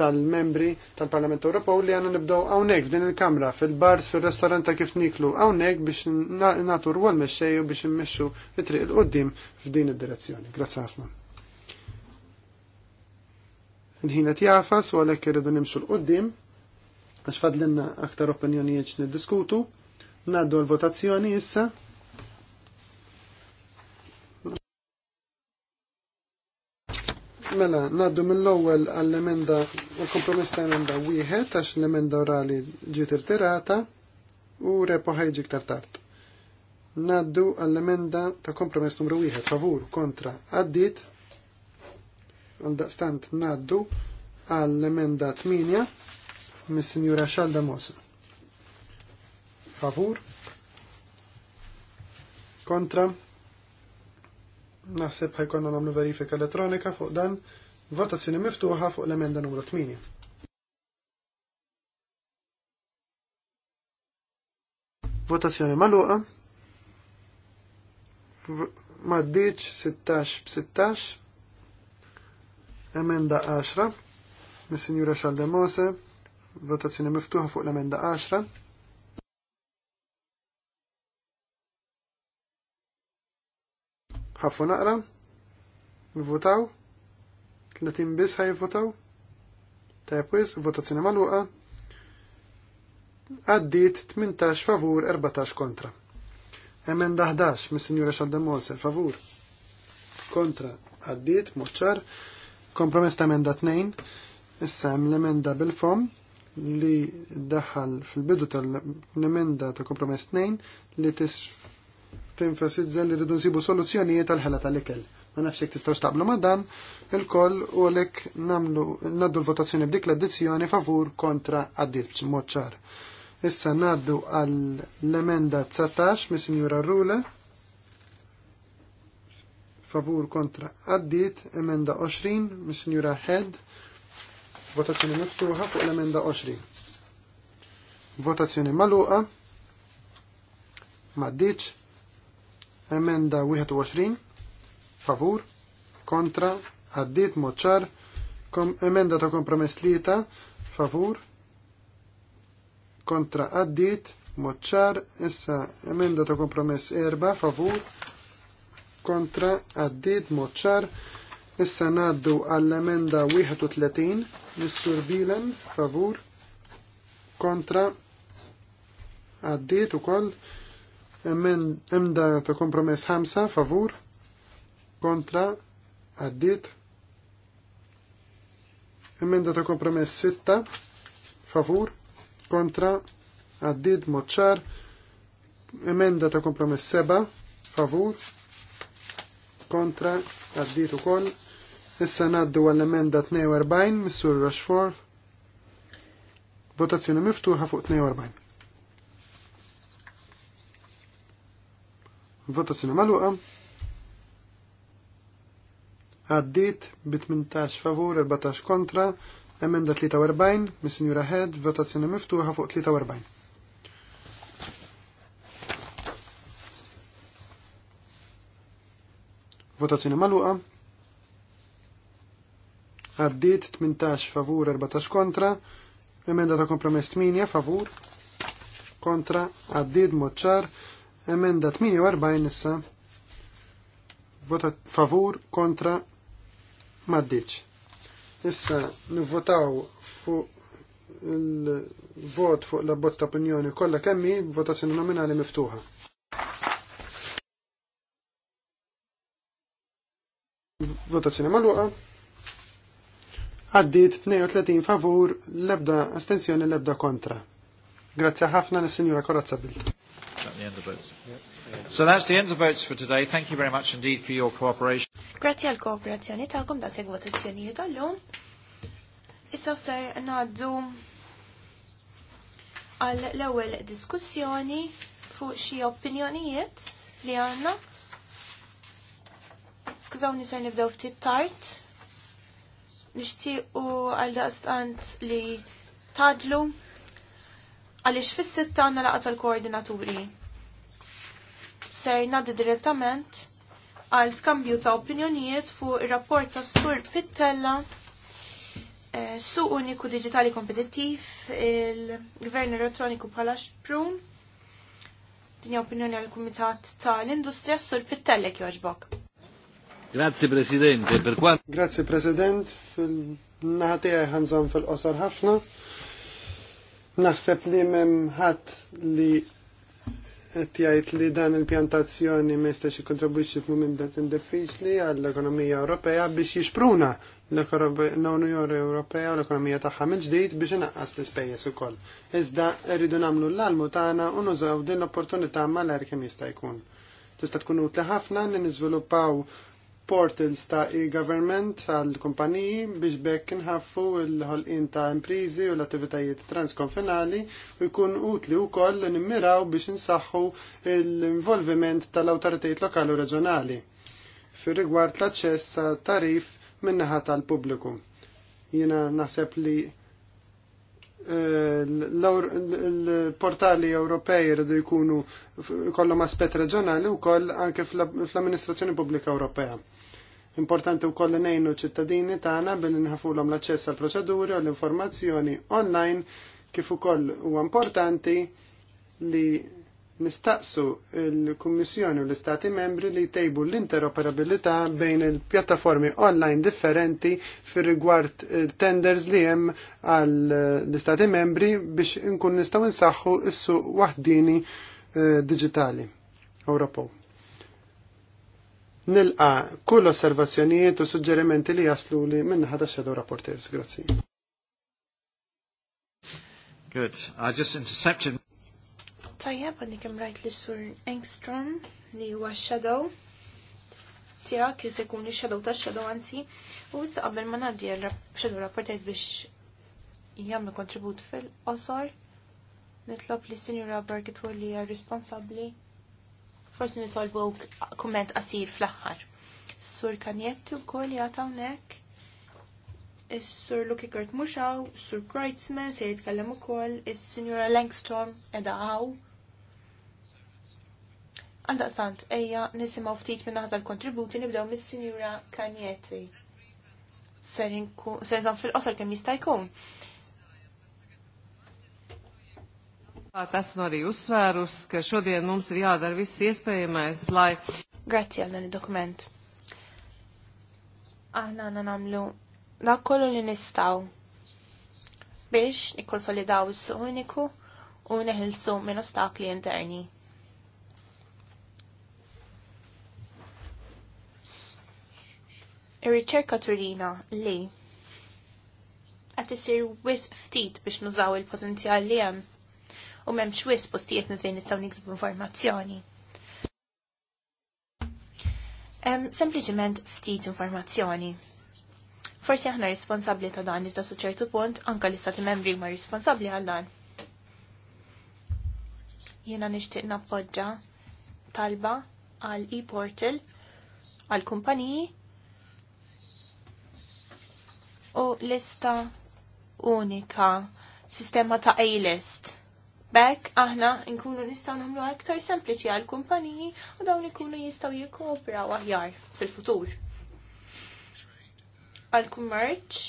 tal-membri tal-Parlament Ewropew li għanna nibdow hawnhekk f'din il-kamra, fil-bars, fil-restorant ta' kif niklu, hawnhekk biex nagħtu rwol mexxej u biex immexxu it-triq il qudiem f'din id-direzzjoni. Grazzi ħafna. Il-ħin jafas u għalhekk irridu nimxu l-qudiem għax fadlinna aktar opinjonijiet niddiskutu. Naddu għal-votazzjoni issa. Mela, naddu mill-ewwel għall-emenda l kompromess ta' emenda wieħed għax l-emenda orali ġiet irtirata u repo ħajġi iktar tard. Naddu għall-emenda ta' kompromess numru wieħed favur kontra għaddit għal daqstant naddu għall-emenda 8 mis-Sinjura Xalda Mosa. Favur? Kontra? Naħseb ħajkonna namlu verifika elettronika fuq dan. Votazzjoni miftuħa fuq l-emenda numru 8. Votazzjoni maluqa. Maddiċ 16 b-16. Emenda 10. Mis-Sinjura Xalda Mosa votazzjoni miftuħa fuq l-emenda 10. ħafu naqra, votaw, 30 bis ħaj votaw, tajab wis, votazzjoni maluqa, għaddit 18 favur, 14 kontra. Emenda 11, mis signora Xaldemolse, favur, kontra, għaddit, moċċar, kompromess ta' emenda 2, issa l-emenda bil-fom, li daħal fil-bidu tal-emenda ta' kompromess 2 li tinfasizza li rridu nsibu soluzzjonijiet tal-ħela tal-ikel. Ma nafx jekk tistgħu stablu ma' dan il-koll u għalek namlu naddu l-votazzjoni b'dik l-addizzjoni favur kontra għaddit b'mod Issa naddu għall-emenda 19 mis sinjura Rule favur kontra għaddit, emenda 20 mis sinjura Head Votazzjoni miftuħa fuq l-emenda 20. Votazzjoni maluqa. Maddiċ. Emenda 21. Favur. Kontra. Addit moċar. Emenda ta' kompromess lita. Favur. Kontra. Addit. Moċar. Issa emenda ta' kompromess erba. Favur. Kontra. Addit moċar. Issa naddu għall-emenda 31 mis-Sur Bilen favur kontra għaddiet ukoll emenda ta' kompromess 5 favur kontra għaddiet emenda ta' kompromess 6 favur kontra għaddiet moċċar emenda ta' kompromess 7 favur kontra għaddiet ukoll Issa naddu għall-emenda 42 Missur Rashford. Votazzjoni miftuħa fuq 42. Votazzjoni maluqa. Għaddit bi 18 favur 14 kontra. Emenda 43 Missinjura Head. Votazzjoni miftuħa fuq 43. Votazzjoni maluqa għaddit 18 favur 14 kontra. Emenda ta' kompromess 8 favur kontra. għaddit moċċar. Emenda 48 issa. Vota favur kontra maddiċ. Issa nivvotaw fuq il-vot fuq la bozz ta' opinjoni kollha kemmi votazzjoni nominali miftuħa. votazzjoni maluqa għaddit 32 favur lebda astensjoni lebda kontra. Grazie ħafna nis signora Korazza Bilt. So that's the end of votes for today. Thank you very much indeed for your cooperation. Grazzi għal kooperazzjoni ta'kom da segwa sezzjonijiet tal-lum. Issa ser naddu għal l-ewwel diskussjoni fuq xi opinjonijiet li għanna. Skużawni ser nibdew ftit tart nixtiequ għal daqstant li taġlu għaliex fis-sitta għandna laqgħa tal-koordinaturi. Sejna ngħaddi direttament għal skambju ta' opinjonijiet fuq ir-rapport tas Sur Pittella eh, su uniku digitali kompetittiv, il-gvern elettroniku bħala xprun, dinja opinjoni għal kumitat tal-industrija sur Pittelle joġbok. Grazie Presidente, per quanto... Grazie President, fil-naħatija ħanżon fil-qosor ħafna. Naħseb li mem ħat li tjajt li dan il-pjantazzjoni mistax jikontribwixxi f'mumin dat diffiċli għall-ekonomija Ewropea biex jixpruna l-Unjoni Ewropea u l-ekonomija tagħha mill-ġdid biex inaqqas l-ispejjeż ukoll. Iżda rridu nagħmlu l-almu tagħna u nużaw din l-opportunità malajr kemm jista' jkun. Tista' tkun utli ħafna li niżviluppaw portals ta' e-government għal kumpaniji biex bekk nħaffu l-ħolqin ta' imprizi u l-attivitajiet transkonfinali u jkun utli u koll nimmiraw biex nsaħħu l-involviment tal-autoritajiet lokali u reġjonali fir rigward l-aċċess tarif min-naħa tal-pubbliku. Jina naħseb li l-portali Ewropej rridu jkunu kollhom aspett reġjonali wkoll anke fl-amministrazzjoni pubblika Ewropea. Importanti wkoll li ngħinu ċittadini tagħna billi nħafulhom l-aċċess għall proċeduri u l-informazzjoni online kif ukoll huwa importanti li nistaqsu l-Kummissjoni u l-Istati membri li jtejbu l-interoperabilità bejn il-pjattaformi online differenti fir rigward eh, tenders li hemm għal eh, l-Istati membri biex nkun nistgħu nsaħħu issu suq waħdini eh, digitali Ewropew. Nilqa kull osservazzjonijiet u suġġerimenti li jaslu li minn ħada Shadow Rapporters. Grazzi. Good. I just intercepted Tajja, għadni kem rajt li sur Engstrom li huwa Shadow tija kif se jkun ix-shadow tax-shadow anzi u issa qabel ma ngħaddi shadow rapportajt biex jagħmlu kontribut fil-qosor nitlob li Sinjura Birgit li hija responsabbli forsi nitolbu kumment qasir fl-aħħar. Sur Kanjetti wkoll jagħta hawnhekk. Is-Sur Luki Kurt Muxaw, Sur Kreutzmann se jitkellem ukoll, is-Sinjura Langstorm edha għaw. Għaldaqstant, eja nisimaw ftit minna għazal kontributi nibdaw mis-Sinjura Kanjeti. Ser nżom fil-qosor kem jistajkun. jkun. Esmu arī uzsvērus, ka šodien mums ir jādara viss iespējamais, lai. Grazie għal dan il-dokument. Aħna għanna namlu Da kollu li nistaw biex nikkonsolidaw is-suq uniku u neħilsu minn ostakli interni. Ir-riċerka turina li qed isir wisq ftit biex nużaw il-potenzjal li hemm u m'hemmx wisq postijiet minn fejn nistgħu niksbu informazzjoni. Hemm sempliċement ftit informazzjoni. Forsi aħna responsabbli ta' dan iżda suċertu punt anke l-istati membri huma responsabbli għal dan. Jiena nixtieq nappoġġa talba għal e-portal għal kumpaniji u lista unika, sistema ta' A-list. Bekk aħna nkunu nistgħu nagħmlu aktar sempliċi għal kumpaniji u dawn ikunu jistgħu jikkopraw aħjar fil-futur. Għal kummerċ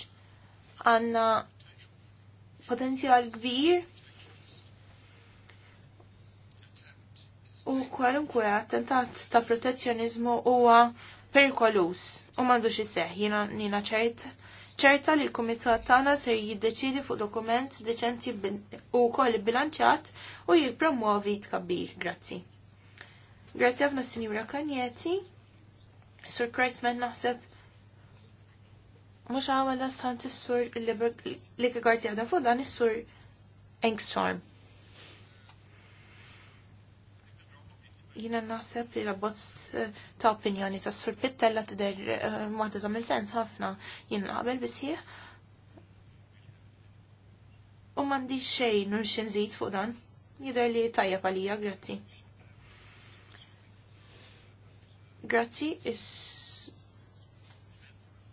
għandna potenzjal kbir u kwalunkwe attentat ta' protezzjonizmu huwa perikolus u m'għandux iseħħ jiena ċert ċerta li l-Kumitat tagħna se jiddeċidi fuq dokument deċenti u koll bilanċat u jippromuovi tkabbir. Grazzi. Grazzi għafna Sinjura Kanjeti. Sur Kreitzman naħseb mux għawala stant is-sur li kħikarti għadna fuq dan is-sur Engstorm. Jina naħseb li l-abbozz eh, ta' opinjoni ta' Sur Pittella tidher eh, ta' tagħmel sens ħafna jina naqbel bisħieħ. U mandi xejn u xinżid fuq dan. Jidher li tajja palija, grazzi. Grazzi, is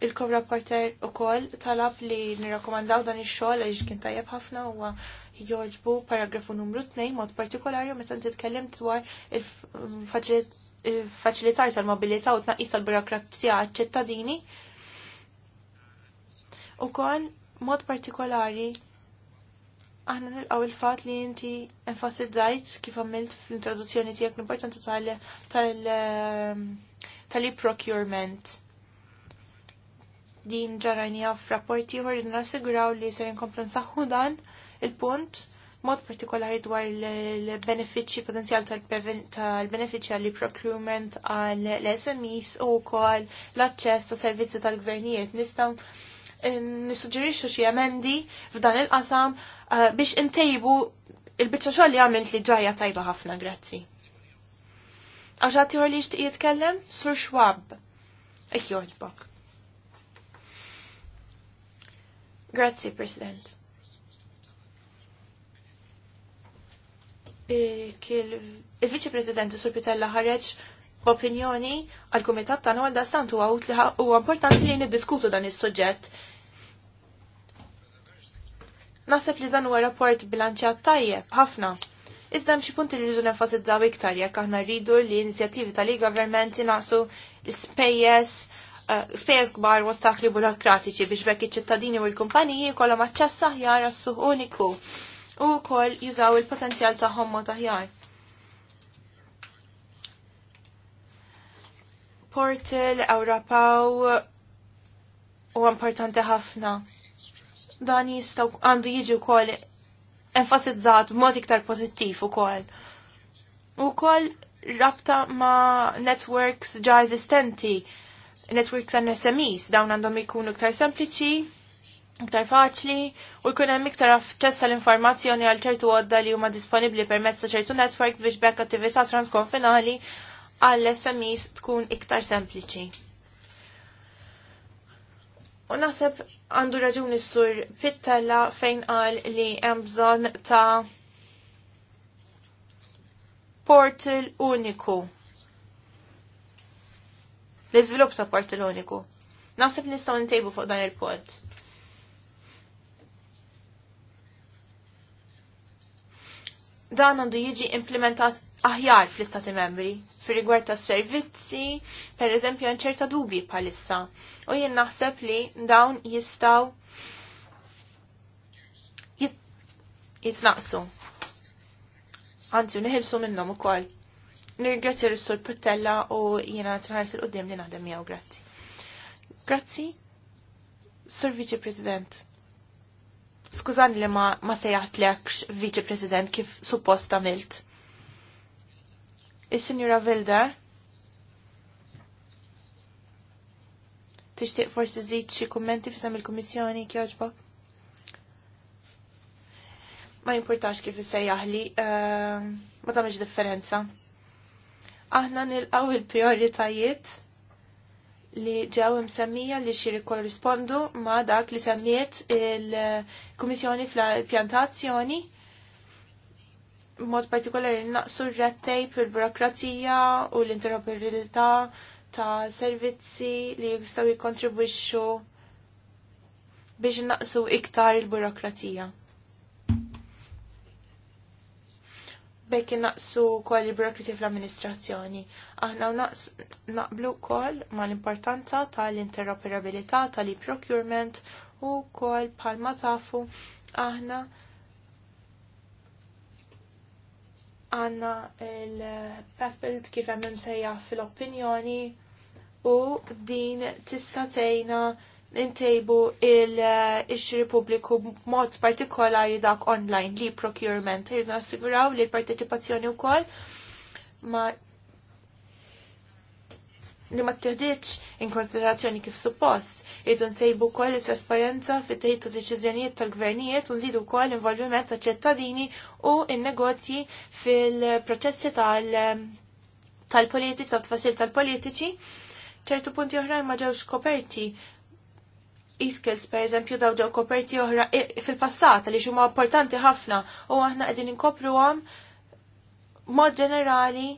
il-kobra parter u kol talab li nirrakomandaw dan il-xol għax kien tajjeb ħafna u joġbu paragrafu numru 2 mod partikolari meta titkellem dwar il faċilitaj tal-mobilità u tnaqqis tal-burokrazija ċittadini U kon mod partikolari aħna nilqaw il-fat li inti enfasizzajt kif għamilt fl-introduzzjoni tiegħek l-importanza tal-procurement. Ehm, Din ġarajnija f-rapporti ieħor id nasigraw li ser inkomplu nsaħħu dan il-punt mod partikolari dwar l-benefiċi potenzjal tal-benefiċi għall procurement għal l-SMEs u kol l-access ta' servizzi tal-gvernijiet. Nistaw eh, nissuġġerixxu xi emendi f'dan il-qasam eh, biex intejbu il-biċċa xogħol li għamilt li ġajja tajba ħafna, grazzi. Għaxħat għor li jishtiq jitkellem? Sur xwab. Ekki joġbok. Grazzi, President. E, il-Viċi President Sur Pitella ħareġ opinjoni għal kumitat tagħna għal dastant li huwa importanti li niddiskutu dan is-suġġett. Naħseb li dan huwa rapport bilanċjat tajjeb ħafna. Iżda hemm xi punti li rridu nenfasizzaw iktar jekk aħna rridu li inizjattivi tal-e-government jinaqsu l-spejjeż e, spejjeż kbar ostakli burokratiċi biex bekk iċ-ċittadini u l-kumpaniji kollha aċċess aħjar għas-suq uniku u wkoll jużaw il-potenzjal ta' homma ta' jaj. Portal Ewrapaw u importanti ħafna. Dan jistaw għandu jiġi wkoll enfasizzat mod iktar pożittiv ukoll. Ukoll rabta ma' networks ġa eżistenti networks għan SMEs, dawn għandhom ikunu iktar sempliċi, iktar faċli u jkun hemm iktar aċċess għall informazzjoni għal ċertu għodda li huma disponibbli permezz ta' ċertu network biex bekk attività transkonfinali għall smis tkun iktar sempliċi. U naħseb għandu raġuni s-sur Pittella fejn qal li hemm bżonn ta' portal uniku. L-iżvilupp ta' portal uniku. Naħseb nistgħu ntejbu fuq dan il-port dan għandu jiġi implementat aħjar fl-istati membri fir rigward ta' servizzi, per eżempju, għan ċerta dubi palissa. U jien naħseb li dawn jistaw jitnaqsu. Għanzi, neħilsu minnom u koll. Nirgrazzja r-sur Pittella u jena tħarġ l qoddim li naħdem jew grazzi. Grazzi, Sur Vice President. Skużani li ma, ma sejjaħtlekx viċi president kif suppost għamilt. Is-Sinjura Vilda. Tixtieq forsi żid xi kummenti fisam il-Kummissjoni kjoġbok? Ma jimpurtax kif issejjaħli, uh, eh, ma tagħmilx differenza. Aħna nilqgħu il-prioritajiet li ġew msemmija li xi jikkorrispondu ma' dak li semmiet il-Kummissjoni fl-pjantazzjoni mod partikolari naqsu r-red tape, il-burokrazija u l-interoperabilità ta' servizzi li jistgħu jikkontribwixxu biex naqsu iktar il-burokrazija. bekk naqsu kol il-burokrasi fl-amministrazzjoni. Aħna naqblu kol ma l-importanza tal-interoperabilità procurement u kol palma tafu aħna għanna il-peppilt kif hemm sejja fil-opinjoni u din tista' tgħinna intejbu il-xri pubbliku b'mod partikolari dak online li procurement irna nassiguraw li l-partecipazzjoni wkoll ma li ma t-tihdiċ in konsiderazzjoni kif suppost. irdu nsejbu wkoll il-trasparenza fit teħid ta' deċiżjonijiet tal-gvernijiet u nżidu kol involviment ta' ċittadini u in-negozji fil-proċessi tal-politiċi, tal-tfasil tal-politiċi. ċertu punti oħrajn ma ġewx koperti e-skills per eżempju daw ġew koperti oħra fil-passat li huma importanti ħafna u aħna qegħdin inkopru għam mod ġenerali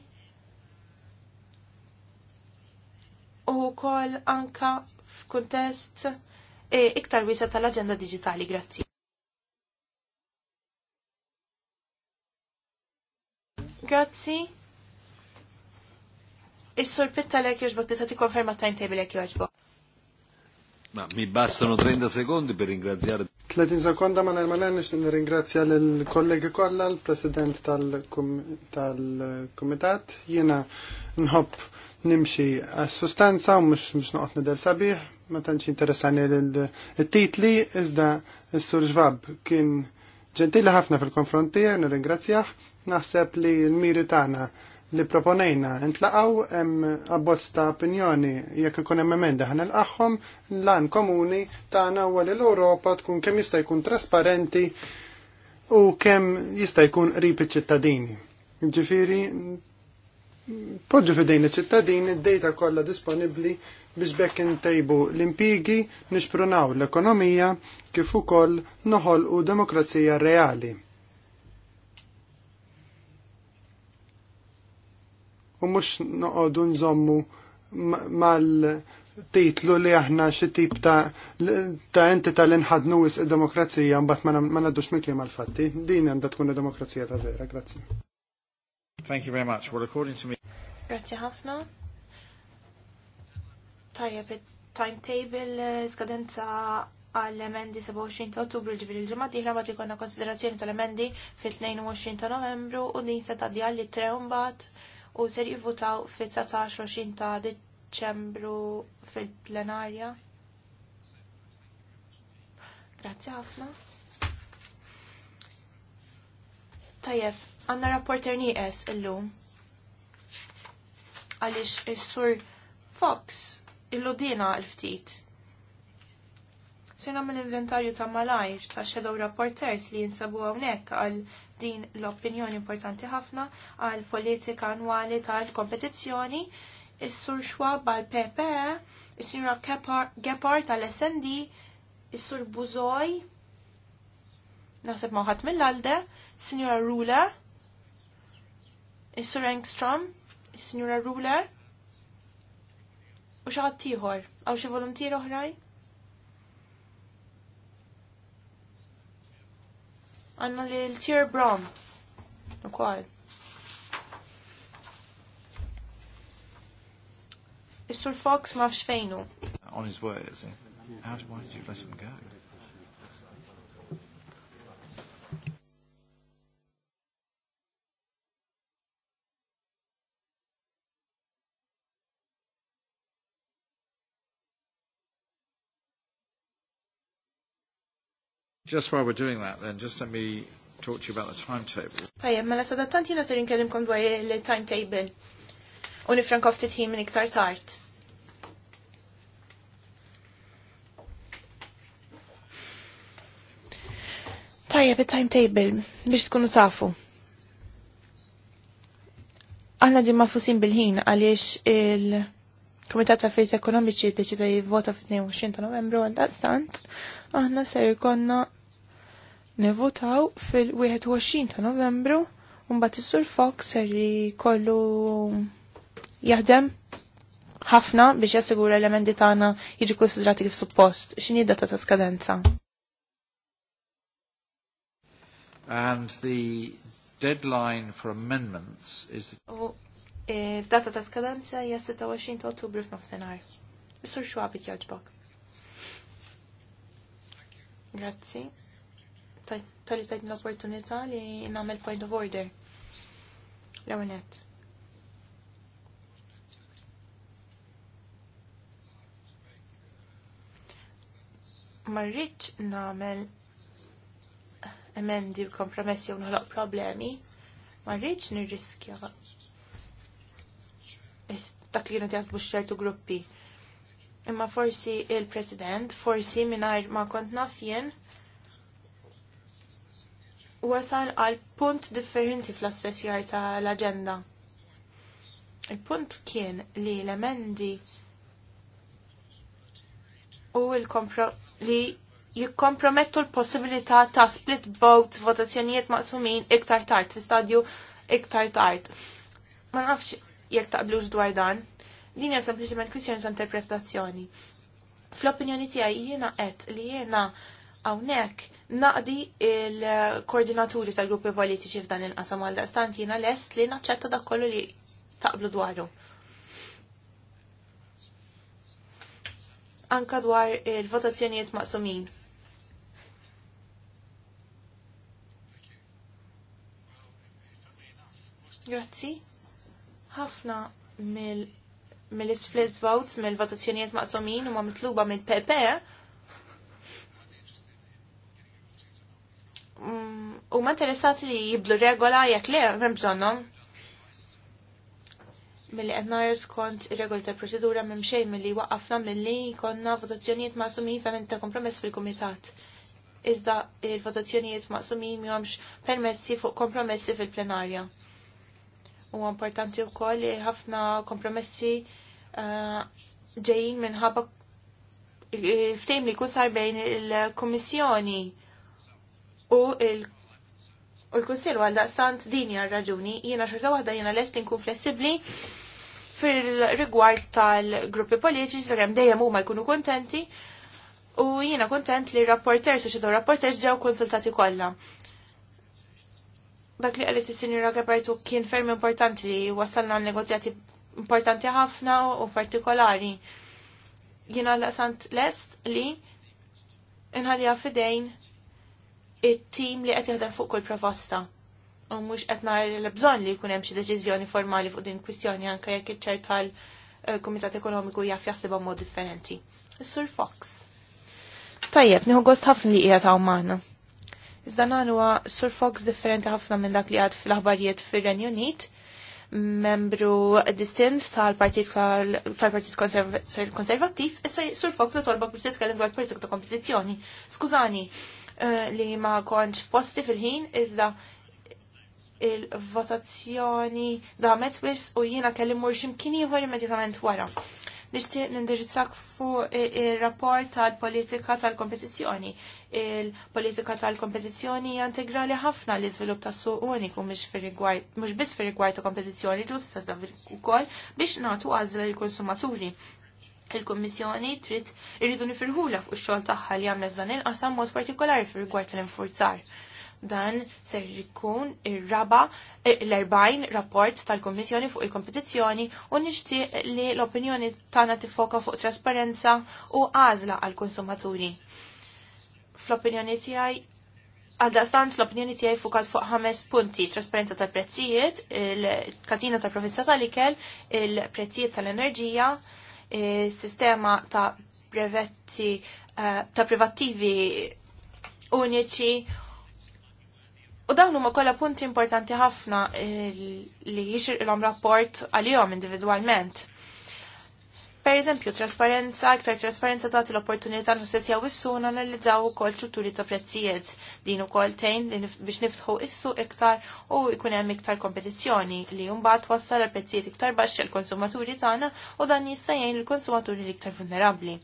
u kol anka f'kuntest e, iktar wisa tal aġenda digitali, grazzi. Grazzi. Is-sorpitta lek jogħġbok tista' tikkonferma timetable jekk jogħġbok. Ma mi bastano 30 secondi per ringraziare. 30 sekonda ma nel nermanen nix ringrazzja l-kollegi kolla, l-president tal-komitat. Jena nop nimxi a sostanza, o mux mux noqot nidel sabiħ, ma tantx interessani l-titli, iżda s-sur ġvab kien ġentili ħafna fil-konfrontija, nirringrazzjah, naħseb li l-miri tagħna li proponejna intlaqaw hemm abbozz ta' opinjoni jekk ikun hemm emenda ħan l lan komuni tagħna huwa li l-Ewropa tkun kemm jista' jkun trasparenti u kemm jista' jkun qrib iċ-ċittadini. Ġifieri poġġu fidejn iċ-ċittadini d-dejta kollha disponibbli biex bekk intejbu l-impigi, nixprunaw l-ekonomija kif ukoll noħolqu demokrazija reali u mhux noqogħdu nżommu mal-titlu li aħna xi tip ta' ta' entità li nħadnu wis id-demokrazija mbagħad ma ngħaddux mill-kliem fatti Din għandha tkun id-demokrazija ta' vera, grazzi. Thank you very much. Well, according to me... Grazie ħafna. Tajja timetable eh, skadenza għall-emendi 27 ta' ottubru ġbir il-ġimgħa dieħla bagħad ikolna konsiderazzjoni tal-emendi fil 22 ta' Novembru u din se ta għalli tre bat u ser jivvotaw fit-19 ta' Deċembru fil-plenarja. Grazzi ħafna. Tajjeb, għanna rapporter nieqes illum. Għaliex is-sur Fox illudina l-ftit. Se nagħmel inventarju ta' malajr ta' shadow rapporters li jinsabu hawnhekk għal din l-opinjoni importanti ħafna għal politika annwali tal-kompetizzjoni, is-sur Schwab għal PPE, is-sinjura Gepard għal SND, is-sur Buzoj, naħseb maħat mill-alde, is-sinjura Rula, is-sur Engstrom, is-sinjura Rula, u xaħat tiħor, għaw xie volontier oħrajn? Għanna li l-Tier Brom. Ukoll. Is-Sur Fox ma fejnu. On his way, is he? How did, why did you let him go? Just while we're doing that then, just let me talk to you about the timetable. Tajem, mela sadattant jina ser inkellimkom dwar il-timetable. U nifrankof titħin minn iktar tard. Tajem, il-timetable, biex tkunu tafu. Għanna ġimma fusim bil-ħin għaliex il- Komitat ta' Affarijiet Ekonomiċi deċida jivvota fit-22 ta' Novembru għal stant, aħna ser konna nivotaw fil-21 ta' novembru un is-Sur Fox serri kollu jaħdem ħafna biex jassigura l emendi tagħna jiġi konsidrati kif suppost. X'inhi data ta' skadenza? And the deadline for amendments is U e, data ta' skadenza hija 26 ta' Ottubru f'nofsinhar. is xwabik Xwabi jogħġbok. Grazzi tal-li tajt l-opportunità li namel point of order. L-għonet. Marriċ namel emendi u kompromessi u nħloq problemi. Marriċ nirriskja dak li jenet jasbu xċertu gruppi. Imma forsi il-president, forsi minnajr ma kont nafjen, wasal għal punt differenti fl-assessjar tal-agenda. Il-punt kien li l-emendi u li jikkompromettu l-possibilità ta' split vote votazzjonijiet maqsumin iktar tard, fi stadju iktar tard. Ma nafx jekk taqblux dwar dan, din hija sempliċement kwistjoni ta' interpretazzjoni. Fl-opinjoni tiegħi jiena qed li jiena Hawnhekk naqdi il-koordinaturi tal-gruppi politiċi f'dan il-qasam għal daqstant jiena lest li naċċetta da kollu li taqblu dwaru. Anka dwar il-votazzjonijiet maqsumin. Grazzi. Ħafna mill split votes mill-votazzjonijiet maqsumin huma mitluba mill-PP e. Mm, u ma interessati li jiblu regola jekk li għem bżonnom. Mill-li għedna skont regoli ta' procedura mem xej mill-li waqqafna mill-li konna votazzjonijiet maqsumi femmen ta' kompromess fil-komitat. Iżda il-votazzjonijiet maqsumi għomx permessi fuq kompromessi fil-plenarja. U importanti u koll li ħafna kompromessi eh, ġejjin uh, minħabba ftejm li kusar sar bejn il-komissjoni u il- U l-Kunsil għalda sant dini għal-raġuni, jena xorta wahda jena lest nkun flessibli fil-rigward tal-gruppi politiċi, sorem dejjem huma jkunu kontenti, u jena kontent li rapporters u xedu rapporters ġew konsultati kollha. Dak li għalet il-Sinjura Gabertu kien ferm importanti li wasalna negozjati importanti ħafna u partikolari. Jena l-sant lest li inħalja fidejn it-tim li qed jaħdem fuq kull proposta. U mhux qed nar l-bżonn li jkun hemm xi deċiżjoni formali fuq din kwistjoni anke jekk iċ-ċer tal-Kumitat Ekonomiku jaf jaħsibha mod differenti. Is-Sur Fox. Tajjeb, nieħu gost ħafna li qiegħed hawn Iżda dan huwa Sur Fox differenti ħafna minn dak li għad fil-aħbarijiet fir-Renju Unit membru distint tal-Partit tal-Partit Konservattiv, issa Sur Fox li tolba biex titkellem dwar politika ta' kompetizzjoni. Skużani, Eh, li ma konċ posti fil-ħin iżda il-votazzjoni damet wis u jiena kelli mur ximkien ieħor immedjatament wara. Nixtieq nindirizzak fuq ir-rapport tal-politika tal-kompetizzjoni. Il-politika tal-kompetizzjoni hija integrali ħafna l iżvilupp tas-suq uniku mhux biss fir-rigward ta' kompetizzjoni ġusta da kol biex nagħtu għażla lill-konsumaturi il-Kommissjoni trid irridu nifirħula fuq ix-xogħol tagħha li għamlet dan il-qasam mod partikolari fir-rigward tal-infurzar. Dan ser jkun ir-raba l-40 rapport tal-Kommissjoni fuq il-kompetizzjoni u nixtieq li l-opinjoni tagħna tifoka fuq trasparenza u għażla għall-konsumaturi. Fl-opinjoni tiegħi Għaldaqstant l-opinjoni tiegħi fukat fuq ħames punti, trasparenza tal-prezzijiet, il-katina tal-professa tal professata il-prezzijiet tal-enerġija, il prezzijiet tal enerġija sistema ta' brevetti eh, ta' privattivi uniċi U dawn huma kollha punti importanti ħafna li jixirqilhom rapport għalihom individwalment. Per eżempju, trasparenza, iktar trasparenza tagħti l-opportunità l-ħossessja u s-suna li daw ukoll strutturi ta' prezzijiet din ukoll tejn biex niftħu issu iktar u ikun hemm iktar kompetizzjoni li mbagħad wassal għal prezzijiet iktar baxx il konsumaturi tagħna u dan jista' jgħin il-konsumaturi li iktar vulnerabbli.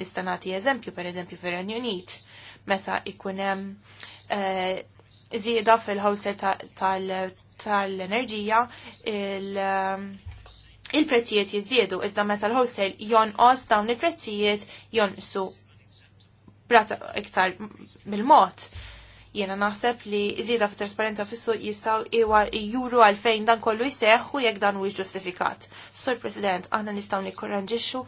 Nista' nagħti eżempju pereżempju fir-Renju Unit meta ikun hemm zieda eh, fil-ħawsel tal-enerġija ta il- il-prezzijiet jizdiedu, iżda meta l-wholesale jonqos dawn il-prezzijiet jonqsu brata iktar bil-mod. Jena naħseb li iżida fit trasparenza suq jistaw iwa juru għalfejn dan kollu jseħ u jekk dan u jġustifikat. Sur President, aħna nistgħu nikkorranġixxu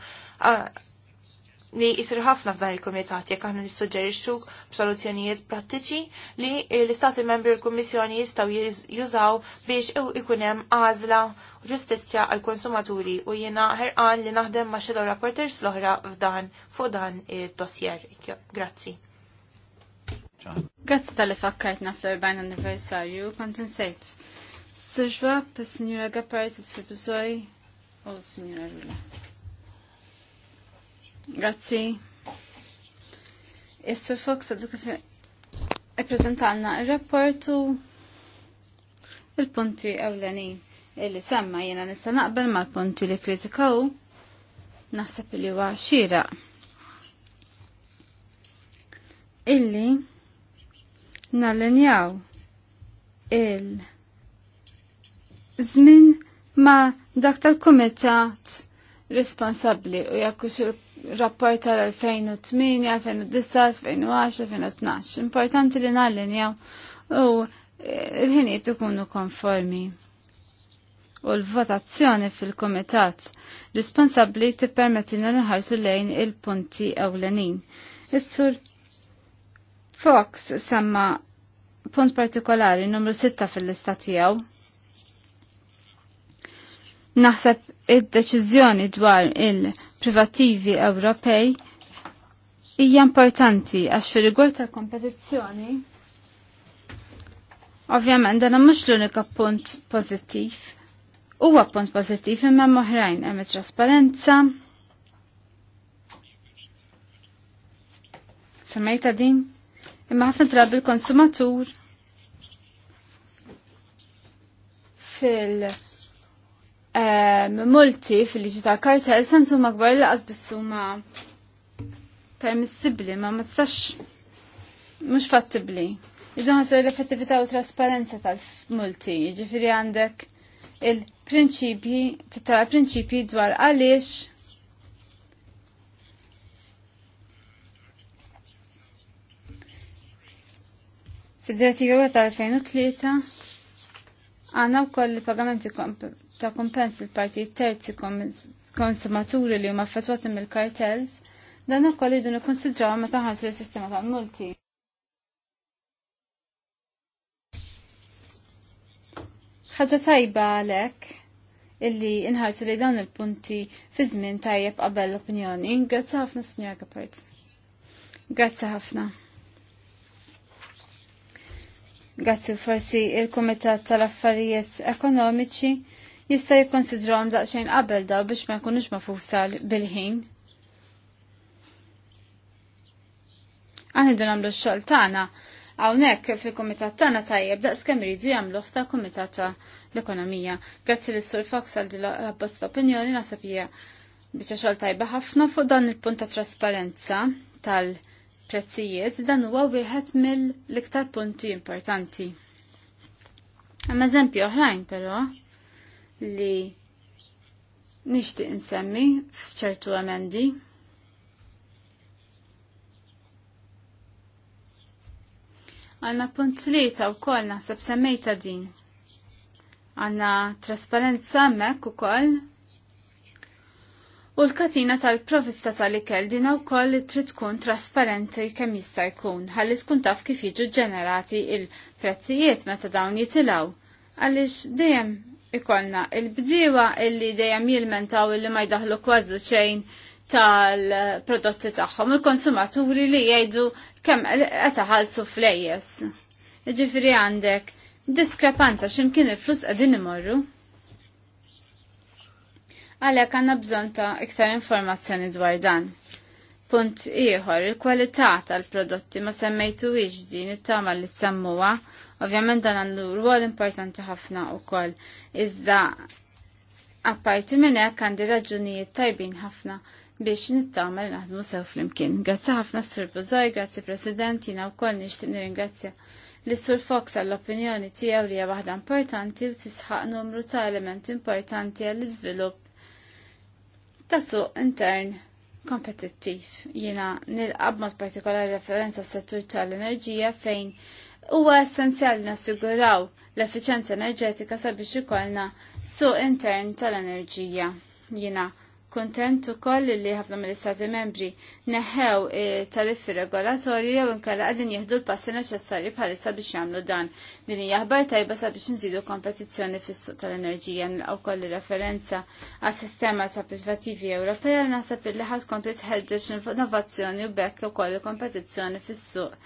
li jisir ħafna f'dan il-komitat jekk aħna nissuġġerixxu b'soluzzjonijiet prattiċi li l-istati membri l-Kummissjoni jistgħu jużaw biex ikun hemm għażla u ġustizzja għall konsumaturi u jiena ħerqan li naħdem ma' xedaw rapporters l-oħra f'dan fuq dan id-dossier. Grazzi. Grazzi tal-li fakkartna fl-40 anniversarju, kont insejt. Sirġwa, p-Sinjura Gappart, s-Sirbżoj u s-Sinjura Rula. Grazzi. is Fox għadu kif ippreżentalna il rapportu il-punti ewlenin illi semma jiena nista' naqbel mal-punti li kritikaw naħseb li huwa xira. Illi nallinjaw il- żmien ma dak tal-kumitat responsabbli u jekk rapport tal-2008, 2009, 2010-2012. Importanti li nallinjaw u eh, l ħiniet ikunu konformi. U l-votazzjoni fil-komitat responsabli tippermettina nħarsu lejn il-punti ewlenin. Is-sur Fox semma punt partikolari numru 6 fil-lista tiegħu Naħseb id-deċiżjoni dwar il-privattivi Ewropej hija importanti għax fir-rigward tal-kompetizzjoni Ovvjament dan mhux l-unika punt pożittiv. Huwa punt pożittiv imma oħrajn hemm trasparenza. Semmejta din? Imma ħafna drabi l-konsumatur fil- multi fil-liġi ta' kartel semtu magbar li bissu ma permissibli ma ma tsax mux fattibli. Iżon l-effettività u trasparenza tal-multi, jiġifieri għandek il-prinċipji, titara prinċipji dwar għaliex Fid-direttiva tal-2003 għanna wkoll pagamenti ta' kompens il parti terzi konsumaturi li huma fetwati mill-kartels, dan ukoll idu nikkonsidraw meta ħarsu l-sistema tal-multi. ħaġa tajba għalhekk illi inħarsu li dawn il-punti fi żmien tajjeb qabel l-opinjoni. Grazzi ħafna, Sinjor Gapert. Grazzi ħafna. Grazzi forsi il-Kumitat tal-Affarijiet Ekonomiċi jista' jikkonsidrawhom daqsxejn qabel daw biex ma jkunux mafusa bil-ħin. Aħna dun nagħmlu x-xogħol tagħna hawnhekk fil-kumitat tagħna tajjeb daqskemm iridu jagħmluh ta' kumitat ta' l-ekonomija. Grazzi lis sur Fox għal l abbasta opinjoni naħseb jie biċċa xogħol tajba ħafna fuq dan il-punt ta' trasparenza tal- prezzijiet dan huwa wieħed mill-iktar punti importanti. Hemm eżempju oħrajn però li nixtieq insemmi f'ċertu emendi. Għanna punt tlieta wkoll naħseb semmejta din. Għanna trasparenza hemmhekk ukoll U l-katina tal-provista tal-ikel dina u koll trid tkun trasparenti kemm jista' jkun, ħalli tkun taf kif jiġu ġenerati il-prezzijiet meta dawn jitilaw. Għaliex dejjem ikolna il-bdiewa illi dejjem jilmentaw illi ma jdaħlu kważi xejn tal-prodotti tagħhom, il-konsumaturi li jgħidu kemm qed ħalsu flejjes. Ġifieri għandek diskrepanza x'imkien il-flus qegħdin imorru. Għalhekk għandna bżonn ta' iktar informazzjoni dwar dan. Punt ieħor, il-kwalità tal-prodotti ma semmejtu it-tama li semmuha Ovvjament dan għandu rwol importanti ħafna u koll. Iżda apparti minn hekk għandi raġunijiet tajbin ħafna biex nittamel naħdmu sew flimkien. Grazzi ħafna Sur Buzoj, grazzi President, jina u koll nixtieq nirringrazzja li Sur Fox għall-opinjoni tiegħu li hija waħda importanti u tisħaq numru ta' elementi importanti għall-iżvilupp ta' suq intern kompetittiv. Jiena nilqab mod partikolari referenza s settur tal-enerġija fejn huwa essenzjali nassiguraw l-effiċenza enerġetika sabiex ikollna suq intern tal-enerġija. Jina kontent ukoll li ħafna mill-Istati membri neħew e, tariffi regolatorji jew inkella qegħdin jieħdu l-passi neċessarji bħalissa biex jagħmlu dan. Din hija ħbar tajba sabiex nżidu kompetizzjoni fis-suq tal-enerġija nilqgħu kolli referenza għas sistema ta' privattivi Ewropea naħseb illi ħadd kompli tħeġġeġ innovazzjoni u bekk ukoll kompetizzjoni fis-suq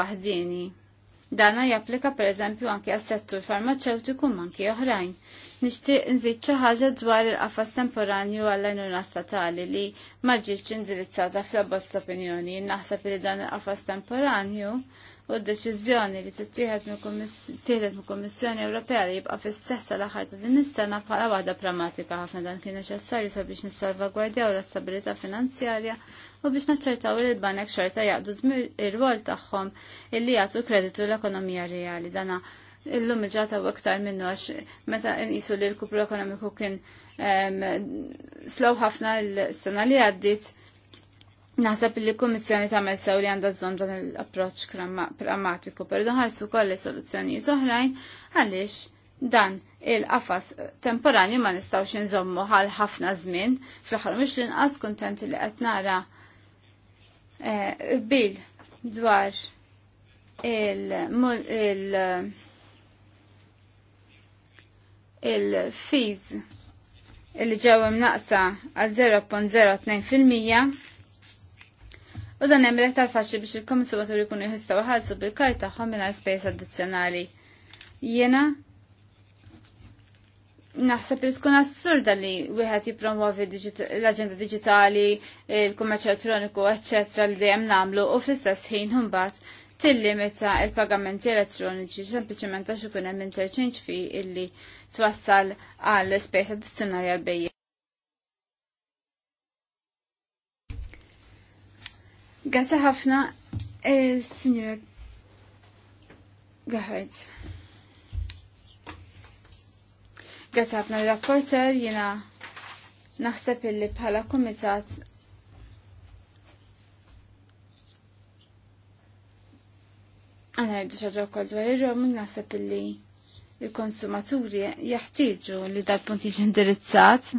waħdini. Dana japplika pereżempju anke għas-settur farmaceutiku manki oħrajn. Nixtieq nżid xi ħaġa dwar il-qafas temporanju għall-għajnuna statali li ma ġietx indirizzata fl-abbozz opinjoni. Naħseb li dan il-qafas temporanju u d-deċiżjoni li tittieħed mill kummissjoni Ewropea li jibqa' fis-seħħ l-aħħar ta' din is-sena bħala waħda pragmatika ħafna dan kien neċessarju sabiex nissalvagwardjaw l-istabilità finanzjarja u biex naċċertaw li l-banek xorta jaqdu il rwol tagħhom illi jagħtu kreditu l-ekonomija reali dana illum ġata u aktar minnu għax meta nqisu li l-kupru ekonomiku kien slow ħafna l-sena li għaddit Naħseb li l-Kummissjoni tagħmel sew li għandha żomm dan l-approċċ pragmatiku, per ħarsu kolli soluzzjonijiet oħrajn għaliex dan il-qafas temporanju ma nistgħux inżommu ħal ħafna żmien, fl-aħħar mhux l-inqas kuntenti li qed nara Eh, bil dwar il- il-fees il ġew imnaqsa għal 0.02% u dan hemm l-iktar faċli biex il-konservaturi jkunu jħistgħu ħalsu bil-kart tagħhom mingħajr spejs addizzjonali. Jiena naħseb li tkun assurda li wieħed jippromovi l-aġenda digitali, il-kummerċ elettroniku, eċċetra li dejjem nagħmlu u fl-istess ħin imbagħad tillimita il-pagamenti elettroniċi sempliċement għax ikun hemm interchange fi illi twassal għal spejs addizzjonali għal bejjin. Grazzi ħafna, eh, signora Gahrez. Grazie ħafna l-rapporter, jina naħseb illi bħala komitat għana jiddu xaġa kol dwar il-rom, naħseb illi il-konsumaturi jaħtieġu li dal punt jiġi indirizzat.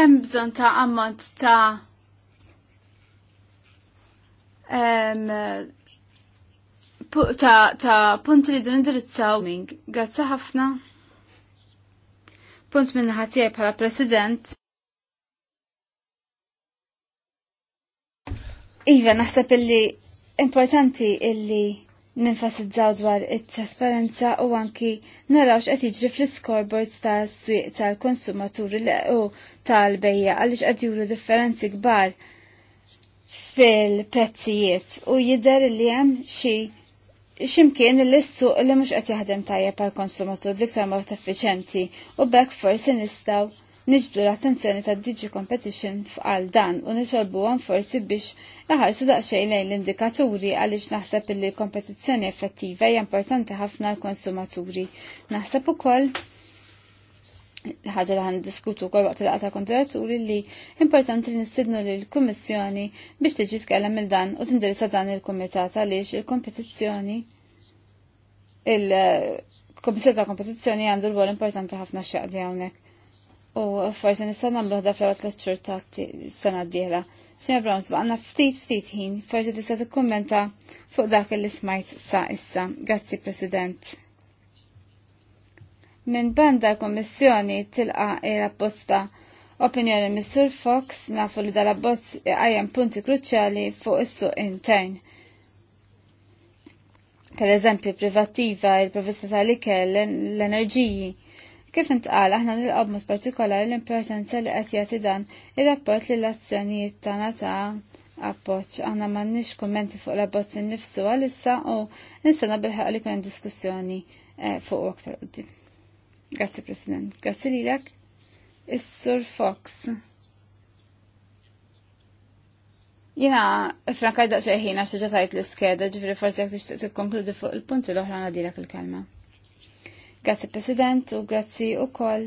Hemm bżonn ta' ammont ta' ta', ta punti li dun indirizzaw ming. Grazzi ħafna. Punt minna ħatijaj bħala president. Iva, naħseb illi importanti illi ninfasizzaw dwar it-trasparenza u anki naraw x'qed jiġri fl-scoreboards tas-swieq tal-konsumaturi u tal-bejja għaliex qed juru differenzi kbar fil-prezzijiet u jidher li hemm xi ximkien l-issuq li mux qed jaħdem tajjeb għal konsumatur bl-iktar mort effiċenti u bekk forsi nistaw niġdu l-attenzjoni ta' Digi Competition f'għal dan u nitolbu għan forsi biex laħarsu daqxej lejn l-indikaturi għaliex naħseb li kompetizzjoni effettiva hija importanti ħafna l-konsumaturi. Naħseb ukoll ħaġa li ħan diskutu kol waqt il għata kontraturi li importanti li nistidnu li l-Kommissjoni biex tiġi tkellem il dan u tindirizza dan il-Komitat għaliex il-kompetizzjoni il-Kommissjoni ta' kompetizzjoni għandu l-bol importanti ħafna xaqdi hawnhekk. U forse nista' nagħmlu ħda fl-ewwel tliet xhur ta' sena d-dieħla. Sina Browns baqgħna ftit ftit ħin, forsi tista' tikkummenta fuq dak il smajt sa' issa. Grazzi President. Minn banda l-Kommissjoni tilqa il-apposta opinjoni Mr. Fox nafu li dal-abbozz għajem punti kruċjali fuq is-suq intern. Per eżempju, privativa, il-provista tal-ikel, l-enerġiji. Kif intqal aħna nil-qob mus partikolari l-importanza li qed jagħti dan ir-rapport li l-azzjonijiet ta' ta' appoċ. Aħna m'għandniex kummenti fuq l-abbozz innifsu għalissa u nistana bil ħak li kien hemm diskussjoni eh, fuq aktar qudiem. Grazzi President. Grazzi lilek. Is-Sur Fox. Jina, franka jdaq xeħina xaġa tajt l-skeda, ġifri forsi jek t tikkonkludi fuq il punti l-oħra nadilek il-kelma. Grazzi President u grazzi u koll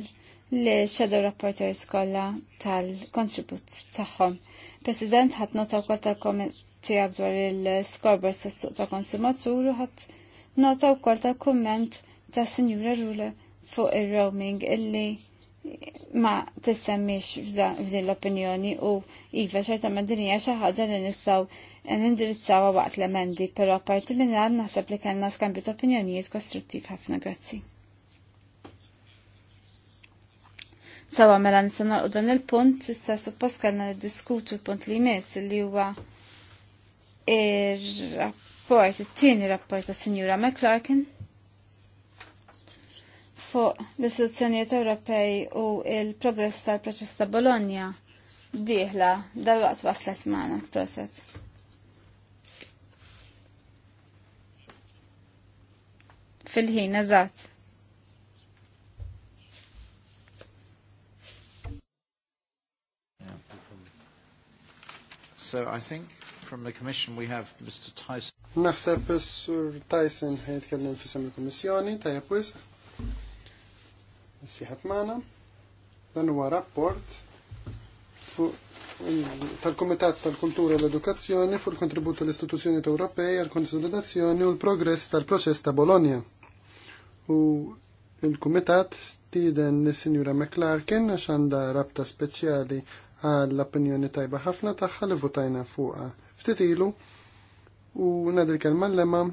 li Shadow Reporters kolla tal-kontribut tagħhom. President ħadd nota koll tal-kommenti dwar il-scoreboards tas-suq tal-konsumatur u ħadd nota wkoll tal komment tal Sinjura Rule fuq il-roaming illi ma tissemmix f'din l-opinjoni u iva ċerta ma dinija xi ħaġa li nistgħu nindirizzaw waqt l-emendi, però apparti minn dan naħseb li kellna skambju ta' opinjonijiet kostruttiv ħafna grazzi. Sawa mela nisana u dan il-punt, issa suppost kellna diskutu il-punt li jmiss li huwa ir-rapport, it-tieni rapport ta' Sinjura McClarkin fuq l-istituzzjonijiet Ewropej u il-progress tal-proċess ta' Bologna diħla dal-waqt waslet maħna proċess. Fil-ħin, eżatt. So I think from the Commission we have Mr. Tyson. Naħseb Sur Tyson ħed kellem fissam il-Kommissjoni, tajab wisq s-siħat maħna. Dan huwa rapport tal-Komitat tal-Kultura u l-Edukazzjoni fuq l kontribut tal-Istituzzjoni Ewropej għal-konsolidazzjoni u l-progress tal-proċess ta' Bologna. U il-Kumitat stiden l-Sinjura McClarkin għax għandha rabta speċjali għall-opinjoni tajba ħafna tagħha li votajna fuqha ftit ilu u nadir kelma l-lema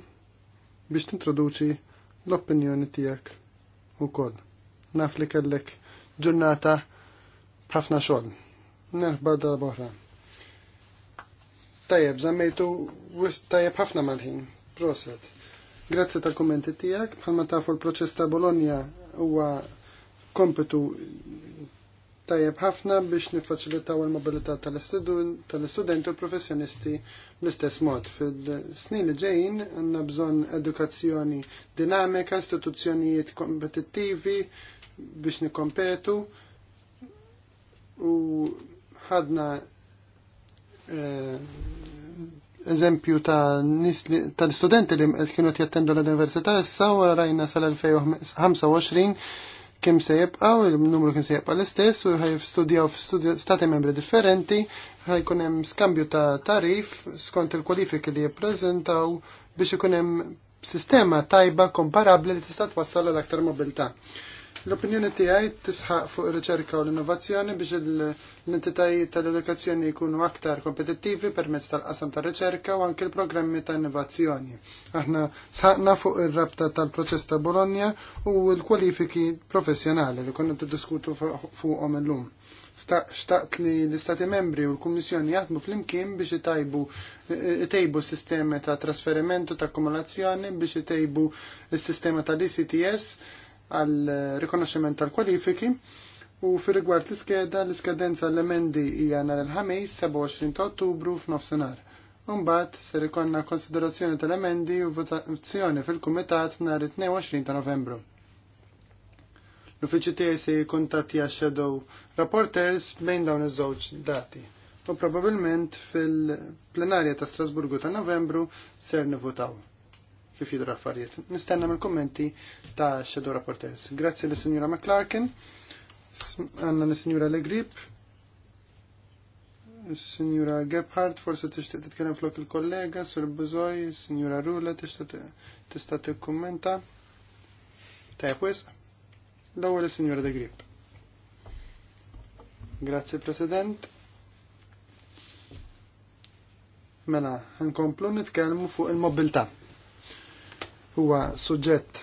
biex tintroduċi l-opinjoni tijak u koll. Naf li kellek ġurnata b'ħafna xogħol. Nerħba darba oħra. Tajjeb, żammejtu tajjeb ħafna mal-ħin. Proset. Grazzi tal kummenti tiegħek. Bħalma tafu l-proċess ta' Bologna huwa kompetu tajjeb ħafna biex nifaċilitaw il-mobilità tal-istudenti u professjonisti bl-istess mod. Fil-snin li ġejjin għandna bżonn edukazzjoni dinamika, istituzzjonijiet kompetittivi, biex nikompetu u ħadna eh, eżempju ta' tal-studenti li kienu jattendu l-università issa wara rajna sal-2025 kim se jibqaw, il-numru kien se jibqa l-istess u ħaj studjaw stati membri differenti, ħaj hemm skambju ta' tarif skont il-kwalifiki li jippreżentaw biex ikun hemm sistema tajba komparabli li tista' twassal l-aktar mobilità. L-opinjoni tiegħi tisħaq fuq ir-riċerka u l-innovazzjoni biex l-entitajiet tal-edukazzjoni jkunu aktar kompetittivi permezz tal-qasam tar-riċerka u anke l-programmi ta' innovazzjoni. Aħna sħaqna fuq ir-rabta tal-proċess ta' Bologna u l-kwalifiki professjonali li konna tiddiskutu fuqhom illum xtaqt li l-Istati membri u l-Kummissjoni jaħdmu fl-imkien biex itajbu itejbu sistemi ta' trasferimentu ta' akkumulazzjoni biex itejbu s-sistema ta' DCTS għal rikonoxximent tal-kwalifiki u fi rigward l-iskeda l-iskadenza l-emendi hija nhar il-ħamejs 27 ta' Ottubru f'nofsinhar. Imbagħad ser ikonna konsiderazzjoni tal-emendi u votazzjoni fil-kumitat nhar 22 ta' Novembru l-uffiċi tiegħi se jikkuntatti shadow rapporters bejn dawn iż-żewġ dati. U probabbilment fil-plenarja ta' Strasburgu ta' Novembru ser nivutaw kif jidru affarijiet. Nistenna mill kummenti ta' Shadow Rapporters. Grazie lis signora McClarkin, għanna lis sinjura Legrip, Signora Gebhardt, forse t titkellem flok il-kollega, Sur Buzoj, Signora Rula, tixtieq tista' tikkummenta. Ta' wisq. L-ewwel li signora De Grip. Grazie President. Mela, nkomplu nitkellmu fuq il-mobilità huwa suġġett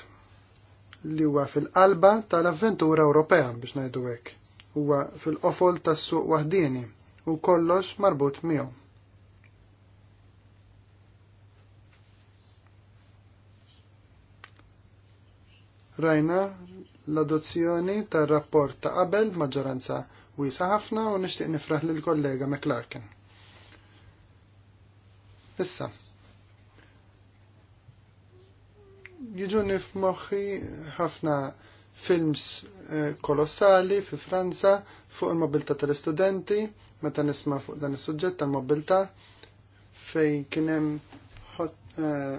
li huwa fil-qalba tal-avventura Ewropea biex ngħidu hekk. Huwa fil-qofol tas-suq waħdieni u kollox marbut miegħu. Rajna l-adozzjoni tar-rapport ta' qabel maġġoranza wiesa ħafna u nixtieq nifraħ lill kollega McLarkin. Issa, jiġuni f'moħħi ħafna films eh, kolossali fi Franza fuq il-mobilta tal-istudenti, meta nisma' fuq dan is-suġġett tal-mobilta fej kien hemm uh,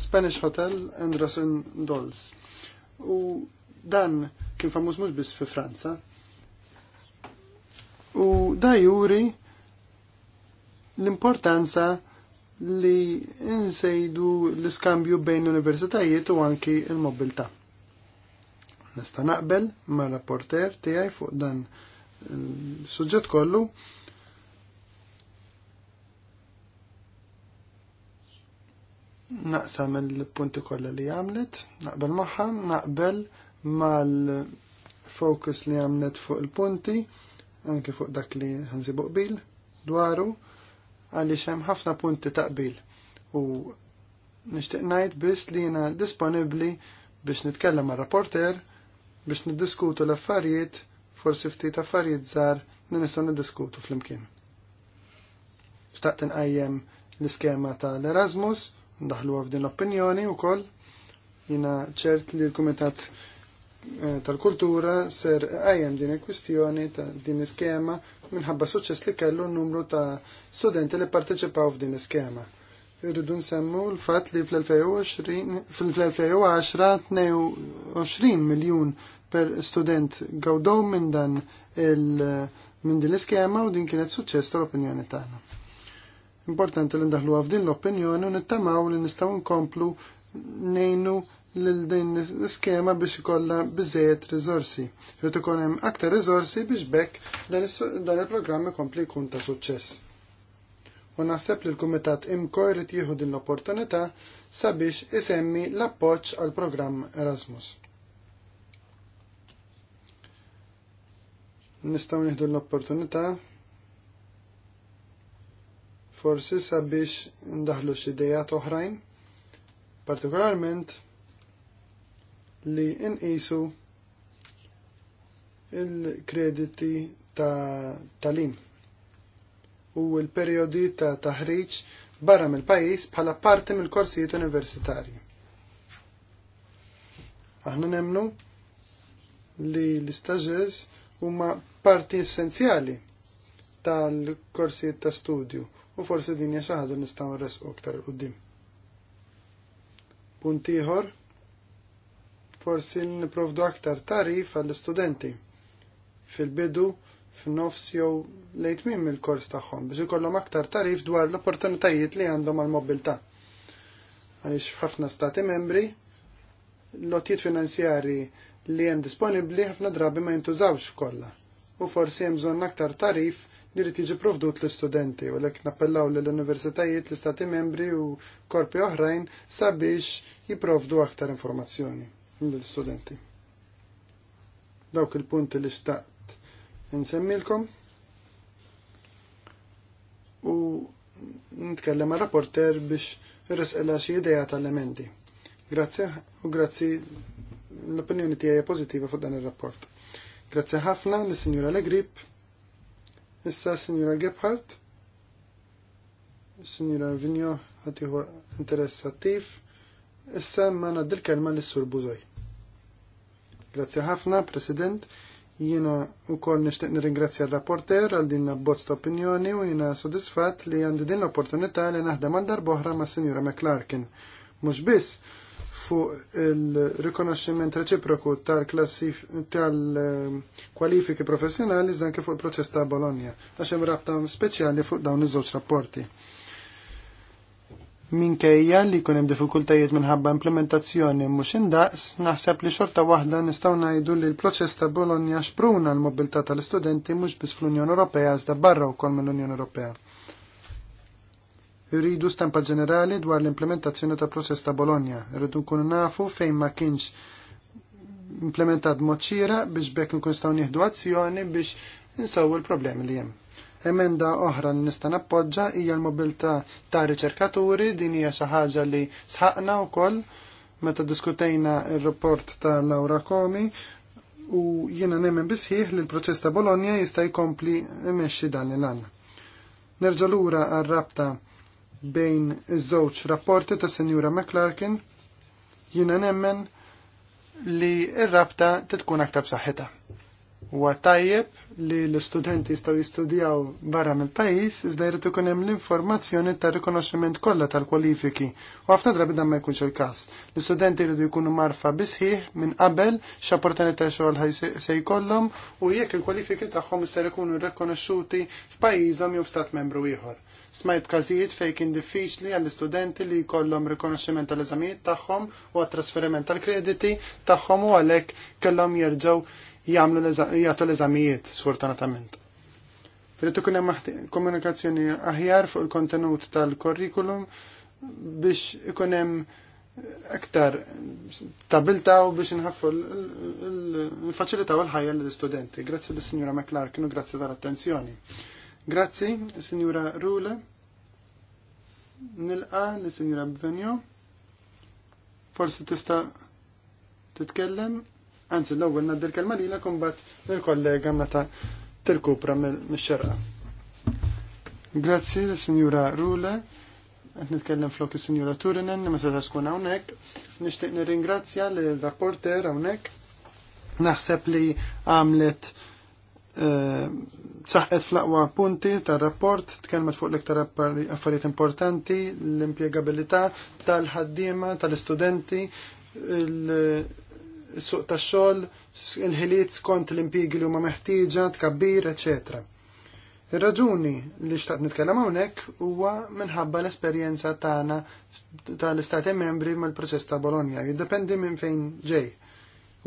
Spanish Hotel Anderson Dolls. U dan kien famuż mhux biss fi Franza. U da juri l-importanza li insejdu l-iskambju bejn l-universitajiet u anki il-mobilta. Nesta naqbel ma' rapporter tiegħi fuq dan il-suġġett kollu naqsam il-punti kollha li għamlet, naqbel magħha, naqbel mal-fokus li għamlet fuq il-punti, anke fuq dak li ħansibu qbil dwaru għaliex hemm ħafna punti taqbil. U nixtieq ngħid biss li jiena disponibbli biex nitkellem ma' rapporter biex niddiskutu l-affarijiet forsi ftit affarijiet żgħar li nistgħu niddiskutu flimkien. Xtaqt inqajjem l-iskema tal-Erasmus, ndaħlu f'din l-opinjoni wkoll. Jiena ċert li l-Kumitat Eh, tal-kultura ser għajem din il-kwistjoni ta' din iskema minħabba suċċess li kellu n-numru ta' studenti li parteċipaw f'din iskema. Irridu nsemmu l-fat li fl-2010 22 miljon per student gawdow minn dan minn din l-iskema u din kienet suċess tal-opinjoni tagħna. Importanti li ndaħlu f'din l-opinjoni u nittamaw li nistgħu nkomplu nejnu l din l-iskema biex ikollha biżejjed rizorsi. Rrid ikun hemm aktar riżorsi biex bekk dan il-programm ikompli jkun ta' suċċess. U naħseb li l-Kumitat Imko jrid jieħu din l-opportunità sabiex isemmi l-appoġġ għal programm Erasmus. Nistgħu nieħdu l-opportunità forsi sabiex ndaħlu xi idejat oħrajn, partikolarment li inqisu il-krediti ta' talim u l-periodi ta' taħriġ barra mill-pajis bħala parti mill-korsijiet universitarji. Aħna nemnu li l-istaġez huma parti essenzjali tal-korsijiet ta' studju u forsi din hija xi ħaġa nistgħu nresqu aktar quddiem. Punt ieħor forsi niprovdu aktar tarif għall-istudenti fil-bidu f'nofs jew lejt mim il-kors tagħhom biex ikollhom aktar tarif dwar l-opportunitajiet li għandhom għal-mobilità. Għaliex f'ħafna stati membri l-lotjiet finanzjari li hemm disponibbli ħafna drabi ma jintużawx kollha. U forsi hemm bżonn aktar tarif li rid jiġi provdut l-istudenti u lek nappellaw lill universitajiet l-istati membri u korpi oħrajn sabiex jiprovdu aktar informazzjoni l-studenti. Dawk il-punti li staqt nsemmilkom u nitkellem għal rapporter biex irrisqela xi idea tal-elementi. Grazzi u grazzi l-opinjoni tiegħi pożittiva fuq dan ir-rapport. Grazzi ħafna lis-Sinjura Legrip, issa Sinjura Gebhardt, Sinjura Vinjo ħatiħu interess attiv, issa ma naddil kelma lis-Sur Bużoj. Grazzi ħafna, President. Jiena u koll nishtiq nirringrazzja l-rapporter għal din bozz ta' opinjoni u jiena sodisfat li għandi din l-opportunità li naħdem għandar boħra ma' Signora McClarkin. Mux biss fuq il-rikonoxximent reċiproku tal-kwalifiki tal professjonali iżda anke fuq il-proċess ta' Bologna, għax hemm rabta speċjali fuq dawn iż-żewġ rapporti minkejja li jkun hemm diffikultajiet minħabba implementazzjoni mhux indaqs, naħseb li xorta waħda nistgħu ngħidu li l-proċess ta' Bologna xpruna l-mobilità tal-istudenti mhux biss fl-Unjoni Ewropea iżda barra wkoll mill-Unjoni Ewropea. Irridu stampa ġenerali dwar l-implementazzjoni ta' proċess ta' Bologna, irridu nkunu nafu fejn ma kienx implementat mod biex bekk nkun staw nieħdu azzjoni biex insawu l-problemi li hemm. Emenda oħra nista' nappoġġa hija l-mobilità ta' riċerkaturi din hija xi ħaġa li sħaqna wkoll meta diskutejna r rapport ta' Laura Comi u jiena nemmen bisħiħ li l-proċess ta' Bologna jista' jkompli imexxi dan il għanna Nerġa' lura għar-rabta bejn iż-żewġ rapporti ta' Senjura McClarkin jiena nemmen li r-rabta titkun aktar b'saħħitha. Huwa tajjeb li l-istudenti jistgħu jistudjaw barra mill-pajjiż iżda jrid ikun hemm l-informazzjoni tar rikonoxximent kollha tal-kwalifiki. U ħafna drabi dan ma jkunx il-każ. L-istudenti jridu jkunu marfa bisħiħ minn qabel x'opportunità xogħol se jkollhom u jekk il-kwalifiki tagħhom se jkunu rikonoxxuti f'pajjiżhom jew stat membru ieħor. Smajt każijiet fejn kien diffiċli għall-istudenti li jkollhom rikonoxximent tal-eżamijiet tagħhom u għat-trasferiment tal-krediti tagħhom u għalhekk kellhom jerġgħu jgħamlu jagħtu l-eżamijiet sfortunatament. Trid ikun hemm komunikazzjoni aħjar fuq il-kontenut tal-kurrikulum biex ikun hemm aktar tabilta u biex nħaffu l-facilita u l-ħajja l-studenti. Grazzi l-Signora McLarkin u grazzi tal-attenzjoni. Grazzi, Signora Rule, nilqa l-Signora Bvenio. forsi tista titkellem Anzi, l-ewwel ngħaddi l-kelma lila kumbat lill-kollega meta tirkupra mix-xerqa. Grazzi l-Sinjura Rula, qed nitkellem flok is-Sinjura Turinen li ma setax tkun hawnhekk. Nixtieq nirringrazzja lill-rapporter hawnhekk. Naħseb li għamlet eh, saħqet fl-aqwa punti tar rapport tkellmet fuq l-iktar affarijiet importanti, l impjegabilità tal-ħaddiema, tal-istudenti, suq tax-xogħol, il-ħiliet skont l-impigi li huma meħtieġa, tkabbir, ecc. Ir-raġuni li xtaqt nitkellem hawnhekk huwa minħabba l-esperjenza tagħna tal-Istati membri mal-proċess ta' Bologna. Jiddependi minn fejn ġej.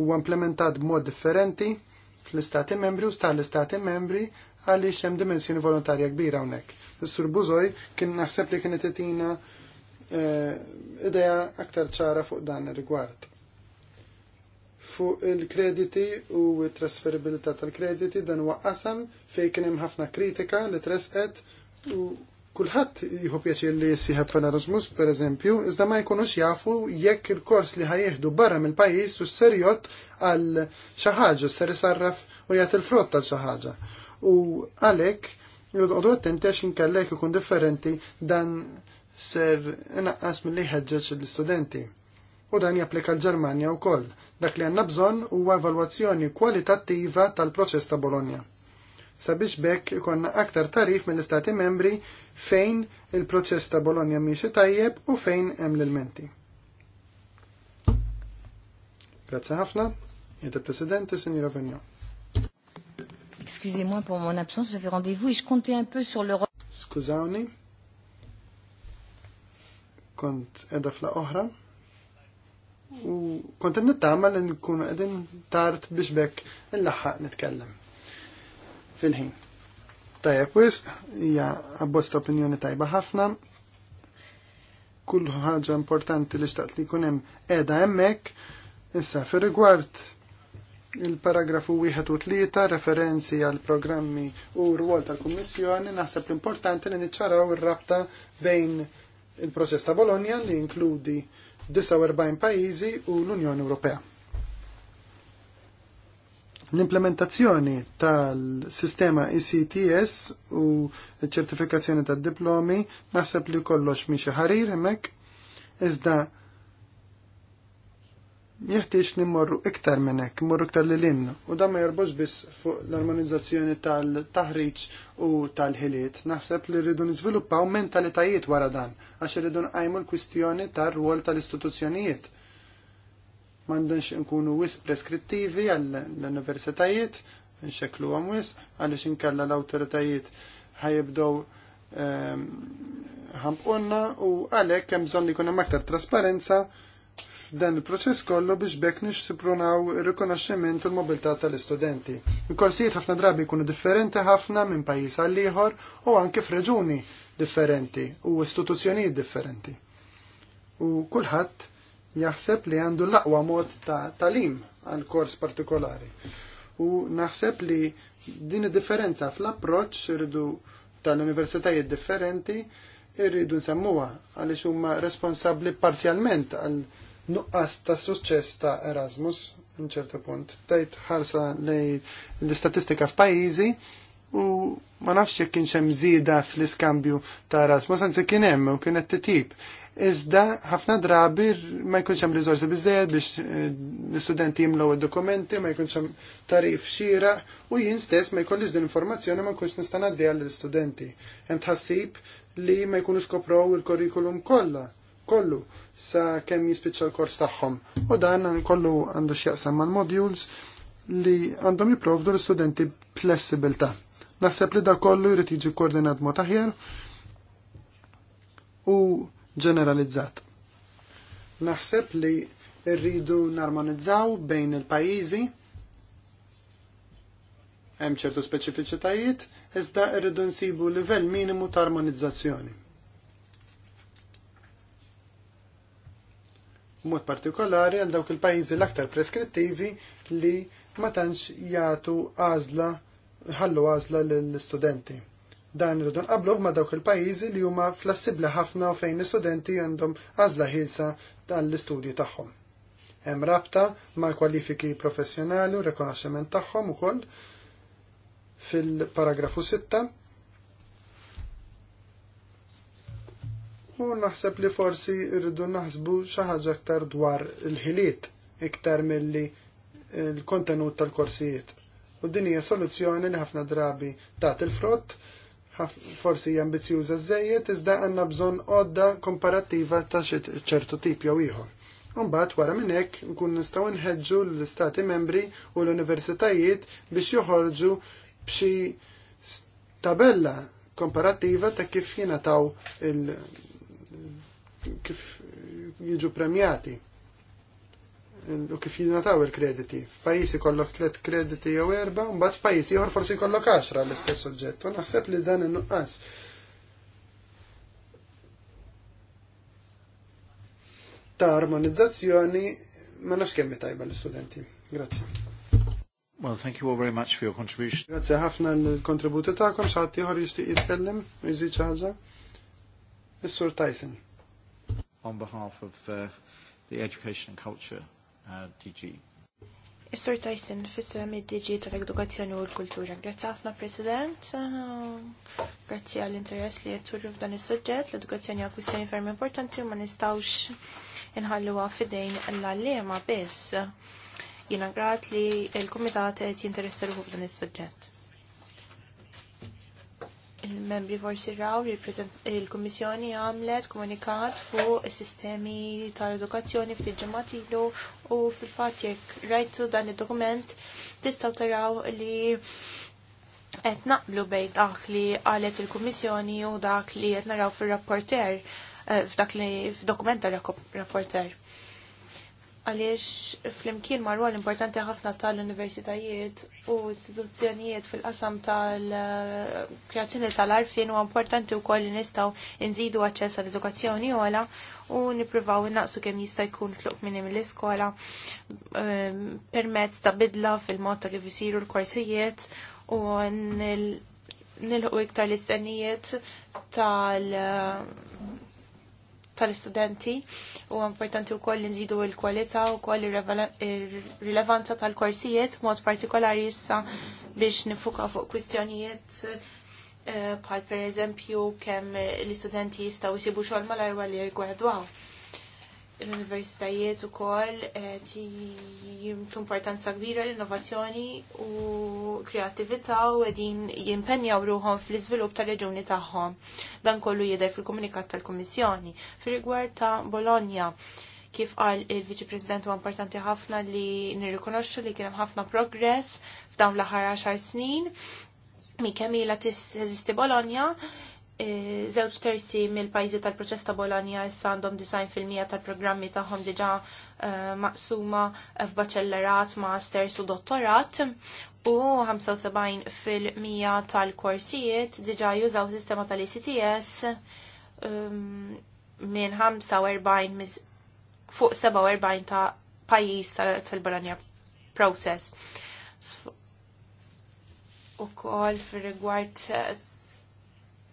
Huwa implementat b'mod differenti fl-Istati membri u tal-Istati membri għaliex hemm dimensjoni volontarja kbira hawnhekk. Is-Sur Bużoj kien naħseb li kienet itina eh, idea aktar ċara fuq dan ir-rigward fuq il-krediti u trasferibilità tal-krediti dan huwa qasam fejn kien hemm ħafna kritika li tresqet u kulħadd jieħu pjaċir li jissieħeb fl-Erasmus pereżempju, iżda ma jkunux jafu jekk il-kors li ħajjeħdu barra mill-pajjiż u serjot għal xi ħaġa, ser isarraf u jagħti l-frott tal xi ħaġa. U għalhekk jgħodu attenti għax inkellek ikun differenti dan ser inaqqas mill-li ħeġġeġ l-istudenti u dan japplika l-Ġermanja wkoll. Dak li għandna bżonn huwa evalwazzjoni kwalitattiva tal-proċess ta' Bologna. Sabiex bekk ikonna aktar tarif mill-Istati membri fejn il-proċess ta' Bologna miexi tajjeb u fejn hemm l elmenti Grazie ħafna, jete presidente Signora Vignon. Excusez-moi pour mon absence, j'avais rendez-vous et je comptais un peu sur l'Europe. Skużawni, kont edha fla oħra u kont nittama li nkunu qegħdin tard biex bekk il-laħħaq nitkellem fil-ħin. Tajja kwis hija abbosta opinjoni tajba ħafna. Kull ħaġa importanti li xtaqt li jkun hemm qiegħda hemmhekk. Issa fir-rigward il-paragrafu 1 u 3 referenzi għal programmi u rwol tal-Kummissjoni naħseb importanti li niċċaraw ir-rabta bejn il-proċess ta' Bologna li inkludi 49 pajjiżi u l-Unjoni Ewropea. L-implementazzjoni tal-sistema ICTS e u ċertifikazzjoni tad-diplomi naħseb li kollox miexi ħarir hemmhekk iżda jeħtieġ li mmorru iktar minn hekk, mmorru iktar lil hinn u dan ma jorbux biss fuq l-armonizzazzjoni tal-taħriġ u tal-ħiliet. Naħseb li rridu niżviluppaw mentalitajiet wara dan għax irridu nqajmu l-kwistjoni tar-rwol tal-istituzzjonijiet. M'għandux nkunu wisq preskrittivi għall-universitajiet, nxeklu għam wisq, għaliex inkella l-awtoritajiet ħajibdow ehm, ħampqonna u għalhekk hemm bżonn li jkun hemm aktar trasparenza f'dan il-proċess kollu biex bekk nixsiprunaw rikonoxximent u l-mobilità tal-istudenti. Il-korsijiet ħafna drabi jkunu differenti ħafna minn pajis għal ieħor u anke f'reġuni differenti u istituzzjonijiet differenti. U kulħadd jaħseb li għandu l-aqwa mod ta' talim għal kors partikolari. U naħseb li din differenza fl-approċċ irridu tal-universitajiet differenti irridu nsemmuha għaliex huma responsabbli parzjalment għal nuqqas ta' suċċess ta' Erasmus, ċertu punt, tajt ħarsa lej l-istatistika f'pajjiżi u ma nafx jekk kienx hemm żieda fl-iskambju ta' Erasmus, anzi kien hemm u kien qed Iżda ħafna drabi ma jkunx hemm riżorsi biżejjed biex eh, l-istudenti jimlew id-dokumenti, ma jkunx hemm tarif xira u jien stess ma jkollix din informazzjoni ma nkunx nista' ngħaddiha lill-istudenti. Hemm tħassib li ma jkunux koprow il-kurrikulum kollha kollu sa kemm jispiċċa l-kors tagħhom. U dan kollu għandu x'jaqsam mal-modules li għandhom jipprovdu l-istudenti flessibilità. Naħseb li da kollu jrid jiġi koordinat mod aħjar u ġeneralizzat. Naħseb li rridu narmonizzaw bejn il-pajjiżi hemm ċertu speċifiċitajiet, iżda rridu nsibu livell minimu ta' armonizzazzjoni. mod partikolari għal dawk il-pajjiżi l-aktar preskrittivi li ma tantx jagħtu għażla ħallu għażla lill-istudenti. Dan irridu nqabluh ma dawk il-pajjiżi li huma flassibbli ħafna u fejn l-istudenti għandhom għażla ħilsa tal-istudji tagħhom. Hemm rabta mal-kwalifiki professjonali u rekonoxximent tagħhom ukoll fil-paragrafu 6 u naħseb li forsi rridu naħsbu xi ħaġa aktar dwar il-ħiliet iktar milli l kontenut tal-korsijiet. U din hija soluzzjoni li ħafna drabi tat il-frott, forsi hija ambizjuża żejjed iżda għandna bżonn għodda komparattiva ta' xi ċertu tip jew ieħor. Mbagħad wara minn hekk nkun nistgħu nħeġġu l-istati membri u l-universitajiet biex joħorġu b'xi tabella komparattiva ta' kif jingħataw il- kif jiġu premjati u kif jinataw il-krediti. F'pajjiżi kollok tliet krediti jew erba', mbagħad f'pajjiż ieħor forsi jkollok għaxra l-istess oġġett. U naħseb li dan in-nuqqas ta' armonizzazzjoni ma nafx kemm tajba l-istudenti. Grazzi. Well, thank you all very much for your contribution. Grazie ħafna l-kontributi ta'kom, xaħti ħor jistiq jitkellem, jizzi ċaħġa. Is-Sur Tyson on behalf of uh, the Education and Culture uh, DG. Is-Sur Tyson, fissura mid-DG tal-Edukazzjoni u l-Kultura. Grazzi ħafna, President. Ah, grazzi għall-interess li jtturru f'dan is-suġġett. L-edukazzjoni għal kwistjoni ferm importanti u ma nistawx inħalluha f'idejn l-għallima biss. Jina grat li l-Kumitat qed jinteressaru f'dan is-suġġett il-membri forsi raw il kummissjoni għamlet komunikat fuq is-sistemi tal-edukazzjoni ftit ilu u fil-fatt jekk rajtu dan id-dokument tistgħu taraw li qed naqblu bejn dak li qalet il-Kummissjoni u dak li qed naraw fir-rapporter eh, f'dak li f'dokument tar-rapporter għaliex fl-imkien marwa importanti ħafna tal-universitajiet u istituzzjonijiet fil-qasam tal-kreazzjoni tal-arfin u importanti u koll nistaw nżidu għacċess għal-edukazzjoni għala u niprivaw naqsu kem jista' jkun tluq minni mill-iskola ehm, permezz ta' bidla fil-mod ta' kif isiru l-korsijiet u nil-ħu iktar l-istennijiet tal- tal-istudenti u importanti wkoll koll nżidu l-kwalità u koll il-rilevanza tal-korsijiet mod partikolari issa biex nifuka fuq kwistjonijiet eh, bħal per eżempju kemm l-istudenti jistgħu jsibu xogħol malajr li jgwadwaw l-universitajiet u kol eh, jimtu importanza kbira l-innovazzjoni u kreativita u għedin jimpenjaw ruħom fl-izvilup tal-reġuni tagħhom. Dan kollu jidher fil-komunikat tal-Kummissjoni. Fil-rigward ta' Bologna, kif qal il-Viċi President huwa importanti ħafna li nirrikonoxxu li kien hemm ħafna progress f'dawn l-aħħar 10 snin. Mi kemm ilha teżisti Bologna, żewġ e, terzi mill-pajjiżi tal-proċess ta' Bologna issa għandhom design fil-mija tal-programmi tagħhom diġà e, maqsuma f'baċellerat, masters u dottorat u 75 fil-mija tal-korsijiet diġa' jużaw sistema tal-ECTS e, minn 45 fuq 47 ta' pajjiż tal bolonia process. U kol fil-rigward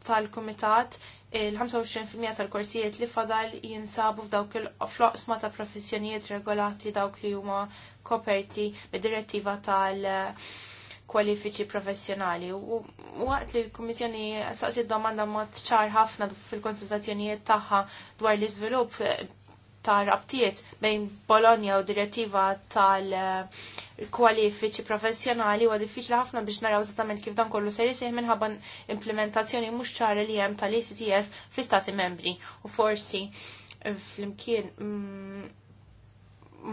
tal-Kumitat il-25% tal-korsijiet li fadal jinsabu f'dawk il-floqsma ta' professjonijiet regolati dawk li huma koperti bid-direttiva tal- kwalifiċi professjonali. U waqt li l-Kummissjoni saqsiet domanda mod ċar ħafna fil-konsultazzjonijiet tagħha dwar l-iżvilupp ta' rabtiet bejn Bologna u direttiva tal- kwalifiċi professjonali u diffiċli ħafna biex naraw eżattament kif dan kollu ser jisih minħabba implementazzjoni mhux ċara li hemm tal-ECTS fl-istati membri u forsi eh, fl-imkien mm,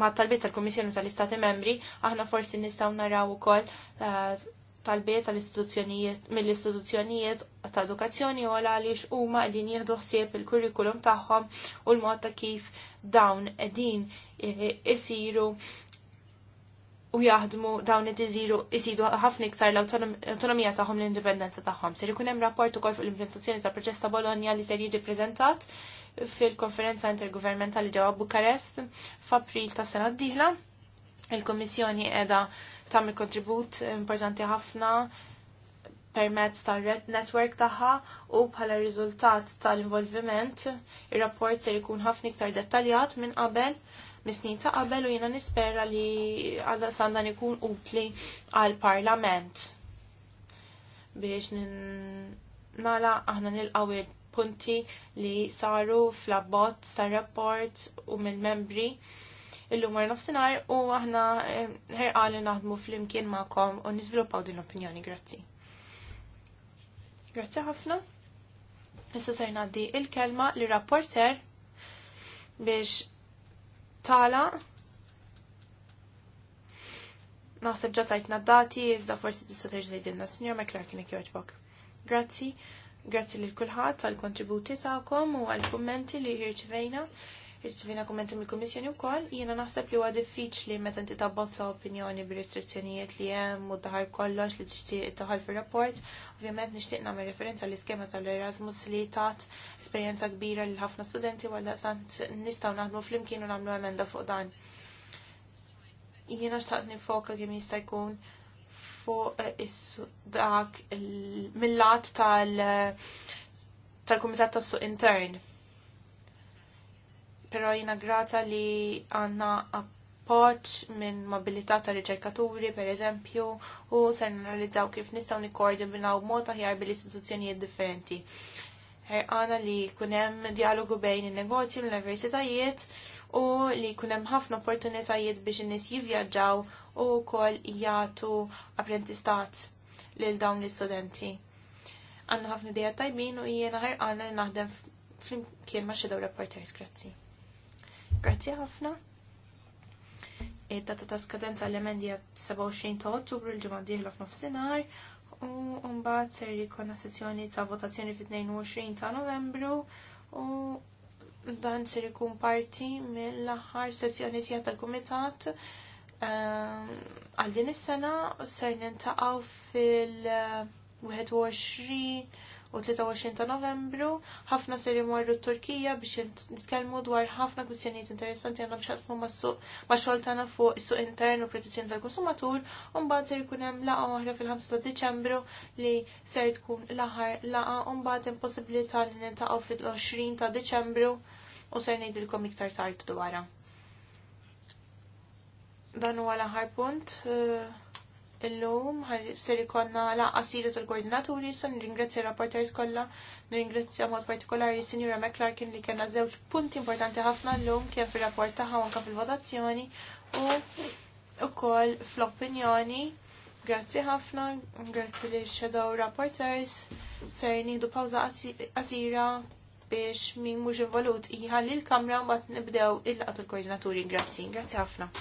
ma talbiet tal-Kummissjoni tal-Istati Membri, aħna forsi nistgħu naraw ukoll eh, talbiet tal-istituzzjonijiet mill-istituzzjonijiet ta' edukazzjoni u għaliex huma qegħdin jieħdu ħsieb il-kurrikulum tagħhom u l-mod ta' kif dawn qegħdin eh, isiru u jaħdmu dawn id-diziru isidu ħafna iktar l-autonomija tagħhom l-indipendenza tagħhom. Se jkun hemm rapport ukoll fuq l-implementazzjoni tal proċess ta' Bologna li ser jiġi preżentat fil-konferenza intergovernmentali ġewwa Bukarest f'April tas sena d-dieħla. Il-Kummissjoni qiegħda tagħmel kontribut importanti ħafna permezz tal-red network tagħha u bħala riżultat tal-involviment ir-rapport ser ikun ħafna iktar dettaljat minn qabel mis-snin ta' qabel u jiena nispera li għadda sandan ikun utli għal parlament biex nala aħna nilqaw punti li saru fl-abbot sar rapport u mill-membri illum għar nofsinhar u aħna eh, ħerqali naħdmu fl-imkien ma'kom u niżviluppaw din l-opinjoni, grazzi. Grazzi ħafna. Issa ser ngħaddi il-kelma li rapporter biex tala. Naħseb ġa tajtna dati, iżda forsi tista' terġa' tgħidilna Sinjor McCracken jekk jogħġbok. Grazzi, grazzi lil kulħadd għall kontributi tagħkom u għall kummenti li ħirċivejna. Irċivina kommenti mill kummissjoni wkoll, jiena naħseb li huwa diffiċli meta inti tabbozza opinjoni bil restrizzjonijiet li hemm u daħal kollox li tixtieq taħal fir-rapport. Ovvjament nixtieq nagħmel referenza l iskema tal-Erasmus li tat esperjenza kbira lil ħafna studenti wara sant nistgħu naħdmu flimkien u nagħmlu emenda fuq dan. Jiena xtaqt nifoka kemm jista' jkun fuq dak mill-lat tal-Kumitat tas-Suq Intern pero jina grata li għanna appoċ minn mobilità ta' riċerkaturi, per eżempju, u ser nanalizzaw kif nistaw binaw mod aħjar bil-istituzzjonijiet differenti. Għana li kunem dialogu bejn il-negozju, l-universitajiet u li kunem ħafna opportunitajiet biex in-nies jivvjaġġaw u kol jgħatu apprentistat lil dawn l-istudenti. Għanna ħafna dijat tajbin u jiena ħarqana li naħdem flimkien ma' xedaw reporters, grazzi. Grazzi ħafna. Id-data ta' skadenza l-emendi 27 ta' ottubru l-ġimgħa dieħla f'nofsinhar u mbagħad ser jkollna sessjoni ta' votazzjoni fit-22 ta' Novembru u dan se jkun parti mill-aħħar sessjoni tiegħek tal-kumitat ehm, għal din is-sena se nintaqgħu fil-21 eh, u 23 ta' novembru ħafna ser t Turkija biex nitkellmu dwar ħafna kwistjonijiet interessanti għandhom x'qasmu ma' xogħol tagħna fuq is-suq intern u protezzjoni tal-konsumatur u mbagħad ser ikun hemm laqgħa oħra fil-5 ta' Diċembru li ser tkun l-aħħar laqgħa u mbagħad hemm possibilità li nintaqgħu fil-20 ta' Diċembru u ser ngħidilkom iktar tard dwarha. Dan huwa l-aħħar punt. Uh Illum ser ikonna laqqa siru tal-koordinaturi sa nirringrazzja rapporters kollha, nirringrazzja mod partikolari Sinjura McClarkin li kellna żewġ punti importanti ħafna llum kien fir-rapport tagħha anke fil-votazzjoni u wkoll fl-opinjoni. Grazzi ħafna, grazzi li shadow rapporters, ser nieħdu pawza qasira biex min mhux involut jħalli l-kamra mbagħad nibdew il-laqgħa tal-koordinaturi. Grazzi, grazzi ħafna.